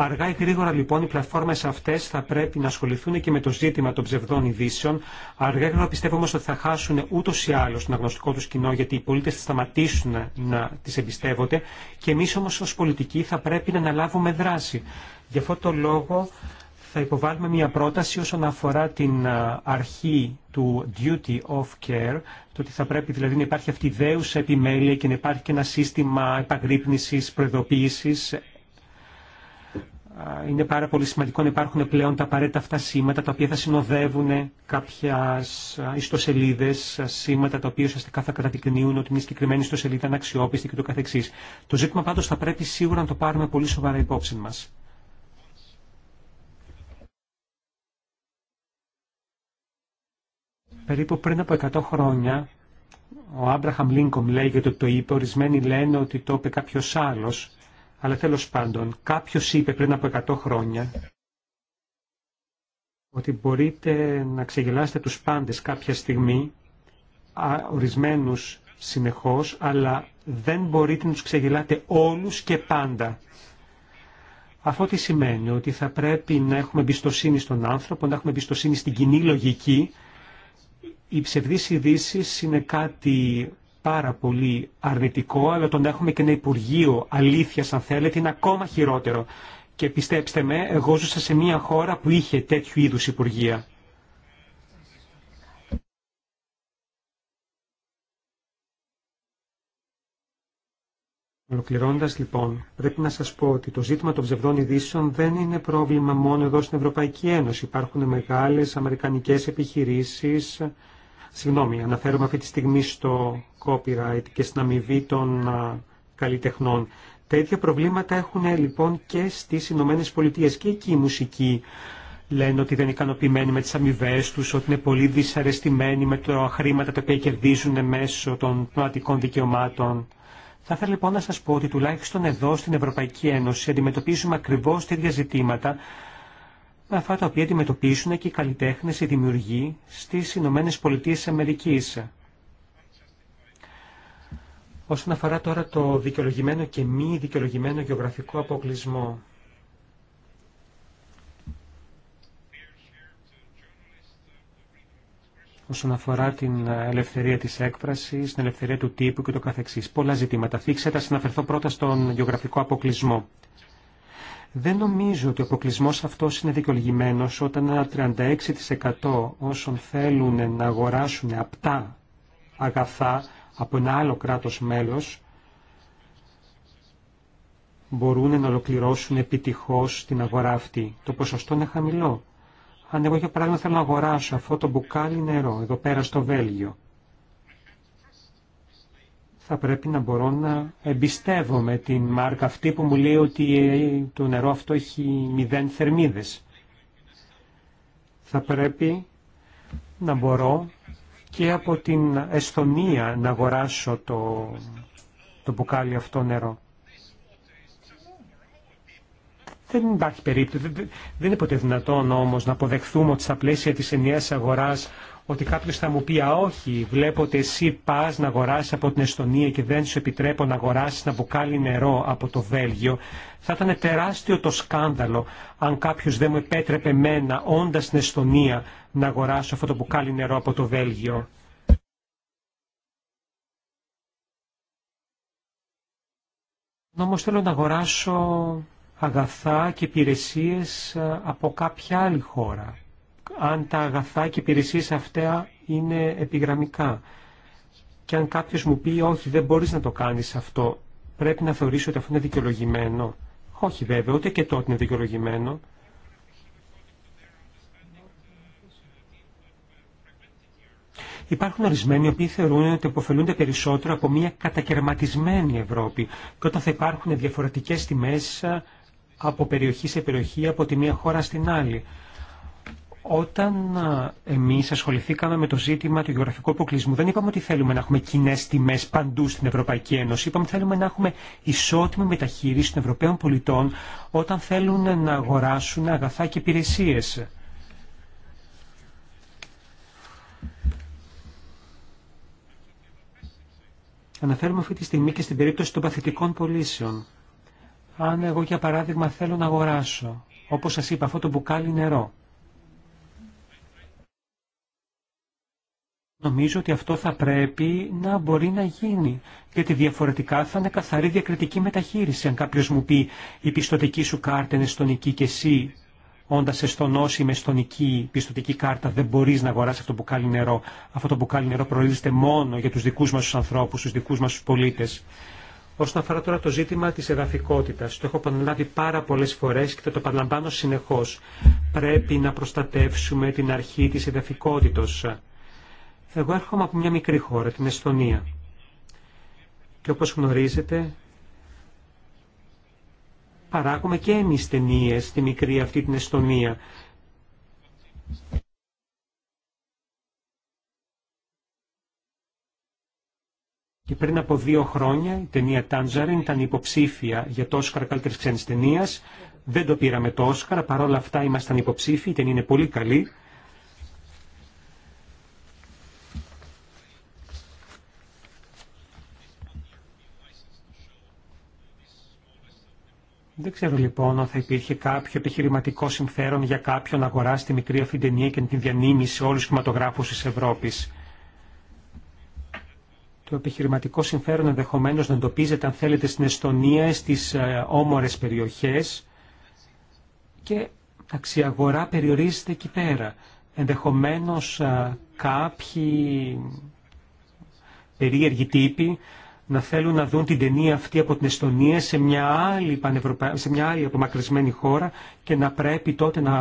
Αργά ή γρήγορα λοιπόν οι πλατφόρμες αυτέ θα πρέπει να ασχοληθούν και με το ζήτημα των ψευδών ειδήσεων. Αργά ή γρήγορα πιστεύω όμω ότι θα χάσουν ούτω ή άλλω τον αγνωστικό του κοινό γιατί οι πολίτε θα σταματήσουν να τι εμπιστεύονται και εμεί όμω ω πολιτικοί θα πρέπει να αναλάβουμε δράση. Γι' αυτό το λόγο θα υποβάλουμε μια πρόταση όσον αφορά την αρχή του duty of care, το ότι θα πρέπει δηλαδή να υπάρχει αυτή η δέουσα επιμέλεια και να υπάρχει και ένα σύστημα επαγρύπνησης, προειδοποίηση είναι πάρα πολύ σημαντικό να υπάρχουν πλέον τα απαραίτητα αυτά σήματα τα οποία θα συνοδεύουν κάποια ιστοσελίδε, σήματα τα οποία ουσιαστικά θα καταδεικνύουν ότι μια συγκεκριμένη ιστοσελίδα είναι αξιόπιστη και το καθεξής. Το ζήτημα πάντω θα πρέπει σίγουρα να το πάρουμε πολύ σοβαρά υπόψη μα. Περίπου πριν από 100 χρόνια ο Άμπραχαμ Λίνκομ λέγεται ότι το είπε, ορισμένοι λένε ότι το είπε κάποιο άλλο. Αλλά τέλος πάντων, κάποιος είπε πριν από 100 χρόνια ότι μπορείτε να ξεγελάσετε τους πάντες κάποια στιγμή, ορισμένους συνεχώς, αλλά δεν μπορείτε να τους ξεγελάτε όλους και πάντα. Αυτό τι σημαίνει, ότι θα πρέπει να έχουμε εμπιστοσύνη στον άνθρωπο, να έχουμε εμπιστοσύνη στην κοινή λογική. Οι ψευδείς ειδήσει είναι κάτι πάρα πολύ αρνητικό, αλλά τον έχουμε και ένα Υπουργείο αλήθεια, αν θέλετε, είναι ακόμα χειρότερο. Και πιστέψτε με, εγώ ζούσα σε μια χώρα που είχε τέτοιου είδους Υπουργεία. Ολοκληρώνοντα λοιπόν, πρέπει να σα πω ότι το ζήτημα των ψευδών ειδήσεων δεν είναι πρόβλημα μόνο εδώ στην Ευρωπαϊκή Ένωση. Υπάρχουν μεγάλε αμερικανικέ επιχειρήσει Συγγνώμη, αναφέρομαι αυτή τη στιγμή στο copyright και στην αμοιβή των καλλιτεχνών. Τέτοια προβλήματα έχουν ε, λοιπόν και στις Ηνωμένε Πολιτείε και εκεί η μουσική λένε ότι δεν είναι ικανοποιημένοι με τις αμοιβέ του, ότι είναι πολύ δυσαρεστημένοι με τα χρήματα τα οποία κερδίζουν μέσω των πνευματικών δικαιωμάτων. Θα ήθελα λοιπόν να σας πω ότι τουλάχιστον εδώ στην Ευρωπαϊκή Ένωση αντιμετωπίζουμε ακριβώς τέτοια ζητήματα αυτά τα οποία αντιμετωπίσουν και οι καλλιτέχνες, οι δημιουργοί στις Ηνωμένες Πολιτείες Αμερικής. Όσον αφορά τώρα το δικαιολογημένο και μη δικαιολογημένο γεωγραφικό αποκλεισμό. όσον αφορά την ελευθερία της έκφρασης, την ελευθερία του τύπου και το καθεξής. Πολλά ζητήματα. Φίξτε, θα συναφερθώ πρώτα στον γεωγραφικό αποκλεισμό. Δεν νομίζω ότι ο αποκλεισμό αυτός είναι δικαιολογημένος όταν ένα 36% όσων θέλουν να αγοράσουν απτά αγαθά από ένα άλλο κράτος μέλος μπορούν να ολοκληρώσουν επιτυχώς την αγορά αυτή. Το ποσοστό είναι χαμηλό. Αν εγώ για παράδειγμα θέλω να αγοράσω αυτό το μπουκάλι νερό εδώ πέρα στο Βέλγιο θα πρέπει να μπορώ να εμπιστεύομαι την μάρκα αυτή που μου λέει ότι ε, το νερό αυτό έχει μηδέν θερμίδες. Θα πρέπει να μπορώ και από την Εσθονία να αγοράσω το, το μπουκάλι αυτό νερό. Δεν υπάρχει περίπτωση, δεν, είναι ποτέ δυνατόν όμως να αποδεχθούμε ότι στα πλαίσια τη ενιαία αγοράς ότι κάποιο θα μου πει «Α, όχι, βλέπω ότι εσύ πα να αγοράσει από την Εστονία και δεν σου επιτρέπω να αγοράσει να μπουκάλι νερό από το Βέλγιο». Θα ήταν τεράστιο το σκάνδαλο αν κάποιο δεν μου επέτρεπε εμένα, όντα στην Εστονία, να αγοράσω αυτό το μπουκάλι νερό από το Βέλγιο. Όμω θέλω να αγοράσω αγαθά και υπηρεσίες ε, από κάποια άλλη χώρα, αν τα αγαθά και υπηρεσίες αυτά είναι επιγραμμικά. Και αν κάποιος μου πει όχι δεν μπορείς να το κάνεις αυτό, πρέπει να θεωρήσω ότι αυτό είναι δικαιολογημένο. Όχι βέβαια, ούτε και τότε είναι δικαιολογημένο. Υπάρχουν ορισμένοι οι οποίοι θεωρούν ότι υποφελούνται περισσότερο από μια κατακαιρματισμένη Ευρώπη και όταν θα υπάρχουν διαφορετικές τιμές από περιοχή σε περιοχή, από τη μία χώρα στην άλλη. Όταν εμείς ασχοληθήκαμε με το ζήτημα του γεωγραφικού αποκλεισμού, δεν είπαμε ότι θέλουμε να έχουμε κοινέ τιμέ παντού στην Ευρωπαϊκή Ένωση. Είπαμε ότι θέλουμε να έχουμε ισότιμη μεταχείριση των Ευρωπαίων πολιτών όταν θέλουν να αγοράσουν αγαθά και υπηρεσίε. Αναφέρουμε αυτή τη στιγμή και στην περίπτωση των παθητικών πωλήσεων αν εγώ για παράδειγμα θέλω να αγοράσω, όπως σας είπα, αυτό το μπουκάλι νερό. Νομίζω ότι αυτό θα πρέπει να μπορεί να γίνει, γιατί διαφορετικά θα είναι καθαρή διακριτική μεταχείριση. Αν κάποιος μου πει η πιστοτική σου κάρτα είναι στονική και εσύ όντας εστονός ή με στονική πιστοτική κάρτα δεν μπορείς να αγοράσεις αυτό το μπουκάλι νερό. Αυτό το μπουκάλι νερό προορίζεται μόνο για τους δικούς μας τους ανθρώπους, τους δικούς μας τους πολίτες. Όσον αφορά τώρα το ζήτημα της εδαφικότητας, το έχω επαναλάβει πάρα πολλές φορές και το παραλαμβάνω συνεχώς. Πρέπει να προστατεύσουμε την αρχή της εδαφικότητος. Εγώ έρχομαι από μια μικρή χώρα, την Εσθονία, Και όπως γνωρίζετε, παράγουμε και εμείς ταινίες στη μικρή αυτή την Εσθονία. Και πριν από δύο χρόνια η ταινία Τάντζαριν ήταν υποψήφια για το Όσκαρ καλύτερη ξένη ταινία. Δεν το πήραμε το Όσκαρ, παρόλα αυτά ήμασταν υποψήφοι, η ταινία είναι πολύ καλή. Δεν ξέρω λοιπόν αν θα υπήρχε κάποιο επιχειρηματικό συμφέρον για κάποιον να αγοράσει τη μικρή αυτή ταινία και την διανύμει σε όλου του κινηματογράφου τη Ευρώπη το επιχειρηματικό συμφέρον ενδεχομένως να εντοπίζεται αν θέλετε στην Εστονία, στις ε, όμορες περιοχές και αξιαγορά περιορίζεται εκεί πέρα. Ενδεχομένως ε, κάποιοι περίεργοι τύποι να θέλουν να δουν την ταινία αυτή από την Εστονία σε μια άλλη, πανευρωπα... σε μια άλλη απομακρυσμένη χώρα και να πρέπει τότε να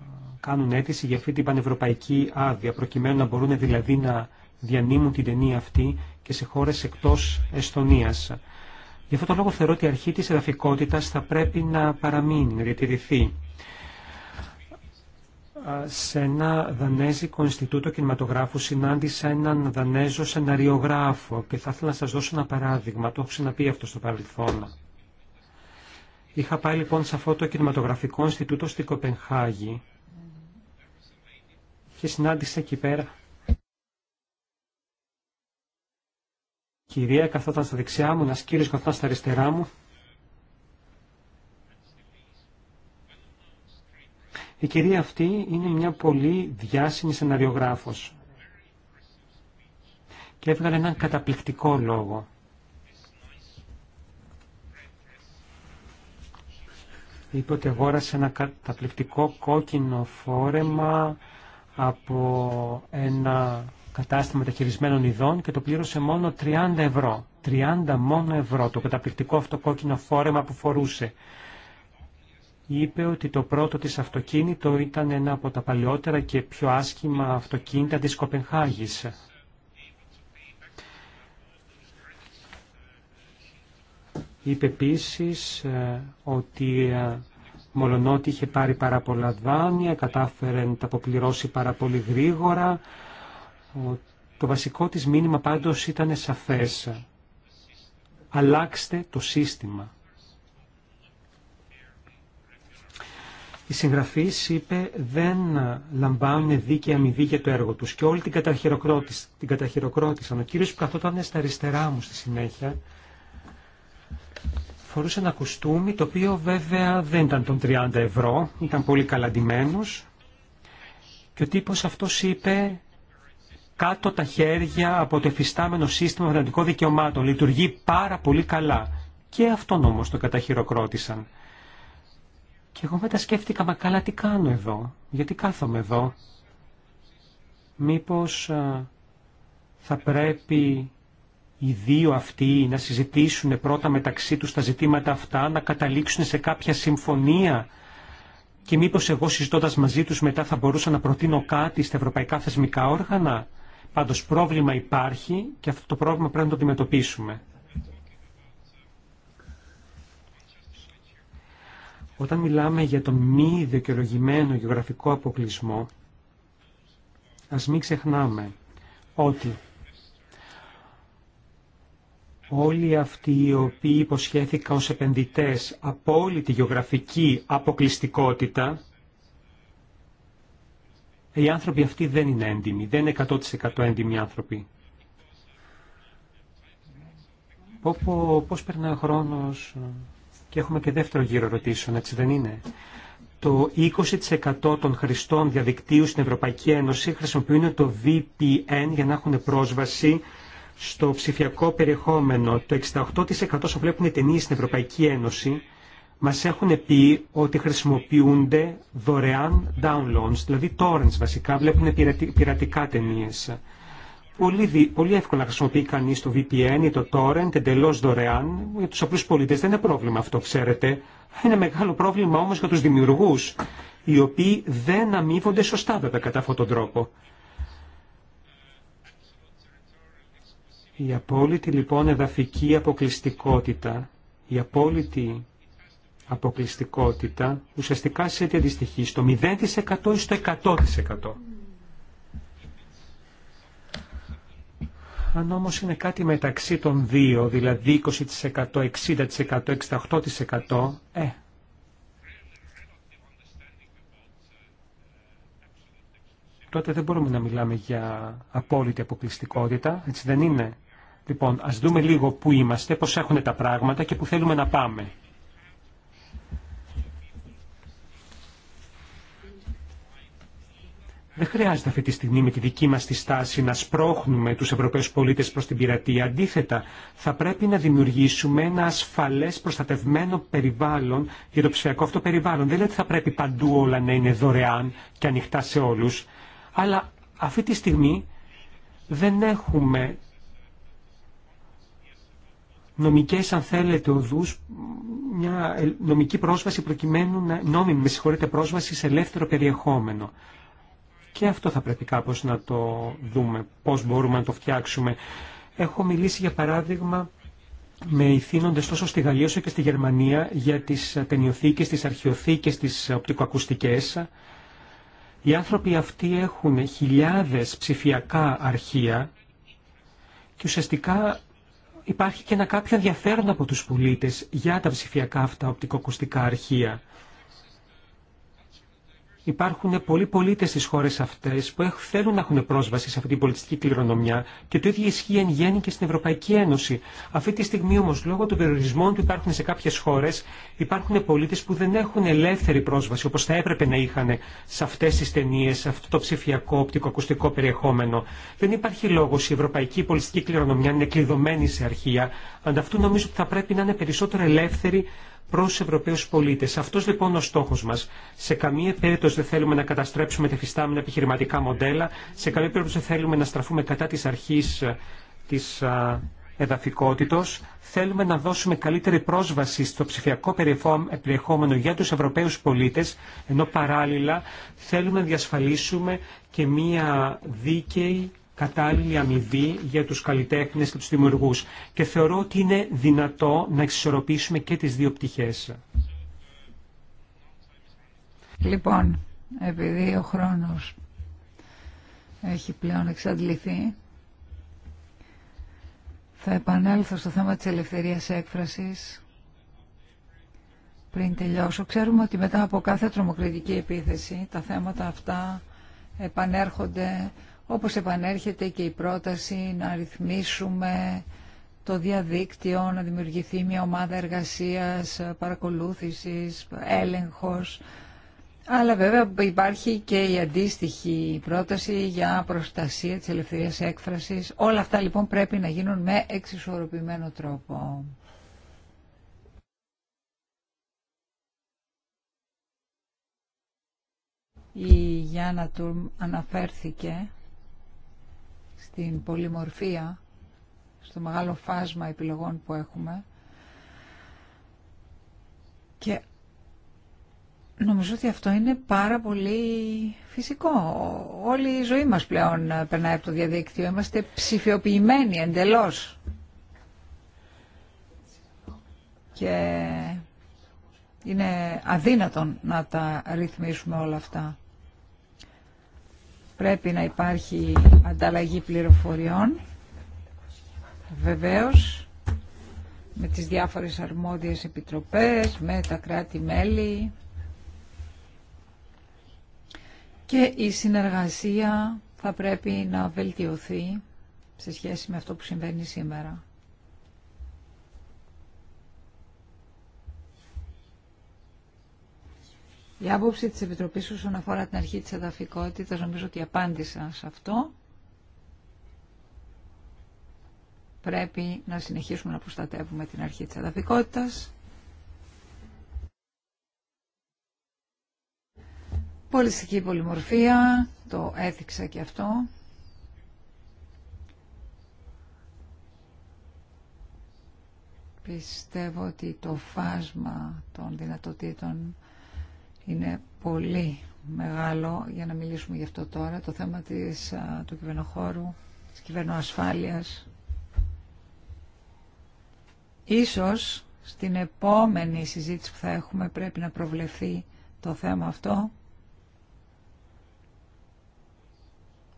ε, κάνουν αίτηση για αυτή την πανευρωπαϊκή άδεια, προκειμένου να μπορούν δηλαδή να διανύμουν την ταινία αυτή και σε χώρε εκτό Εστονία. Γι' αυτό το λόγο θεωρώ ότι η αρχή τη εδαφικότητα θα πρέπει να παραμείνει, να διατηρηθεί. Σε ένα Δανέζικο Ινστιτούτο Κινηματογράφου συνάντησα έναν Δανέζο σεναριογράφο και θα ήθελα να σας δώσω ένα παράδειγμα, το έχω ξαναπεί αυτό στο παρελθόν. Είχα πάει λοιπόν σε αυτό το Κινηματογραφικό Ινστιτούτο στην Κοπενχάγη και συνάντησα εκεί πέρα Κυρία καθόταν στα δεξιά μου, ένας κύριος καθόταν στα αριστερά μου. Η κυρία αυτή είναι μια πολύ διάσημη σεναριογράφος και έβγαλε έναν καταπληκτικό λόγο. Είπε ότι αγόρασε ένα καταπληκτικό κόκκινο φόρεμα από ένα κατάστημα μεταχειρισμένων ειδών και το πλήρωσε μόνο 30 ευρώ. 30 μόνο ευρώ το καταπληκτικό αυτοκόκκινο φόρεμα που φορούσε. Είπε ότι το πρώτο της αυτοκίνητο ήταν ένα από τα παλιότερα και πιο άσχημα αυτοκίνητα της Κοπενχάγης. Είπε επίση ε, ότι ε, μολονότι είχε πάρει πάρα πολλά δάνεια, κατάφερε να τα αποπληρώσει πάρα πολύ γρήγορα, το βασικό της μήνυμα πάντως ήταν σαφές. Αλλάξτε το σύστημα. Η συγγραφή είπε δεν λαμβάνουν δίκαια αμοιβή για το έργο τους και όλοι την, την καταχειροκρότησαν. Ο κύριος που καθόταν στα αριστερά μου στη συνέχεια φορούσε ένα κουστούμι το οποίο βέβαια δεν ήταν των 30 ευρώ, ήταν πολύ καλαντημένος και ο τύπος αυτός είπε κάτω τα χέρια από το εφιστάμενο σύστημα βραντικών δικαιωμάτων. Λειτουργεί πάρα πολύ καλά. Και αυτόν όμω το καταχειροκρότησαν. Και εγώ μετά σκέφτηκα, μα καλά τι κάνω εδώ, γιατί κάθομαι εδώ. Μήπως θα πρέπει οι δύο αυτοί να συζητήσουν πρώτα μεταξύ τους τα ζητήματα αυτά, να καταλήξουν σε κάποια συμφωνία και μήπως εγώ συζητώντας μαζί τους μετά θα μπορούσα να προτείνω κάτι στα ευρωπαϊκά θεσμικά όργανα. Πάντως πρόβλημα υπάρχει και αυτό το πρόβλημα πρέπει να το αντιμετωπίσουμε. Όταν μιλάμε για το μη δικαιολογημένο γεωγραφικό αποκλεισμό, ας μην ξεχνάμε ότι όλοι αυτοί οι οποίοι υποσχέθηκαν ως επενδυτές απόλυτη γεωγραφική αποκλειστικότητα οι άνθρωποι αυτοί δεν είναι έντιμοι, δεν είναι 100% έντιμοι άνθρωποι. Πω, πώς περνάει ο χρόνος ε, και έχουμε και δεύτερο γύρο ερωτήσεων, έτσι δεν είναι. Το 20% των χρηστών διαδικτύου στην Ευρωπαϊκή Ένωση χρησιμοποιούν το VPN για να έχουν πρόσβαση στο ψηφιακό περιεχόμενο. Το 68% βλέπουν ταινίες στην Ευρωπαϊκή Ένωση μας έχουν πει ότι χρησιμοποιούνται δωρεάν downloads, δηλαδή torrents βασικά, βλέπουν πειρατικά ταινίε. Πολύ, πολύ εύκολα χρησιμοποιεί κανεί το VPN ή το torrent εντελώ δωρεάν. Για του απλού πολίτε δεν είναι πρόβλημα αυτό, ξέρετε. Είναι μεγάλο πρόβλημα όμω για του δημιουργού, οι οποίοι δεν αμείβονται σωστά βέβαια κατά αυτόν τον τρόπο. Η απόλυτη λοιπόν εδαφική αποκλειστικότητα, η απόλυτη αποκλειστικότητα ουσιαστικά σε τι αντιστοιχεί, στο 0% ή στο 100%. Αν όμως είναι κάτι μεταξύ των δύο, δηλαδή 20%, 60%, 68%, ε, τότε δεν μπορούμε να μιλάμε για απόλυτη αποκλειστικότητα, έτσι δεν είναι. Λοιπόν, ας δούμε λίγο πού είμαστε, πώς έχουν τα πράγματα και πού θέλουμε να πάμε. Δεν χρειάζεται αυτή τη στιγμή με τη δική μας τη στάση να σπρώχνουμε τους Ευρωπαίους πολίτες προς την πειρατεία. Αντίθετα, θα πρέπει να δημιουργήσουμε ένα ασφαλές προστατευμένο περιβάλλον για το ψηφιακό αυτό περιβάλλον. Δεν λέει ότι θα πρέπει παντού όλα να είναι δωρεάν και ανοιχτά σε όλους. Αλλά αυτή τη στιγμή δεν έχουμε νομικές αν θέλετε οδούς, μια ε, νομική πρόσβαση προκειμένου να νόμιμη, με συγχωρείτε, πρόσβαση σε ελεύθερο περιεχόμενο. Και αυτό θα πρέπει κάπως να το δούμε, πώς μπορούμε να το φτιάξουμε. Έχω μιλήσει για παράδειγμα με ηθήνοντες τόσο στη Γαλλία όσο και στη Γερμανία για τις ταινιοθήκες, τις αρχαιοθήκες, τις οπτικοακουστικές. Οι άνθρωποι αυτοί έχουν χιλιάδες ψηφιακά αρχεία και ουσιαστικά υπάρχει και ένα κάποιο ενδιαφέρον από τους πολίτες για τα ψηφιακά αυτά οπτικοακουστικά αρχεία. Υπάρχουν πολλοί πολίτε στι χώρε αυτέ που θέλουν να έχουν πρόσβαση σε αυτή την πολιτιστική κληρονομιά και το ίδιο ισχύει εν γέννη και στην Ευρωπαϊκή Ένωση. Αυτή τη στιγμή όμω, λόγω των περιορισμών που υπάρχουν σε κάποιε χώρε, υπάρχουν πολίτε που δεν έχουν ελεύθερη πρόσβαση όπω θα έπρεπε να είχαν σε αυτέ τι ταινίε, σε αυτό το ψηφιακό οπτικοακουστικό περιεχόμενο. Δεν υπάρχει λόγο η ευρωπαϊκή πολιτιστική κληρονομιά να είναι κλειδωμένη σε αρχεία. Ανταυτού νομίζω ότι θα πρέπει να είναι περισσότερο ελεύθερη προ του Ευρωπαίου πολίτε. Αυτό λοιπόν ο στόχο μα. Σε καμία περίπτωση δεν θέλουμε να καταστρέψουμε τα φυστάμενα επιχειρηματικά μοντέλα. Σε καμία περίπτωση δεν θέλουμε να στραφούμε κατά τη αρχή ε, τη εδαφικότητος, θέλουμε να δώσουμε καλύτερη πρόσβαση στο ψηφιακό περιεχόμενο για τους Ευρωπαίους πολίτες, ενώ παράλληλα θέλουμε να διασφαλίσουμε και μία δίκαιη κατάλληλη αμοιβή για τους καλλιτέχνες και τους δημιουργούς. Και θεωρώ ότι είναι δυνατό να εξισορροπήσουμε και τις δύο πτυχές. Λοιπόν, επειδή ο χρόνος έχει πλέον εξαντληθεί, θα επανέλθω στο θέμα της ελευθερίας έκφρασης πριν τελειώσω. Ξέρουμε ότι μετά από κάθε τρομοκρατική επίθεση τα θέματα αυτά επανέρχονται όπως επανέρχεται και η πρόταση να ρυθμίσουμε το διαδίκτυο, να δημιουργηθεί μια ομάδα εργασίας, παρακολούθησης, έλεγχος. Αλλά βέβαια υπάρχει και η αντίστοιχη πρόταση για προστασία της ελευθερίας έκφρασης. Όλα αυτά λοιπόν πρέπει να γίνουν με εξισορροπημένο τρόπο. Η Γιάννα Τουρμ αναφέρθηκε στην πολυμορφία, στο μεγάλο φάσμα επιλογών που έχουμε. Και νομίζω ότι αυτό είναι πάρα πολύ φυσικό. Όλη η ζωή μας πλέον περνάει από το διαδίκτυο. Είμαστε ψηφιοποιημένοι εντελώς. Και είναι αδύνατον να τα ρυθμίσουμε όλα αυτά. Πρέπει να υπάρχει ανταλλαγή πληροφοριών, βεβαίως, με τις διάφορες αρμόδιες επιτροπές, με τα κράτη-μέλη και η συνεργασία θα πρέπει να βελτιωθεί σε σχέση με αυτό που συμβαίνει σήμερα. Η άποψη της Επιτροπής όσον αφορά την αρχή της εδαφικότητας, νομίζω ότι απάντησα σε αυτό. Πρέπει να συνεχίσουμε να προστατεύουμε την αρχή της εδαφικότητας. Πολιστική πολυμορφία, το έθιξα και αυτό. Πιστεύω ότι το φάσμα των δυνατοτήτων είναι πολύ μεγάλο για να μιλήσουμε γι' αυτό τώρα, το θέμα της, του κυβερνοχώρου, της κυβερνοασφάλειας. Ίσως στην επόμενη συζήτηση που θα έχουμε πρέπει να προβλεφθεί το θέμα αυτό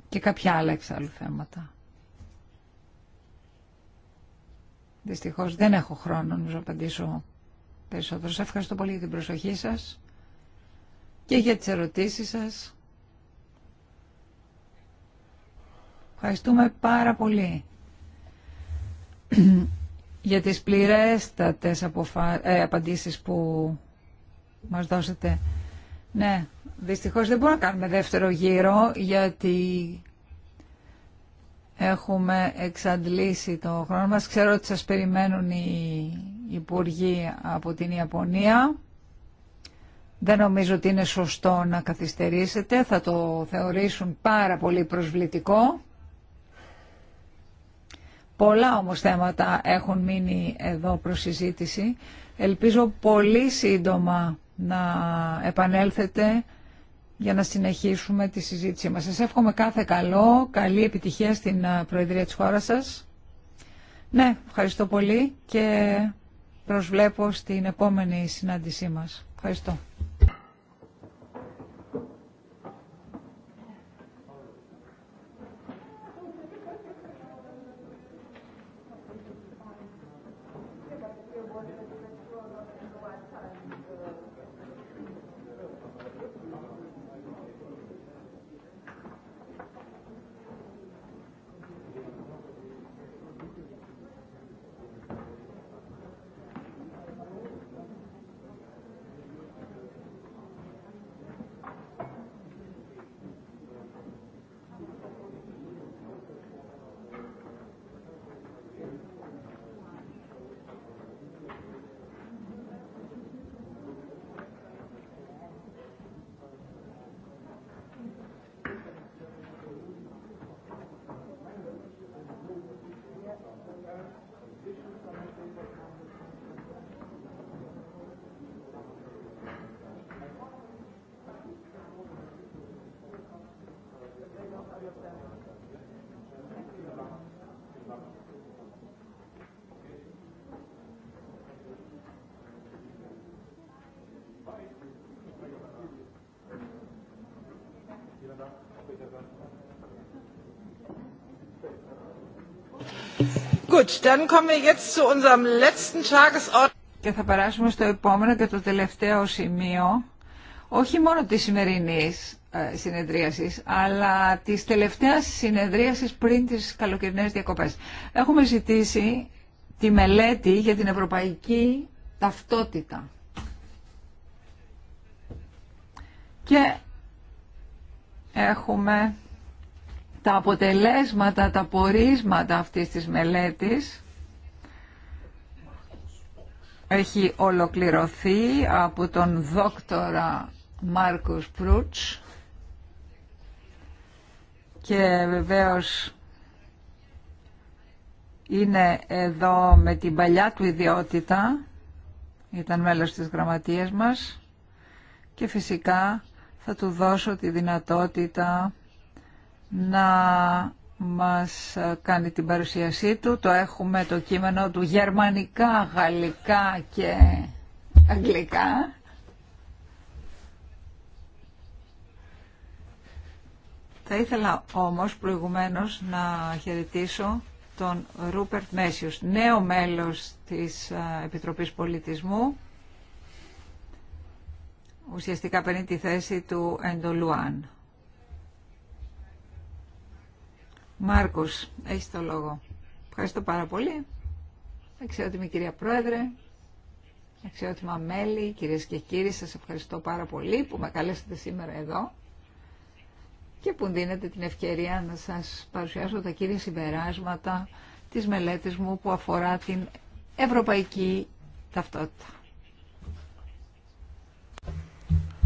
και κάποια άλλα εξάλλου θέματα. Δυστυχώς δεν έχω χρόνο να απαντήσω περισσότερο. Σας ευχαριστώ πολύ για την προσοχή σας και για τις ερωτήσεις σας. Ευχαριστούμε πάρα πολύ για τις πληρέστατες αποφα... Ε, απαντήσεις που μας δώσετε. Ναι, δυστυχώς δεν μπορούμε να κάνουμε δεύτερο γύρο γιατί έχουμε εξαντλήσει το χρόνο μας. Ξέρω ότι σας περιμένουν οι υπουργοί από την Ιαπωνία. Δεν νομίζω ότι είναι σωστό να καθυστερήσετε, θα το θεωρήσουν πάρα πολύ προσβλητικό. Πολλά όμως θέματα έχουν μείνει εδώ προς συζήτηση. Ελπίζω πολύ σύντομα να επανέλθετε για να συνεχίσουμε τη συζήτησή μας. Σας εύχομαι κάθε καλό, καλή επιτυχία στην Προεδρία της χώρας σας. Ναι, ευχαριστώ πολύ και προσβλέπω στην επόμενη συνάντησή μας. Ευχαριστώ. Και θα περάσουμε στο επόμενο και το τελευταίο σημείο, όχι μόνο της σημερινής ε, συνεδρίασης, αλλά της τελευταίας συνεδρίασης πριν τις καλοκαιρινές διακοπές. Έχουμε ζητήσει τη μελέτη για την ευρωπαϊκή ταυτότητα. Και έχουμε τα αποτελέσματα, τα πορίσματα αυτής της μελέτης έχει ολοκληρωθεί από τον δόκτορα Μάρκος Προύτς και βεβαίως είναι εδώ με την παλιά του ιδιότητα, ήταν μέλος της γραμματείας μας και φυσικά θα του δώσω τη δυνατότητα να μας κάνει την παρουσίασή του. Το έχουμε το κείμενο του γερμανικά, γαλλικά και αγγλικά. Θα ήθελα όμως προηγουμένως να χαιρετήσω τον Ρούπερτ Μέσιος, νέο μέλος της ε, Επιτροπής Πολιτισμού, ουσιαστικά παίρνει τη θέση του Εντολουάν. Μάρκος, έχει το λόγο. Ευχαριστώ πάρα πολύ. Αξιότιμη κυρία Πρόεδρε, αξιότιμα μέλη, κυρίες και κύριοι, σας ευχαριστώ πάρα πολύ που με καλέσατε σήμερα εδώ και που δίνετε την ευκαιρία να σας παρουσιάσω τα κύρια συμπεράσματα της μελέτης μου που αφορά την ευρωπαϊκή ταυτότητα.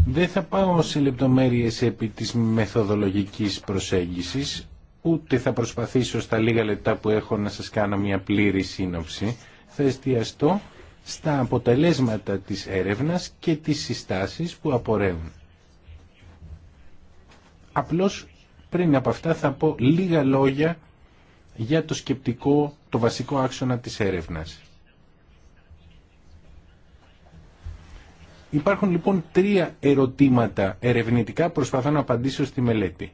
Δεν θα πάω σε λεπτομέρειες επί της μεθοδολογικής προσέγγισης, ούτε θα προσπαθήσω στα λίγα λεπτά που έχω να σας κάνω μια πλήρη σύνοψη. Θα εστιαστώ στα αποτελέσματα της έρευνας και τις συστάσεις που απορρέουν. Απλώς πριν από αυτά θα πω λίγα λόγια για το σκεπτικό, το βασικό άξονα της έρευνας. Υπάρχουν λοιπόν τρία ερωτήματα ερευνητικά που προσπαθώ να απαντήσω στη μελέτη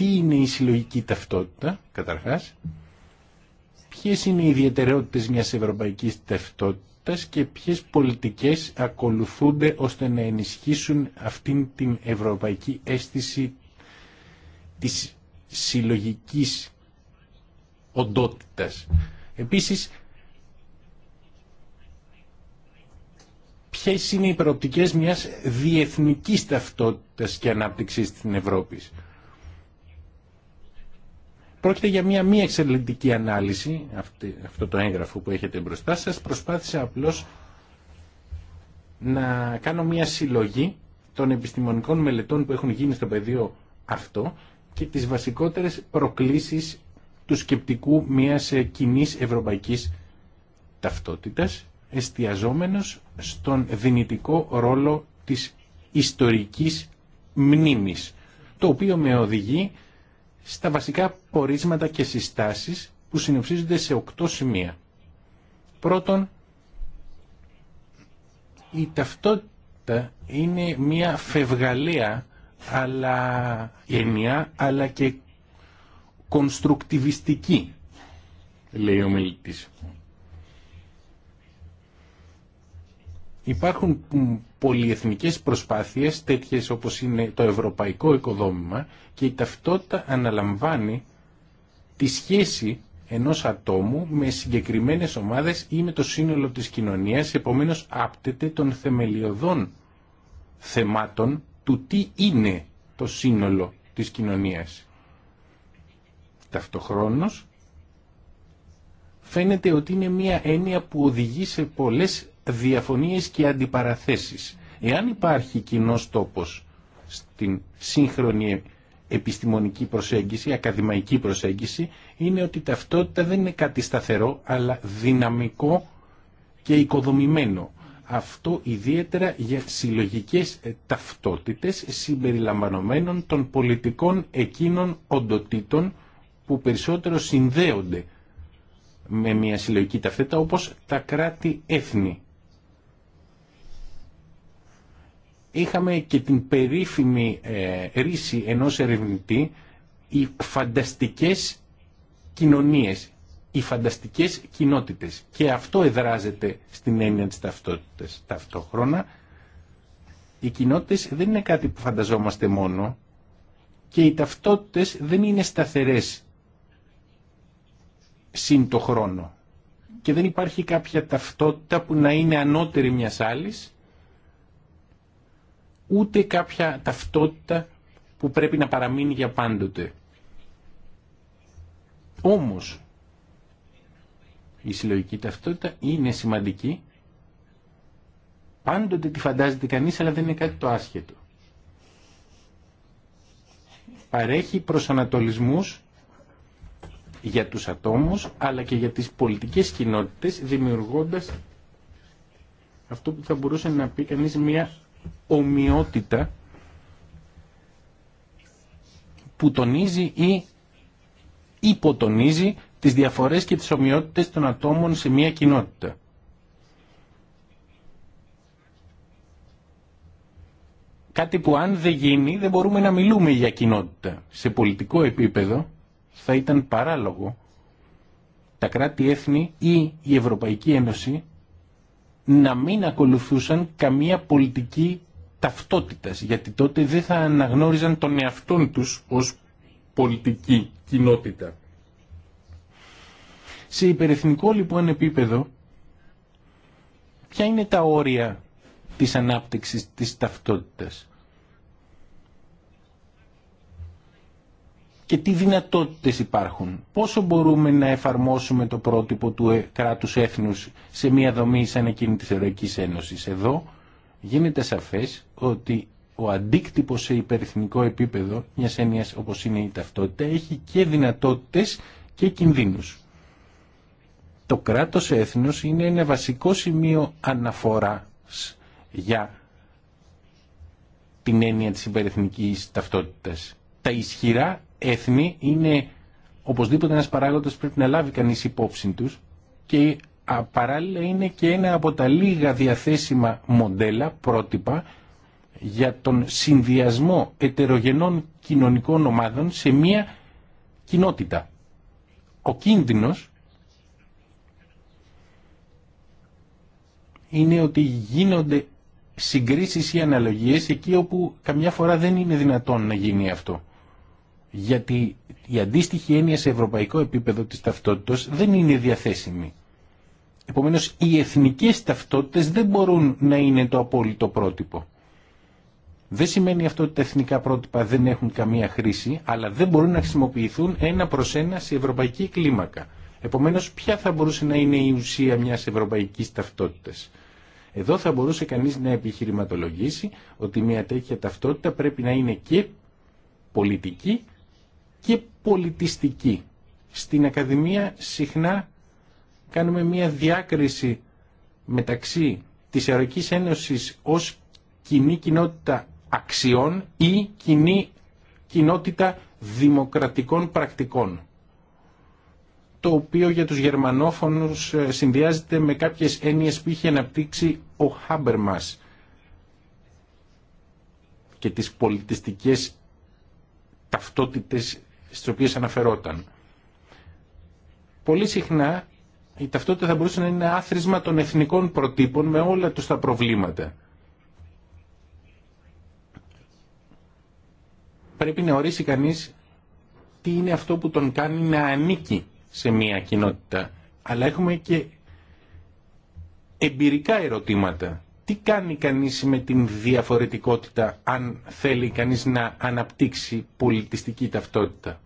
τι είναι η συλλογική ταυτότητα, καταρχάς, ποιες είναι οι ιδιαιτερότητες μιας ευρωπαϊκής ταυτότητας και ποιες πολιτικές ακολουθούνται ώστε να ενισχύσουν αυτήν την ευρωπαϊκή αίσθηση της συλλογικής οντότητας. Επίσης, ποιες είναι οι προοπτικές μιας διεθνικής ταυτότητας και ανάπτυξης στην Ευρώπη. Πρόκειται για μια μη εξελικτική ανάλυση, αυτό το έγγραφο που έχετε μπροστά σας. Προσπάθησα απλώς να κάνω μια συλλογή των επιστημονικών μελετών που έχουν γίνει στο πεδίο αυτό και τις βασικότερες προκλήσεις του σκεπτικού μιας ε, κοινή ευρωπαϊκής ταυτότητας, εστιαζόμενος στον δυνητικό ρόλο της ιστορικής μνήμης, το οποίο με οδηγεί στα βασικά πορίσματα και συστάσεις που συνοψίζονται σε οκτώ σημεία. Πρώτον, η ταυτότητα είναι μια φευγαλία, αλλά αλλά και κονστρουκτιβιστική, λέει ο μιλητής. υπάρχουν πολυεθνικές προσπάθειες τέτοιες όπως είναι το ευρωπαϊκό οικοδόμημα και η ταυτότητα αναλαμβάνει τη σχέση ενός ατόμου με συγκεκριμένες ομάδες ή με το σύνολο της κοινωνίας, επομένως άπτεται των θεμελιωδών θεμάτων του τι είναι το σύνολο της κοινωνίας. Ταυτοχρόνως φαίνεται ότι είναι μια έννοια που οδηγεί σε πολλές διαφωνίες και αντιπαραθέσεις. Εάν υπάρχει κοινό τόπος στην σύγχρονη επιστημονική προσέγγιση, ακαδημαϊκή προσέγγιση, είναι ότι ταυτότητα δεν είναι κάτι σταθερό, αλλά δυναμικό και οικοδομημένο. Αυτό ιδιαίτερα για συλλογικές ταυτότητες συμπεριλαμβανομένων των πολιτικών εκείνων οντοτήτων που περισσότερο συνδέονται με μια συλλογική ταυτότητα όπως τα κράτη-έθνη είχαμε και την περίφημη ε, ρίση ενός ερευνητή οι φανταστικές κοινωνίες, οι φανταστικές κοινότητες. Και αυτό εδράζεται στην έννοια της ταυτότητας. Ταυτόχρονα, οι κοινότητες δεν είναι κάτι που φανταζόμαστε μόνο και οι ταυτότητες δεν είναι σταθερές σύν το χρόνο. Και δεν υπάρχει κάποια ταυτότητα που να είναι ανώτερη μιας άλλης ούτε κάποια ταυτότητα που πρέπει να παραμείνει για πάντοτε. Όμως, η συλλογική ταυτότητα είναι σημαντική. Πάντοτε τη φαντάζεται κανείς, αλλά δεν είναι κάτι το άσχετο. Παρέχει προσανατολισμούς για τους ατόμους, αλλά και για τις πολιτικές κοινότητες, δημιουργώντας αυτό που θα μπορούσε να πει κανείς μια ομοιότητα που τονίζει ή υποτονίζει τις διαφορές και τις ομοιότητες των ατόμων σε μια κοινότητα. Κάτι που αν δεν γίνει δεν μπορούμε να μιλούμε για κοινότητα. Σε πολιτικό επίπεδο θα ήταν παράλογο τα κράτη-έθνη ή η Ευρωπαϊκή Ένωση να μην ακολουθούσαν καμία πολιτική ταυτότητας, γιατί τότε δεν θα αναγνώριζαν τον εαυτόν τους ως πολιτική κοινότητα. Σε υπερεθνικό λοιπόν επίπεδο, ποια είναι τα όρια της ανάπτυξης της ταυτότητας. και τι δυνατότητες υπάρχουν. Πόσο μπορούμε να εφαρμόσουμε το πρότυπο του ε, κράτους έθνους σε μια δομή σαν εκείνη της Ευρωπαϊκής Ένωσης. Εδώ γίνεται σαφές ότι ο αντίκτυπος σε υπερεθνικό επίπεδο μια έννοια όπως είναι η ταυτότητα έχει και δυνατότητε και κινδύνους. Το κράτος έθνος είναι ένα βασικό σημείο αναφοράς για την έννοια της υπερεθνικής ταυτότητας. Τα ισχυρά έθνη είναι οπωσδήποτε ένας παράγοντας που πρέπει να λάβει κανείς υπόψη τους και παράλληλα είναι και ένα από τα λίγα διαθέσιμα μοντέλα, πρότυπα, για τον συνδυασμό ετερογενών κοινωνικών ομάδων σε μία κοινότητα. Ο κίνδυνος είναι ότι γίνονται συγκρίσεις ή αναλογίες εκεί όπου καμιά φορά δεν είναι δυνατόν να γίνει αυτό γιατί η αντίστοιχη έννοια σε ευρωπαϊκό επίπεδο της ταυτότητας δεν είναι διαθέσιμη. Επομένως, οι εθνικές ταυτότητες δεν μπορούν να είναι το απόλυτο πρότυπο. Δεν σημαίνει αυτό ότι τα εθνικά πρότυπα δεν έχουν καμία χρήση, αλλά δεν μπορούν να χρησιμοποιηθούν ένα προς ένα σε ευρωπαϊκή κλίμακα. Επομένως, ποια θα μπορούσε να είναι η ουσία μιας ευρωπαϊκής ταυτότητας. Εδώ θα μπορούσε κανείς να επιχειρηματολογήσει ότι μια τέτοια ταυτότητα πρέπει να είναι και πολιτική και πολιτιστική. Στην Ακαδημία συχνά κάνουμε μία διάκριση μεταξύ της Ευρωπαϊκής Ένωσης ως κοινή κοινότητα αξιών ή κοινή κοινότητα δημοκρατικών πρακτικών το οποίο για τους γερμανόφωνους ε, συνδυάζεται με κάποιες έννοιες που είχε αναπτύξει ο Χάμπερμας και τις πολιτιστικές ταυτότητες στις οποίες αναφερόταν. Πολύ συχνά η ταυτότητα θα μπορούσε να είναι άθροισμα των εθνικών προτύπων με όλα τους τα προβλήματα. Πρέπει να ορίσει κανείς τι είναι αυτό που τον κάνει να ανήκει σε μια κοινότητα. Αλλά έχουμε και εμπειρικά ερωτήματα τι κάνει κανείς με την διαφορετικότητα αν θέλει κανείς να αναπτύξει πολιτιστική ταυτότητα.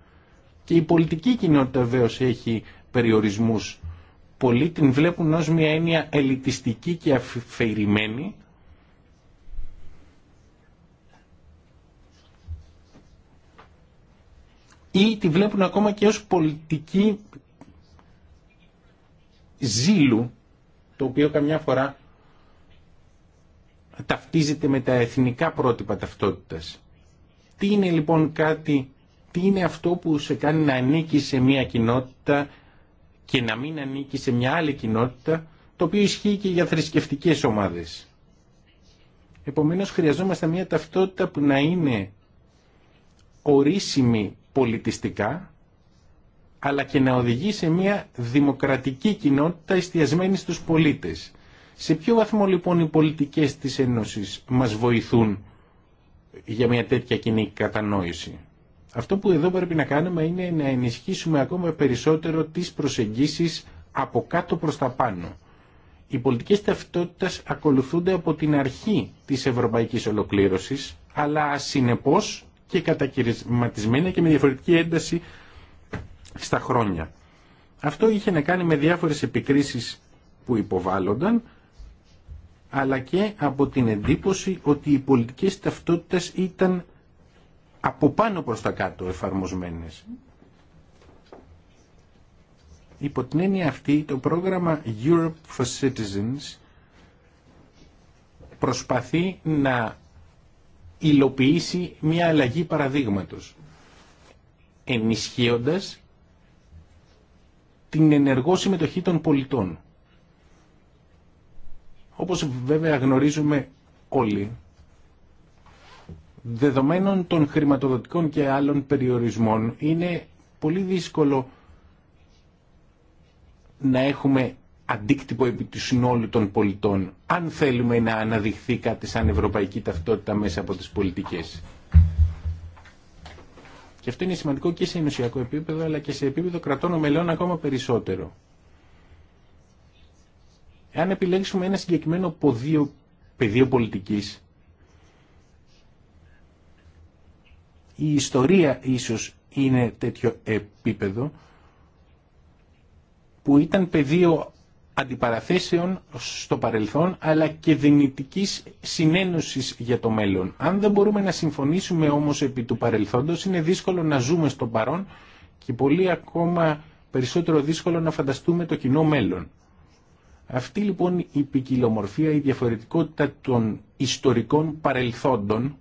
Και η πολιτική κοινότητα βεβαίω έχει περιορισμούς. Πολλοί την βλέπουν ως μια έννοια ελιτιστική και αφηρημένη ή τη βλέπουν ακόμα και ως πολιτική ζήλου, το οποίο καμιά φορά ταυτίζεται με τα εθνικά πρότυπα ταυτότητας. Τι είναι λοιπόν κάτι, τι είναι αυτό που σε κάνει να ανήκει σε μια κοινότητα και να μην ανήκει σε μια άλλη κοινότητα, το οποίο ισχύει και για θρησκευτικές ομάδες. Επομένως χρειαζόμαστε μια ταυτότητα που να είναι ορίσιμη πολιτιστικά, αλλά και να οδηγεί σε μια δημοκρατική κοινότητα εστιασμένη στους πολίτες. Σε ποιο βαθμό λοιπόν οι πολιτικές της Ένωσης μας βοηθούν για μια τέτοια κοινή κατανόηση. Αυτό που εδώ πρέπει να κάνουμε είναι να ενισχύσουμε ακόμα περισσότερο τις προσεγγίσεις από κάτω προς τα πάνω. Οι πολιτικές ταυτότητες ακολουθούνται από την αρχή της ευρωπαϊκής ολοκλήρωσης, αλλά ασυνεπώς και κατακυρισματισμένα και με διαφορετική ένταση στα χρόνια. Αυτό είχε να κάνει με διάφορες επικρίσεις που υποβάλλονταν, αλλά και από την εντύπωση ότι οι πολιτικές ταυτότητες ήταν από πάνω προς τα κάτω εφαρμοσμένες. Υπό την έννοια αυτή, το πρόγραμμα Europe for Citizens προσπαθεί να υλοποιήσει μια αλλαγή παραδείγματος, ενισχύοντας την ενεργό συμμετοχή των πολιτών. Όπως βέβαια γνωρίζουμε όλοι, δεδομένων των χρηματοδοτικών και άλλων περιορισμών, είναι πολύ δύσκολο να έχουμε αντίκτυπο επί του συνόλου των πολιτών, αν θέλουμε να αναδειχθεί κάτι σαν ευρωπαϊκή ταυτότητα μέσα από τις πολιτικές. Και αυτό είναι σημαντικό και σε ενωσιακό επίπεδο, αλλά και σε επίπεδο κρατών ομελών ακόμα περισσότερο αν επιλέξουμε ένα συγκεκριμένο ποδίο, πεδίο πολιτικής, η ιστορία ίσως είναι τέτοιο επίπεδο που ήταν πεδίο αντιπαραθέσεων στο παρελθόν αλλά και δυνητικής συνένωσης για το μέλλον. Αν δεν μπορούμε να συμφωνήσουμε όμως επί του παρελθόντος είναι δύσκολο να ζούμε στο παρόν και πολύ ακόμα περισσότερο δύσκολο να φανταστούμε το κοινό μέλλον. Αυτή λοιπόν η ποικιλομορφία, η διαφορετικότητα των ιστορικών παρελθόντων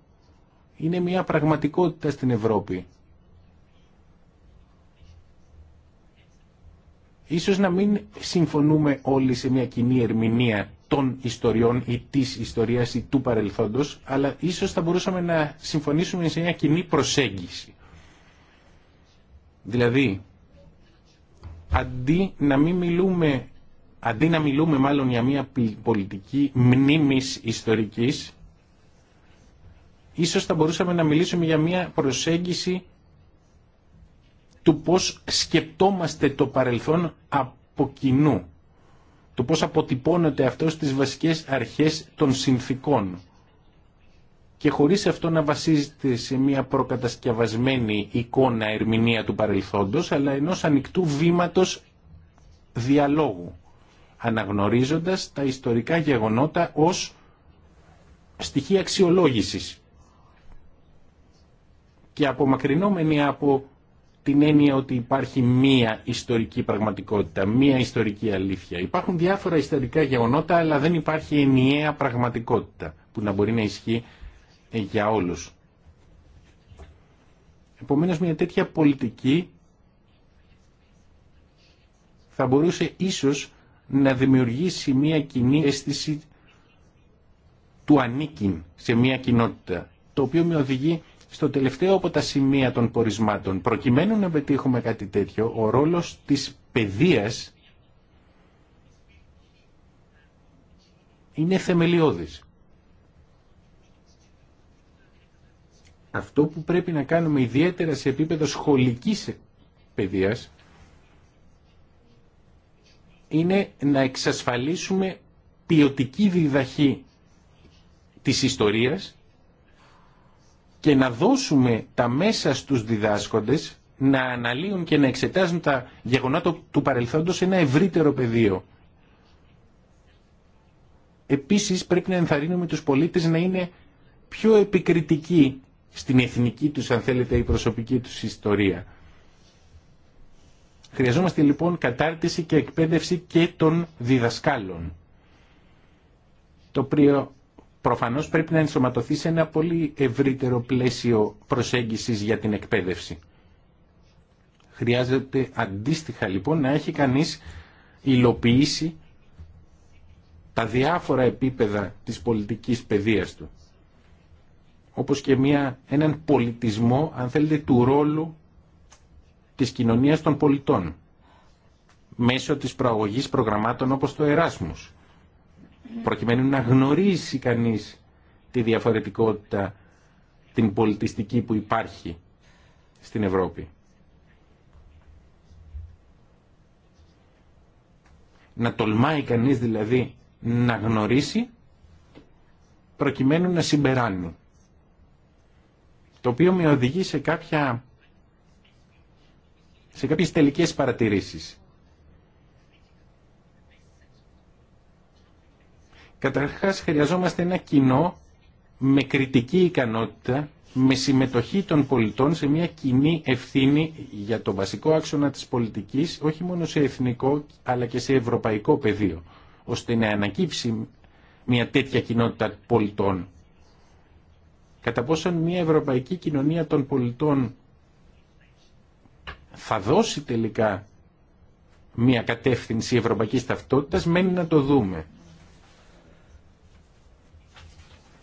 είναι μια πραγματικότητα στην Ευρώπη. Ίσως να μην συμφωνούμε όλοι σε μια κοινή ερμηνεία των ιστοριών ή της ιστορίας ή του παρελθόντος, αλλά ίσως θα μπορούσαμε να συμφωνήσουμε σε μια κοινή προσέγγιση. Δηλαδή, αντί να μην μιλούμε αντί να μιλούμε μάλλον για μια πολιτική μνήμης ιστορικής, ίσως θα μπορούσαμε να μιλήσουμε για μια προσέγγιση του πώς σκεπτόμαστε το παρελθόν από κοινού, του πώς αποτυπώνεται αυτό στις βασικές αρχές των συνθήκων και χωρίς αυτό να βασίζεται σε μια προκατασκευασμένη εικόνα ερμηνεία του παρελθόντος, αλλά ενός ανοιχτού βήματος διαλόγου αναγνωρίζοντας τα ιστορικά γεγονότα ως στοιχεία αξιολόγησης και απομακρυνόμενοι από την έννοια ότι υπάρχει μία ιστορική πραγματικότητα, μία ιστορική αλήθεια. Υπάρχουν διάφορα ιστορικά γεγονότα, αλλά δεν υπάρχει ενιαία πραγματικότητα που να μπορεί να ισχύει για όλους. Επομένως, μια τέτοια πολιτική θα μπορούσε ίσως να δημιουργήσει μια κοινή αίσθηση του ανήκειν σε μια κοινότητα, το οποίο με οδηγεί στο τελευταίο από τα σημεία των πορισμάτων. Προκειμένου να πετύχουμε κάτι τέτοιο, ο ρόλος της παιδείας είναι θεμελιώδης. Αυτό που πρέπει να κάνουμε ιδιαίτερα σε επίπεδο σχολικής παιδείας είναι να εξασφαλίσουμε ποιοτική διδαχή της ιστορίας και να δώσουμε τα μέσα στους διδάσκοντες να αναλύουν και να εξετάζουν τα γεγονότα του παρελθόντος σε ένα ευρύτερο πεδίο. Επίσης πρέπει να ενθαρρύνουμε τους πολίτες να είναι πιο επικριτικοί στην εθνική τους, αν θέλετε, η προσωπική τους ιστορία. Χρειαζόμαστε λοιπόν κατάρτιση και εκπαίδευση και των διδασκάλων. Το οποίο, προφανώς πρέπει να ενσωματωθεί σε ένα πολύ ευρύτερο πλαίσιο προσέγγισης για την εκπαίδευση. Χρειάζεται αντίστοιχα λοιπόν να έχει κανείς υλοποιήσει τα διάφορα επίπεδα της πολιτικής παιδείας του. Όπως και μια, έναν πολιτισμό, αν θέλετε, του ρόλου της κοινωνίας των πολιτών μέσω της προαγωγής προγραμμάτων όπως το Εράσμους προκειμένου να γνωρίσει κανείς τη διαφορετικότητα την πολιτιστική που υπάρχει στην Ευρώπη. Να τολμάει κανείς δηλαδή να γνωρίσει προκειμένου να συμπεράνει. Το οποίο με οδηγεί σε κάποια σε κάποιες τελικές παρατηρήσεις. Καταρχάς χρειαζόμαστε ένα κοινό με κριτική ικανότητα, με συμμετοχή των πολιτών σε μια κοινή ευθύνη για το βασικό άξονα της πολιτικής, όχι μόνο σε εθνικό αλλά και σε ευρωπαϊκό πεδίο, ώστε να ανακύψει μια τέτοια κοινότητα πολιτών. Κατά πόσον μια ευρωπαϊκή κοινωνία των πολιτών θα δώσει τελικά μια κατεύθυνση ευρωπαϊκής ταυτότητας, μένει να το δούμε.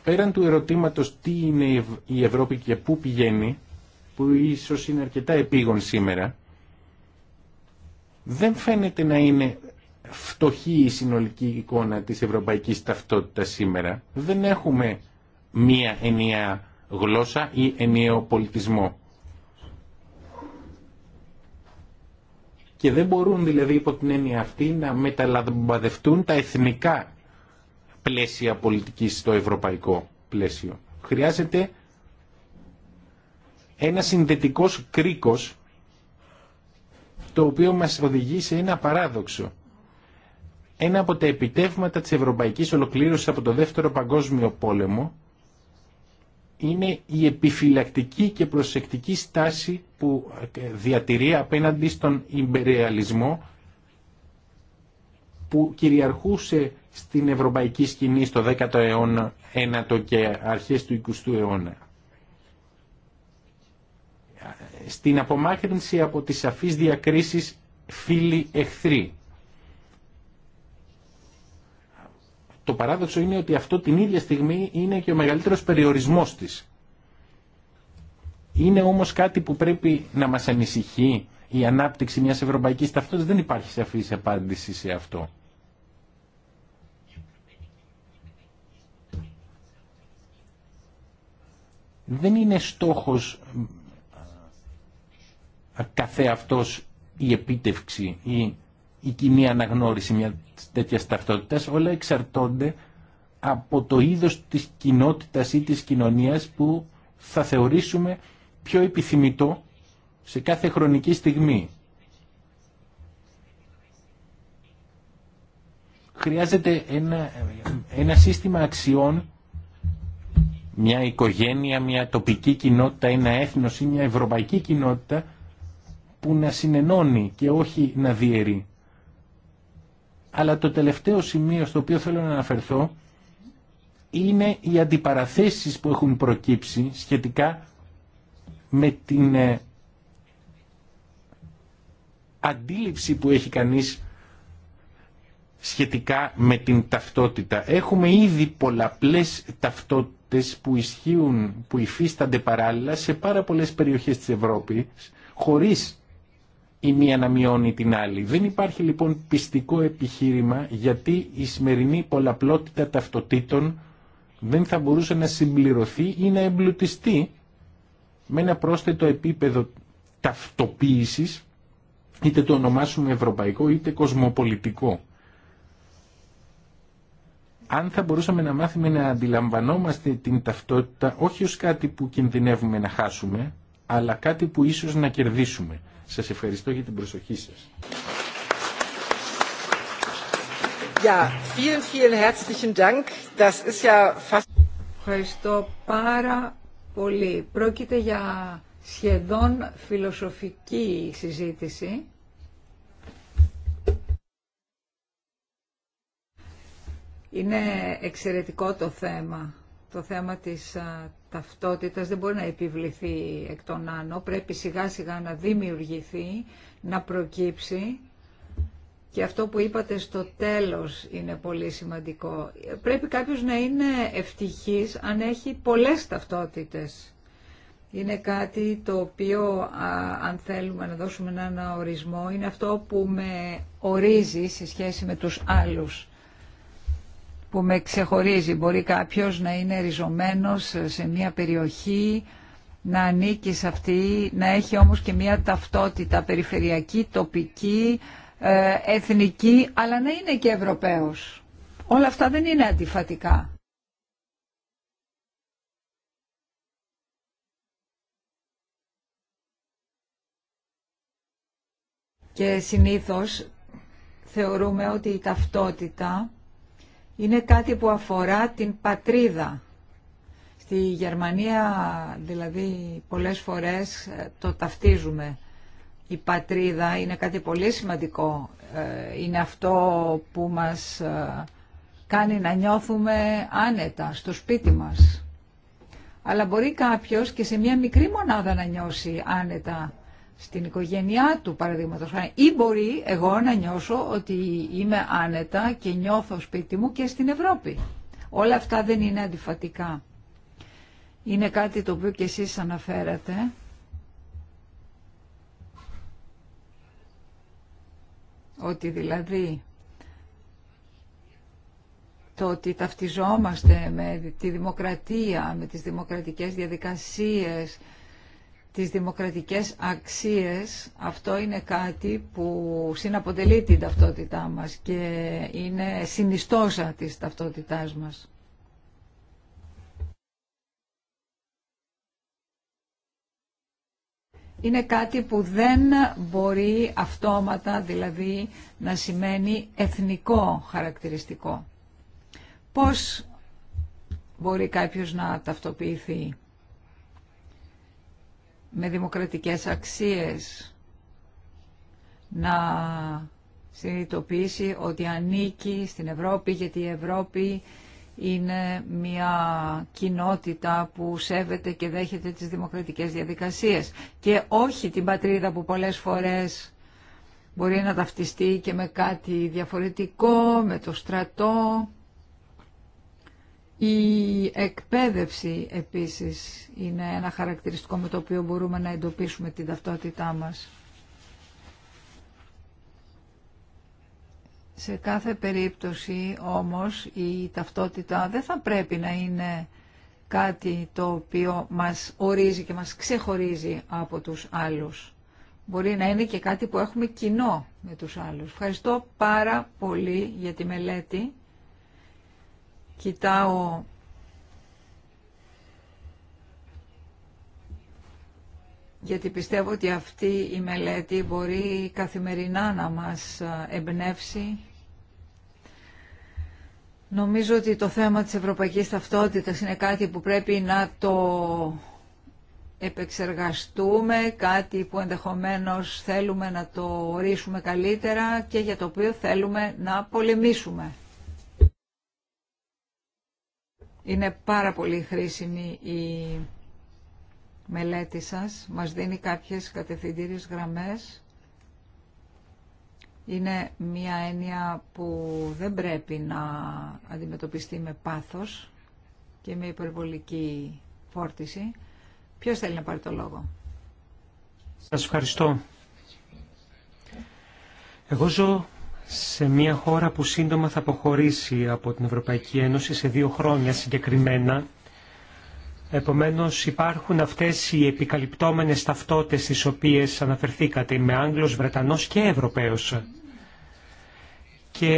Πέραν του ερωτήματος τι είναι η Ευρώπη και πού πηγαίνει, που ίσως είναι αρκετά επίγον σήμερα, δεν φαίνεται να είναι φτωχή η συνολική εικόνα της ευρωπαϊκής ταυτότητας σήμερα. Δεν έχουμε μία ενιαία γλώσσα ή ενιαίο πολιτισμό. και δεν μπορούν δηλαδή υπό την έννοια αυτή να μεταλαμπαδευτούν τα εθνικά πλαίσια πολιτικής στο ευρωπαϊκό πλαίσιο. Χρειάζεται ένα συνδετικός κρίκος το οποίο μας οδηγεί σε ένα παράδοξο. Ένα από τα επιτεύγματα της ευρωπαϊκής ολοκλήρωσης από το Δεύτερο Παγκόσμιο Πόλεμο είναι η επιφυλακτική και προσεκτική στάση που διατηρεί απέναντι στον Ιμπεριαλισμό που κυριαρχούσε στην ευρωπαϊκή σκηνή στο 10ο αιώνα, 9ο και αρχές του 20ου αιώνα. Στην απομάκρυνση από τις σαφείς διακρίσεις φίλοι-εχθροί. το παράδοξο είναι ότι αυτό την ίδια στιγμή είναι και ο μεγαλύτερος περιορισμός της. Είναι όμως κάτι που πρέπει να μας ανησυχεί η ανάπτυξη μιας ευρωπαϊκής ταυτότητας. Δεν υπάρχει σαφή απάντηση σε αυτό. Δεν είναι στόχος ε, καθεαυτός η επίτευξη ή η κοινή αναγνώριση μια τέτοια ταυτότητα, όλα εξαρτώνται από το είδος της κοινότητας ή της κοινωνίας που θα θεωρήσουμε πιο επιθυμητό σε κάθε χρονική στιγμή. Χρειάζεται ένα, ένα σύστημα αξιών, μια οικογένεια, μια τοπική κοινότητα, ένα έθνος ή μια ευρωπαϊκή κοινότητα που να συνενώνει και όχι να διαιρεί. Αλλά το τελευταίο σημείο στο οποίο θέλω να αναφερθώ είναι οι αντιπαραθέσεις που έχουν προκύψει σχετικά με την ε, αντίληψη που έχει κανείς σχετικά με την ταυτότητα. Έχουμε ήδη πολλαπλές ταυτότητες που ισχύουν, που υφίστανται παράλληλα σε πάρα πολλές περιοχές της Ευρώπης, χωρίς η μία να μειώνει την άλλη. Δεν υπάρχει λοιπόν πιστικό επιχείρημα γιατί η σημερινή πολλαπλότητα ταυτοτήτων δεν θα μπορούσε να συμπληρωθεί ή να εμπλουτιστεί με ένα πρόσθετο επίπεδο ταυτοποίησης, είτε το ονομάσουμε ευρωπαϊκό είτε κοσμοπολιτικό. Αν θα μπορούσαμε να μάθουμε να αντιλαμβανόμαστε την ταυτότητα όχι ως κάτι που κινδυνεύουμε να χάσουμε, αλλά κάτι που ίσως να κερδίσουμε. Σας ευχαριστώ για την προσοχή σας. Ευχαριστώ πάρα πολύ. Πρόκειται για σχεδόν φιλοσοφική συζήτηση. Είναι εξαιρετικό το θέμα, το θέμα της ταυτότητας δεν μπορεί να επιβληθεί εκ των άνω, πρέπει σιγά σιγά να δημιουργηθεί, να προκύψει και αυτό που είπατε στο τέλος είναι πολύ σημαντικό. Πρέπει κάποιος να είναι ευτυχής αν έχει πολλές ταυτότητες. Είναι κάτι το οποίο, αν θέλουμε να δώσουμε έναν ορισμό, είναι αυτό που με ορίζει σε σχέση με τους άλλους που με ξεχωρίζει. Μπορεί κάποιος να είναι ριζωμένος σε μια περιοχή, να ανήκει σε αυτή, να έχει όμως και μια ταυτότητα περιφερειακή, τοπική, ε, εθνική, αλλά να είναι και Ευρωπαίος. Όλα αυτά δεν είναι αντιφατικά. Και συνήθως θεωρούμε ότι η ταυτότητα είναι κάτι που αφορά την πατρίδα. Στη Γερμανία δηλαδή πολλές φορές ε, το ταυτίζουμε. Η πατρίδα είναι κάτι πολύ σημαντικό. Ε, είναι αυτό που μας ε, κάνει να νιώθουμε άνετα στο σπίτι μας. Αλλά μπορεί κάποιος και σε μια μικρή μονάδα να νιώσει άνετα στην οικογένειά του παραδείγματο χάρη. Ή μπορεί εγώ να νιώσω ότι είμαι άνετα και νιώθω σπίτι μου και στην Ευρώπη. Όλα αυτά δεν είναι αντιφατικά. Είναι κάτι το οποίο και εσείς αναφέρατε. Ότι δηλαδή το ότι ταυτιζόμαστε με τη δημοκρατία, με τις δημοκρατικές διαδικασίες, τις δημοκρατικές αξίες, αυτό είναι κάτι που συναποτελεί την ταυτότητά μας και είναι συνιστόσα της ταυτότητάς μας. Είναι κάτι που δεν μπορεί αυτόματα, δηλαδή, να σημαίνει εθνικό χαρακτηριστικό. Πώς μπορεί κάποιος να ταυτοποιηθεί με δημοκρατικές αξίες, να συνειδητοποιήσει ότι ανήκει στην Ευρώπη, γιατί η Ευρώπη είναι μια κοινότητα που σέβεται και δέχεται τις δημοκρατικές διαδικασίες και όχι την πατρίδα που πολλές φορές μπορεί να ταυτιστεί και με κάτι διαφορετικό, με το στρατό, η εκπαίδευση επίσης είναι ένα χαρακτηριστικό με το οποίο μπορούμε να εντοπίσουμε την ταυτότητά μας. Σε κάθε περίπτωση όμως η ταυτότητα δεν θα πρέπει να είναι κάτι το οποίο μας ορίζει και μας ξεχωρίζει από τους άλλους. Μπορεί να είναι και κάτι που έχουμε κοινό με τους άλλους. Ευχαριστώ πάρα πολύ για τη μελέτη κοιτάω γιατί πιστεύω ότι αυτή η μελέτη μπορεί καθημερινά να μας εμπνεύσει. Νομίζω ότι το θέμα της ευρωπαϊκής ταυτότητας είναι κάτι που πρέπει να το επεξεργαστούμε, κάτι που ενδεχομένως θέλουμε να το ορίσουμε καλύτερα και για το οποίο θέλουμε να πολεμήσουμε. Είναι πάρα πολύ χρήσιμη η μελέτη σας. Μας δίνει κάποιες κατευθυντήριες γραμμές. Είναι μια έννοια που δεν πρέπει να αντιμετωπιστεί με πάθος και με υπερβολική φόρτιση. Ποιος θέλει να πάρει το λόγο. Σας ευχαριστώ. Εγώ ζω σε μια χώρα που σύντομα θα αποχωρήσει από την Ευρωπαϊκή Ένωση σε δύο χρόνια συγκεκριμένα. Επομένως υπάρχουν αυτές οι επικαλυπτόμενες ταυτότητες στις οποίες αναφερθήκατε με Άγγλος, Βρετανός και Ευρωπαίος. Και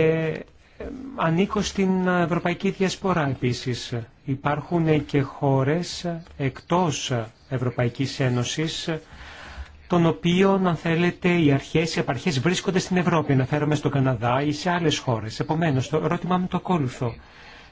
ε, ανήκω στην Ευρωπαϊκή Διασπορά επίσης. Υπάρχουν και χώρες εκτός Ευρωπαϊκής Ένωσης των οποίων, αν θέλετε, οι αρχές, οι απαρχές βρίσκονται στην Ευρώπη, αναφέρομαι στον Καναδά ή σε άλλες χώρες. Επομένως, το ερώτημά μου το ακόλουθο.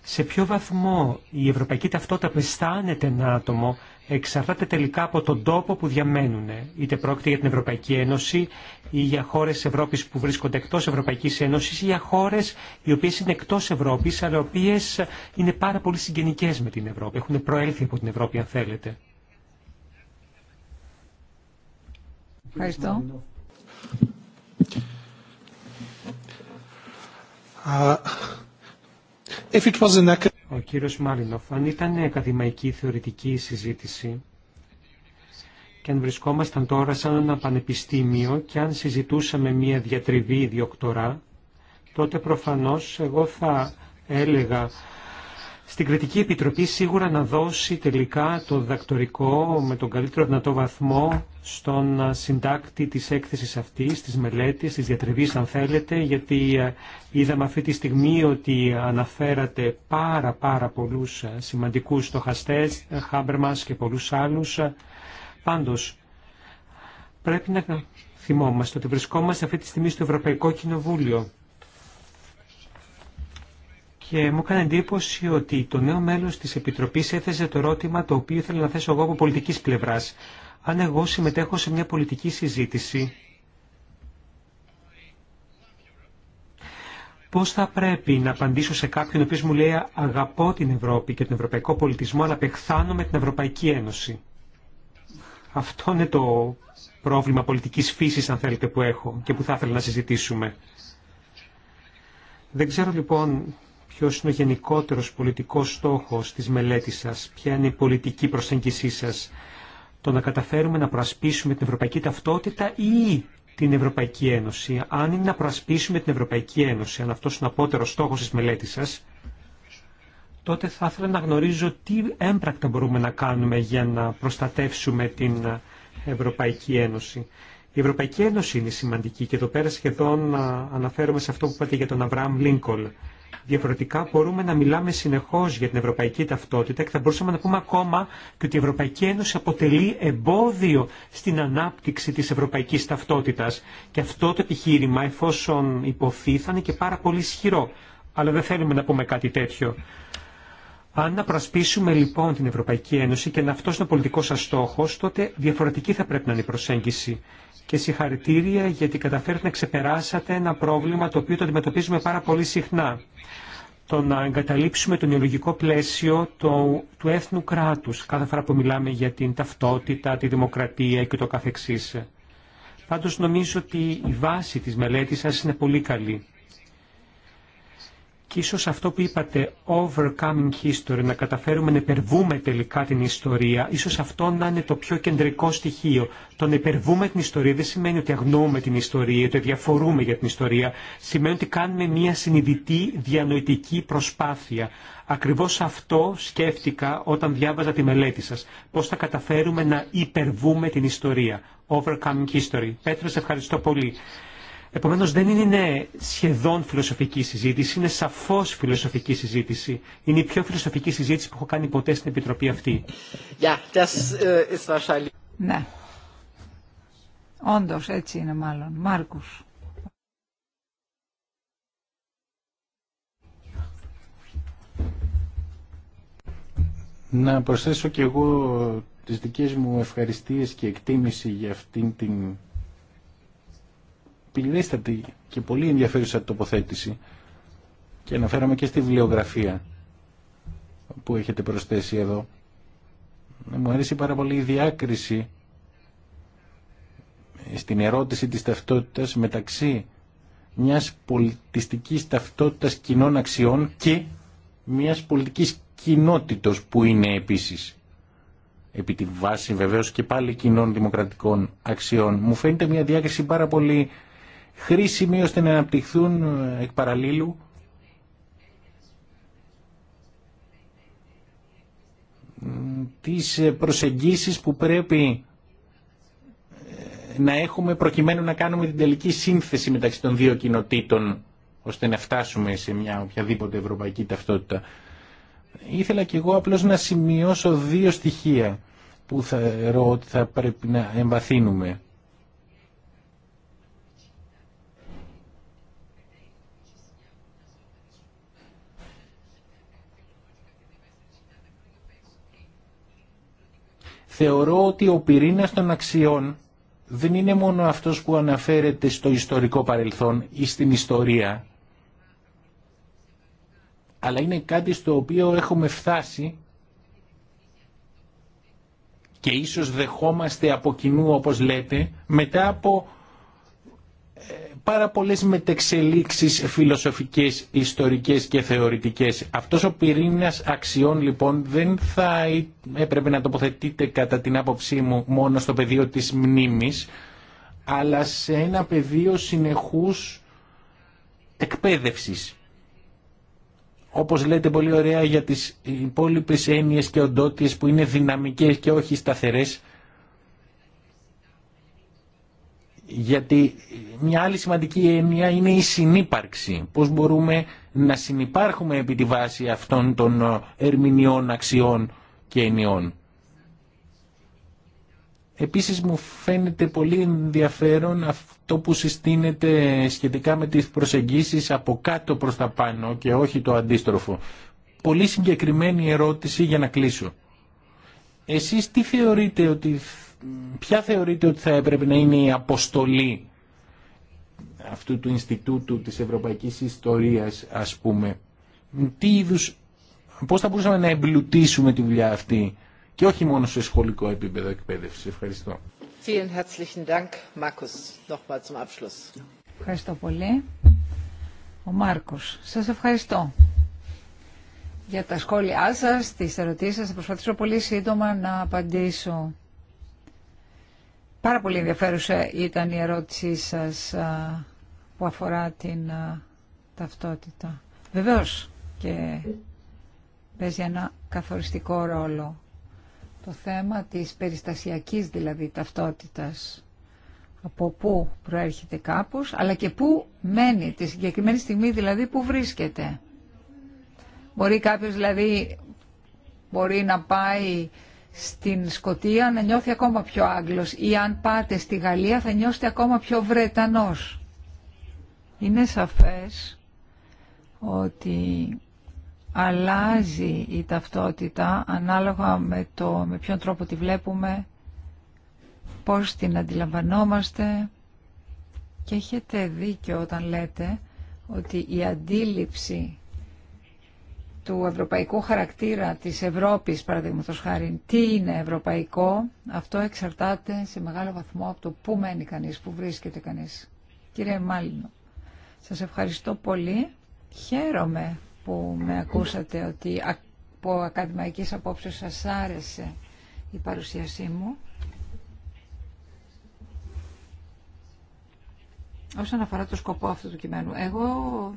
Σε ποιο βαθμό η ευρωπαϊκή ταυτότητα που αισθάνεται ένα άτομο εξαρτάται τελικά από τον τόπο που διαμένουν, είτε πρόκειται για την Ευρωπαϊκή Ένωση ή για χώρε Ευρώπη που βρίσκονται εκτό Ευρωπαϊκή Ένωση ή για χώρε οι οποίε είναι εκτό Ευρώπη αλλά οι οποίε είναι πάρα πολύ συγγενικέ με την Ευρώπη, έχουν προέλθει από την Ευρώπη αν θέλετε. Ευχαριστώ. Uh, Ο κύριος Μάλινοφ, αν ήταν ακαδημαϊκή θεωρητική συζήτηση και αν βρισκόμασταν τώρα σαν ένα πανεπιστήμιο και αν συζητούσαμε μία διατριβή διοκτορά, τότε προφανώς εγώ θα έλεγα στην Κρητική Επιτροπή σίγουρα να δώσει τελικά το δακτορικό με τον καλύτερο δυνατό βαθμό στον ε, συντάκτη της έκθεσης αυτής, της μελέτης, της διατριβής αν θέλετε, γιατί ε, είδαμε αυτή τη στιγμή ότι αναφέρατε πάρα πάρα πολλούς ε, σημαντικούς στοχαστές, Χάμπερμας και πολλούς άλλους. Πάντως, πρέπει να θυμόμαστε ότι βρισκόμαστε αυτή τη στιγμή στο Ευρωπαϊκό Κοινοβούλιο και μου έκανε εντύπωση ότι το νέο μέλος της Επιτροπής έθεσε το ερώτημα το οποίο ήθελα να θέσω εγώ από πολιτικής πλευράς. Αν εγώ συμμετέχω σε μια πολιτική συζήτηση, πώς θα πρέπει να απαντήσω σε κάποιον ο οποίος μου λέει αγαπώ την Ευρώπη και τον ευρωπαϊκό πολιτισμό αλλά με την Ευρωπαϊκή Ένωση. Αυτό είναι το πρόβλημα πολιτικής φύσης αν θέλετε που έχω και που θα ήθελα να συζητήσουμε. Δεν ξέρω λοιπόν ποιος είναι ο γενικότερος πολιτικός στόχος της μελέτης σας, ποια είναι η πολιτική προσέγγισή σας, το να καταφέρουμε να προασπίσουμε την ευρωπαϊκή ταυτότητα ή την Ευρωπαϊκή Ένωση, αν είναι να προασπίσουμε την Ευρωπαϊκή Ένωση, αν αυτός είναι ο απότερος στόχος της μελέτης σας, τότε θα ήθελα να γνωρίζω τι έμπρακτα μπορούμε να κάνουμε για να προστατεύσουμε την Ευρωπαϊκή Ένωση. Η Ευρωπαϊκή Ένωση είναι σημαντική και εδώ πέρα σχεδόν αναφέρομαι σε αυτό που είπατε για τον Αβραάμ Λίνκολ. Διαφορετικά μπορούμε να μιλάμε συνεχώς για την ευρωπαϊκή ταυτότητα και θα μπορούσαμε να πούμε ακόμα και ότι η Ευρωπαϊκή Ένωση αποτελεί εμπόδιο στην ανάπτυξη της ευρωπαϊκής ταυτότητας. Και αυτό το επιχείρημα, εφόσον υποθεί, θα είναι και πάρα πολύ ισχυρό. Αλλά δεν θέλουμε να πούμε κάτι τέτοιο. Αν να προσπίσουμε λοιπόν την Ευρωπαϊκή Ένωση και να αυτός είναι ο πολιτικός σας στόχος, τότε διαφορετική θα πρέπει να είναι η προσέγγιση και συγχαρητήρια γιατί καταφέρετε να ξεπεράσατε ένα πρόβλημα το οποίο το αντιμετωπίζουμε πάρα πολύ συχνά. Το να εγκαταλείψουμε το νεολογικό πλαίσιο το, του έθνου κράτους κάθε φορά που μιλάμε για την ταυτότητα, τη δημοκρατία και το καθεξής. Πάντως νομίζω ότι η βάση της μελέτης σας είναι πολύ καλή. Και ίσως αυτό που είπατε, overcoming history, να καταφέρουμε να υπερβούμε τελικά την ιστορία, ίσως αυτό να είναι το πιο κεντρικό στοιχείο. Το να υπερβούμε την ιστορία δεν σημαίνει ότι αγνοούμε την ιστορία, ότι διαφορούμε για την ιστορία. Σημαίνει ότι κάνουμε μια συνειδητή διανοητική προσπάθεια. Ακριβώς αυτό σκέφτηκα όταν διάβαζα τη μελέτη σας. Πώς θα καταφέρουμε να υπερβούμε την ιστορία. Overcoming history. Πέτρος, ευχαριστώ πολύ. Επομένω, δεν είναι σχεδόν φιλοσοφική συζήτηση, είναι σαφώ φιλοσοφική συζήτηση. Είναι η πιο φιλοσοφική συζήτηση που έχω κάνει ποτέ στην Επιτροπή αυτή. Äh, ναι. Όντω, έτσι είναι μάλλον. Μάρκου. Να προσθέσω κι εγώ τις δικές μου ευχαριστίες και εκτίμηση για αυτήν την πληρέστατη και πολύ ενδιαφέρουσα τοποθέτηση και αναφέραμε και στη βιβλιογραφία που έχετε προσθέσει εδώ. Μου αρέσει πάρα πολύ η διάκριση στην ερώτηση της ταυτότητας μεταξύ μιας πολιτιστικής ταυτότητας κοινών αξιών και μιας πολιτικής κοινότητος που είναι επίσης επί τη βάση βεβαίως και πάλι κοινών δημοκρατικών αξιών. Μου φαίνεται μια διάκριση πάρα πολύ χρήσιμοι ώστε να αναπτυχθούν ε, εκ παραλίλου τις ε, προσεγγίσεις που πρέπει ε, να έχουμε προκειμένου να κάνουμε την τελική σύνθεση μεταξύ των δύο κοινοτήτων ώστε να φτάσουμε σε μια οποιαδήποτε ευρωπαϊκή ταυτότητα. Ήθελα και εγώ απλώς να σημειώσω δύο στοιχεία που θα, ότι θα πρέπει να εμβαθύνουμε. Θεωρώ ότι ο πυρήνας των αξιών δεν είναι μόνο αυτός που αναφέρεται στο ιστορικό παρελθόν ή στην ιστορία, αλλά είναι κάτι στο οποίο έχουμε φτάσει και ίσως δεχόμαστε από κοινού όπως λέτε μετά από πάρα πολλές μετεξελίξεις φιλοσοφικές, ιστορικές και θεωρητικές. Αυτός ο πυρήνας αξιών λοιπόν δεν θα έπρεπε να τοποθετείται κατά την άποψή μου μόνο στο πεδίο της μνήμης, αλλά σε ένα πεδίο συνεχούς εκπαίδευσης. Όπως λέτε πολύ ωραία για τις υπόλοιπες έννοιες και οντότητε που είναι δυναμικές και όχι σταθερές, γιατί μια άλλη σημαντική έννοια είναι η συνύπαρξη. Πώς μπορούμε να συνυπάρχουμε επί τη βάση αυτών των ε, ερμηνεών, αξιών και ενιών. Επίσης μου φαίνεται πολύ ενδιαφέρον αυτό που συστήνεται σχετικά με τις προσεγγίσεις από κάτω προς τα πάνω και όχι το αντίστροφο. Πολύ συγκεκριμένη ερώτηση για να κλείσω. Εσείς τι θεωρείτε ότι ποια θεωρείτε ότι θα έπρεπε να είναι η αποστολή αυτού του Ινστιτούτου της Ευρωπαϊκής Ιστορίας, ας πούμε. Τι είδους, πώς θα μπορούσαμε να εμπλουτίσουμε τη δουλειά αυτή και όχι μόνο σε σχολικό επίπεδο εκπαίδευση. Ευχαριστώ. Ευχαριστώ πολύ. Ο Μάρκος, σας ευχαριστώ για τα σχόλιά σας, τις ερωτήσεις σας. Θα προσπαθήσω πολύ σύντομα να απαντήσω. Πάρα πολύ ενδιαφέρουσα ήταν η ερώτησή σας που αφορά την ταυτότητα. Βεβαίως και παίζει ένα καθοριστικό ρόλο το θέμα της περιστασιακής δηλαδή ταυτότητας από πού προέρχεται κάπως αλλά και πού μένει τη συγκεκριμένη στιγμή δηλαδή που βρίσκεται. Μπορεί κάποιος δηλαδή μπορεί να πάει στην Σκοτία να νιώθει ακόμα πιο Άγγλος ή αν πάτε στη Γαλλία θα νιώσετε ακόμα πιο Βρετανός. Είναι σαφές ότι αλλάζει η ταυτότητα ανάλογα με το με ποιον τρόπο τη βλέπουμε, πώς την αντιλαμβανόμαστε και έχετε δίκιο όταν λέτε ότι η αντίληψη του ευρωπαϊκού χαρακτήρα της Ευρώπης, παραδείγματος χάρη, τι είναι ευρωπαϊκό, αυτό εξαρτάται σε μεγάλο βαθμό από το πού μένει κανείς, πού βρίσκεται κανείς. Κύριε Μάλινο, σας ευχαριστώ πολύ. Χαίρομαι που με ακούσατε ότι από ακαδημαϊκής απόψεως σας άρεσε η παρουσίασή μου. Όσον αφορά το σκοπό αυτού του κειμένου, εγώ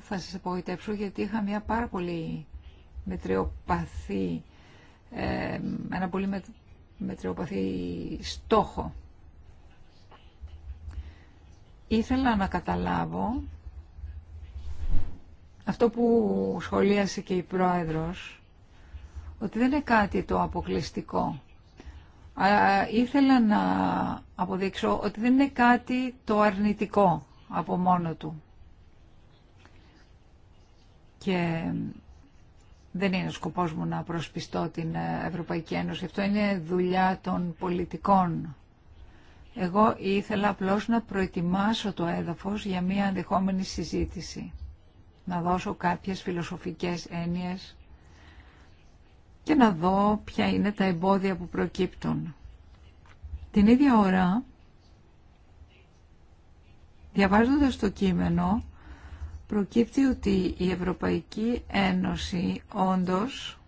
θα σας απογοητεύσω γιατί είχα μια πάρα πολύ μετριοπαθή, ε, ένα πολύ μετριοπαθή στόχο. Ήθελα να καταλάβω αυτό που σχολίασε και η Πρόεδρος, ότι δεν είναι κάτι το αποκλειστικό. ήθελα να αποδείξω ότι δεν είναι κάτι το αρνητικό από μόνο του. Και δεν είναι ο σκοπός μου να προσπιστώ την ε, Ευρωπαϊκή Ένωση. Αυτό είναι δουλειά των πολιτικών. Εγώ ήθελα απλώς να προετοιμάσω το έδαφος για μια ανδεχόμενη συζήτηση. Να δώσω κάποιες φιλοσοφικές έννοιες και να δω ποια είναι τα εμπόδια που προκύπτουν. Την ίδια ώρα, διαβάζοντας το κείμενο, προκύπτει ότι η Ευρωπαϊκή Ένωση όντως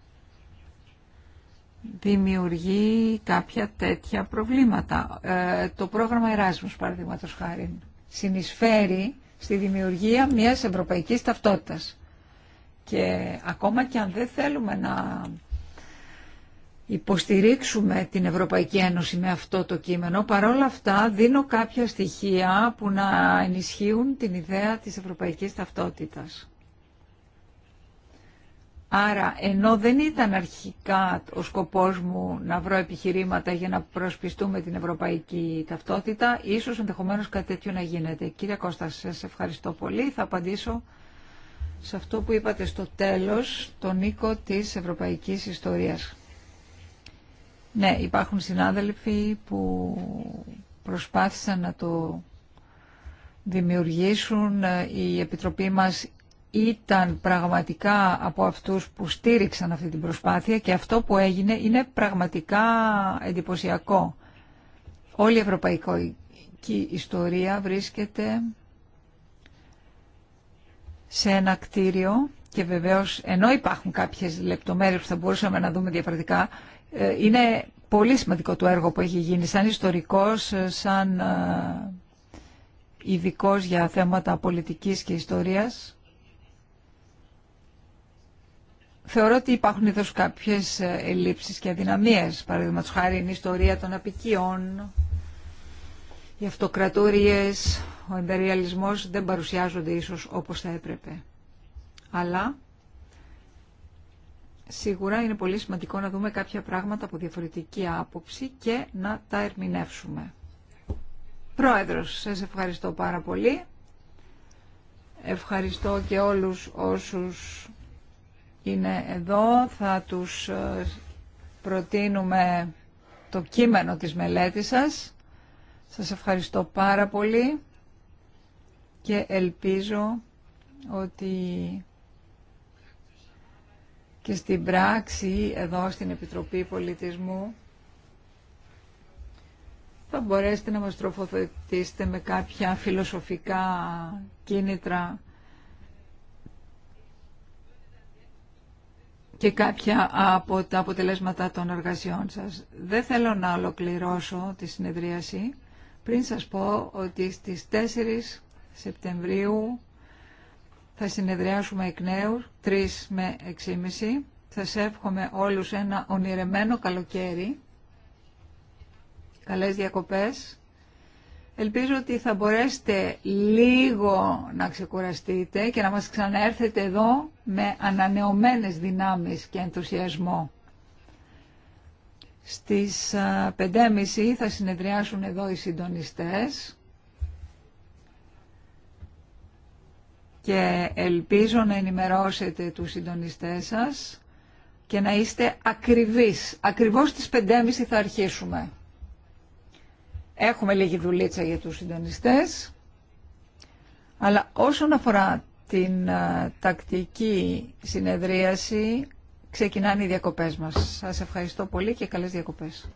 δημιουργεί κάποια τέτοια προβλήματα. Ε, το πρόγραμμα Εράσμους, παραδείγματος χάρη, συνεισφέρει στη δημιουργία μιας ευρωπαϊκής ταυτότητας. Και ακόμα και αν δεν θέλουμε να υποστηρίξουμε την Ευρωπαϊκή Ένωση με αυτό το κείμενο. Παρόλα αυτά δίνω κάποια στοιχεία που να ενισχύουν την ιδέα της ευρωπαϊκής ταυτότητας. Άρα, ενώ δεν ήταν αρχικά ο σκοπός μου να βρω επιχειρήματα για να προσπιστούμε την ευρωπαϊκή ταυτότητα, ίσως ενδεχομένως κάτι τέτοιο να γίνεται. Κύριε Κώστα, σας ευχαριστώ πολύ. Θα απαντήσω σε αυτό που είπατε στο τέλος, τον οίκο της ευρωπαϊκής ιστορίας. Ναι, υπάρχουν συνάδελφοι που προσπάθησαν να το δημιουργήσουν. Ε, η Επιτροπή μας ήταν πραγματικά από αυτούς που στήριξαν αυτή την προσπάθεια και αυτό που έγινε είναι πραγματικά εντυπωσιακό. Όλη η ευρωπαϊκή ιστορία βρίσκεται σε ένα κτίριο και βεβαίως ενώ υπάρχουν κάποιες λεπτομέρειες που θα μπορούσαμε να δούμε διαφορετικά είναι πολύ σημαντικό το έργο που έχει γίνει σαν ιστορικός, σαν ε, ειδικό για θέματα πολιτικής και ιστορίας. Θεωρώ ότι υπάρχουν εδώ κάποιες ε, ελλείψεις και αδυναμίες. Παραδείγματος χάρη είναι η ιστορία των απικιών, οι αυτοκρατορίες, ο εμπεριαλισμός δεν παρουσιάζονται ίσως όπως θα έπρεπε. Αλλά Σίγουρα είναι πολύ σημαντικό να δούμε κάποια πράγματα από διαφορετική άποψη και να τα ερμηνεύσουμε. Πρόεδρος, σας ευχαριστώ πάρα πολύ. Ευχαριστώ και όλους όσους είναι εδώ. Θα τους ε, προτείνουμε το κείμενο της μελέτης σας. Σας ευχαριστώ πάρα πολύ και ελπίζω ότι και στην πράξη εδώ στην Επιτροπή Πολιτισμού θα μπορέσετε να μας τροφοδοτήσετε με κάποια φιλοσοφικά κίνητρα και κάποια από τα αποτελέσματα των εργασιών σας. Δεν θέλω να ολοκληρώσω τη συνεδρίαση πριν σας πω ότι στις 4 Σεπτεμβρίου θα συνεδριάσουμε εκ νέου 3 με 6.30. Σας εύχομαι όλους ένα ονειρεμένο καλοκαίρι. Καλές διακοπές. Ελπίζω ότι θα μπορέσετε λίγο να ξεκουραστείτε και να μας ξαναέρθετε εδώ με ανανεωμένες δυνάμεις και ενθουσιασμό. Στις 5.30 ε, θα συνεδριάσουν εδώ οι συντονιστές. και ελπίζω να ενημερώσετε τους συντονιστές σας και να είστε ακριβείς. Ακριβώς στις 5.30 θα αρχίσουμε. Έχουμε λίγη δουλίτσα για τους συντονιστές, αλλά όσον αφορά την τακτική συνεδρίαση, ξεκινάνε οι διακοπές μας. Σας ευχαριστώ πολύ και καλές διακοπές.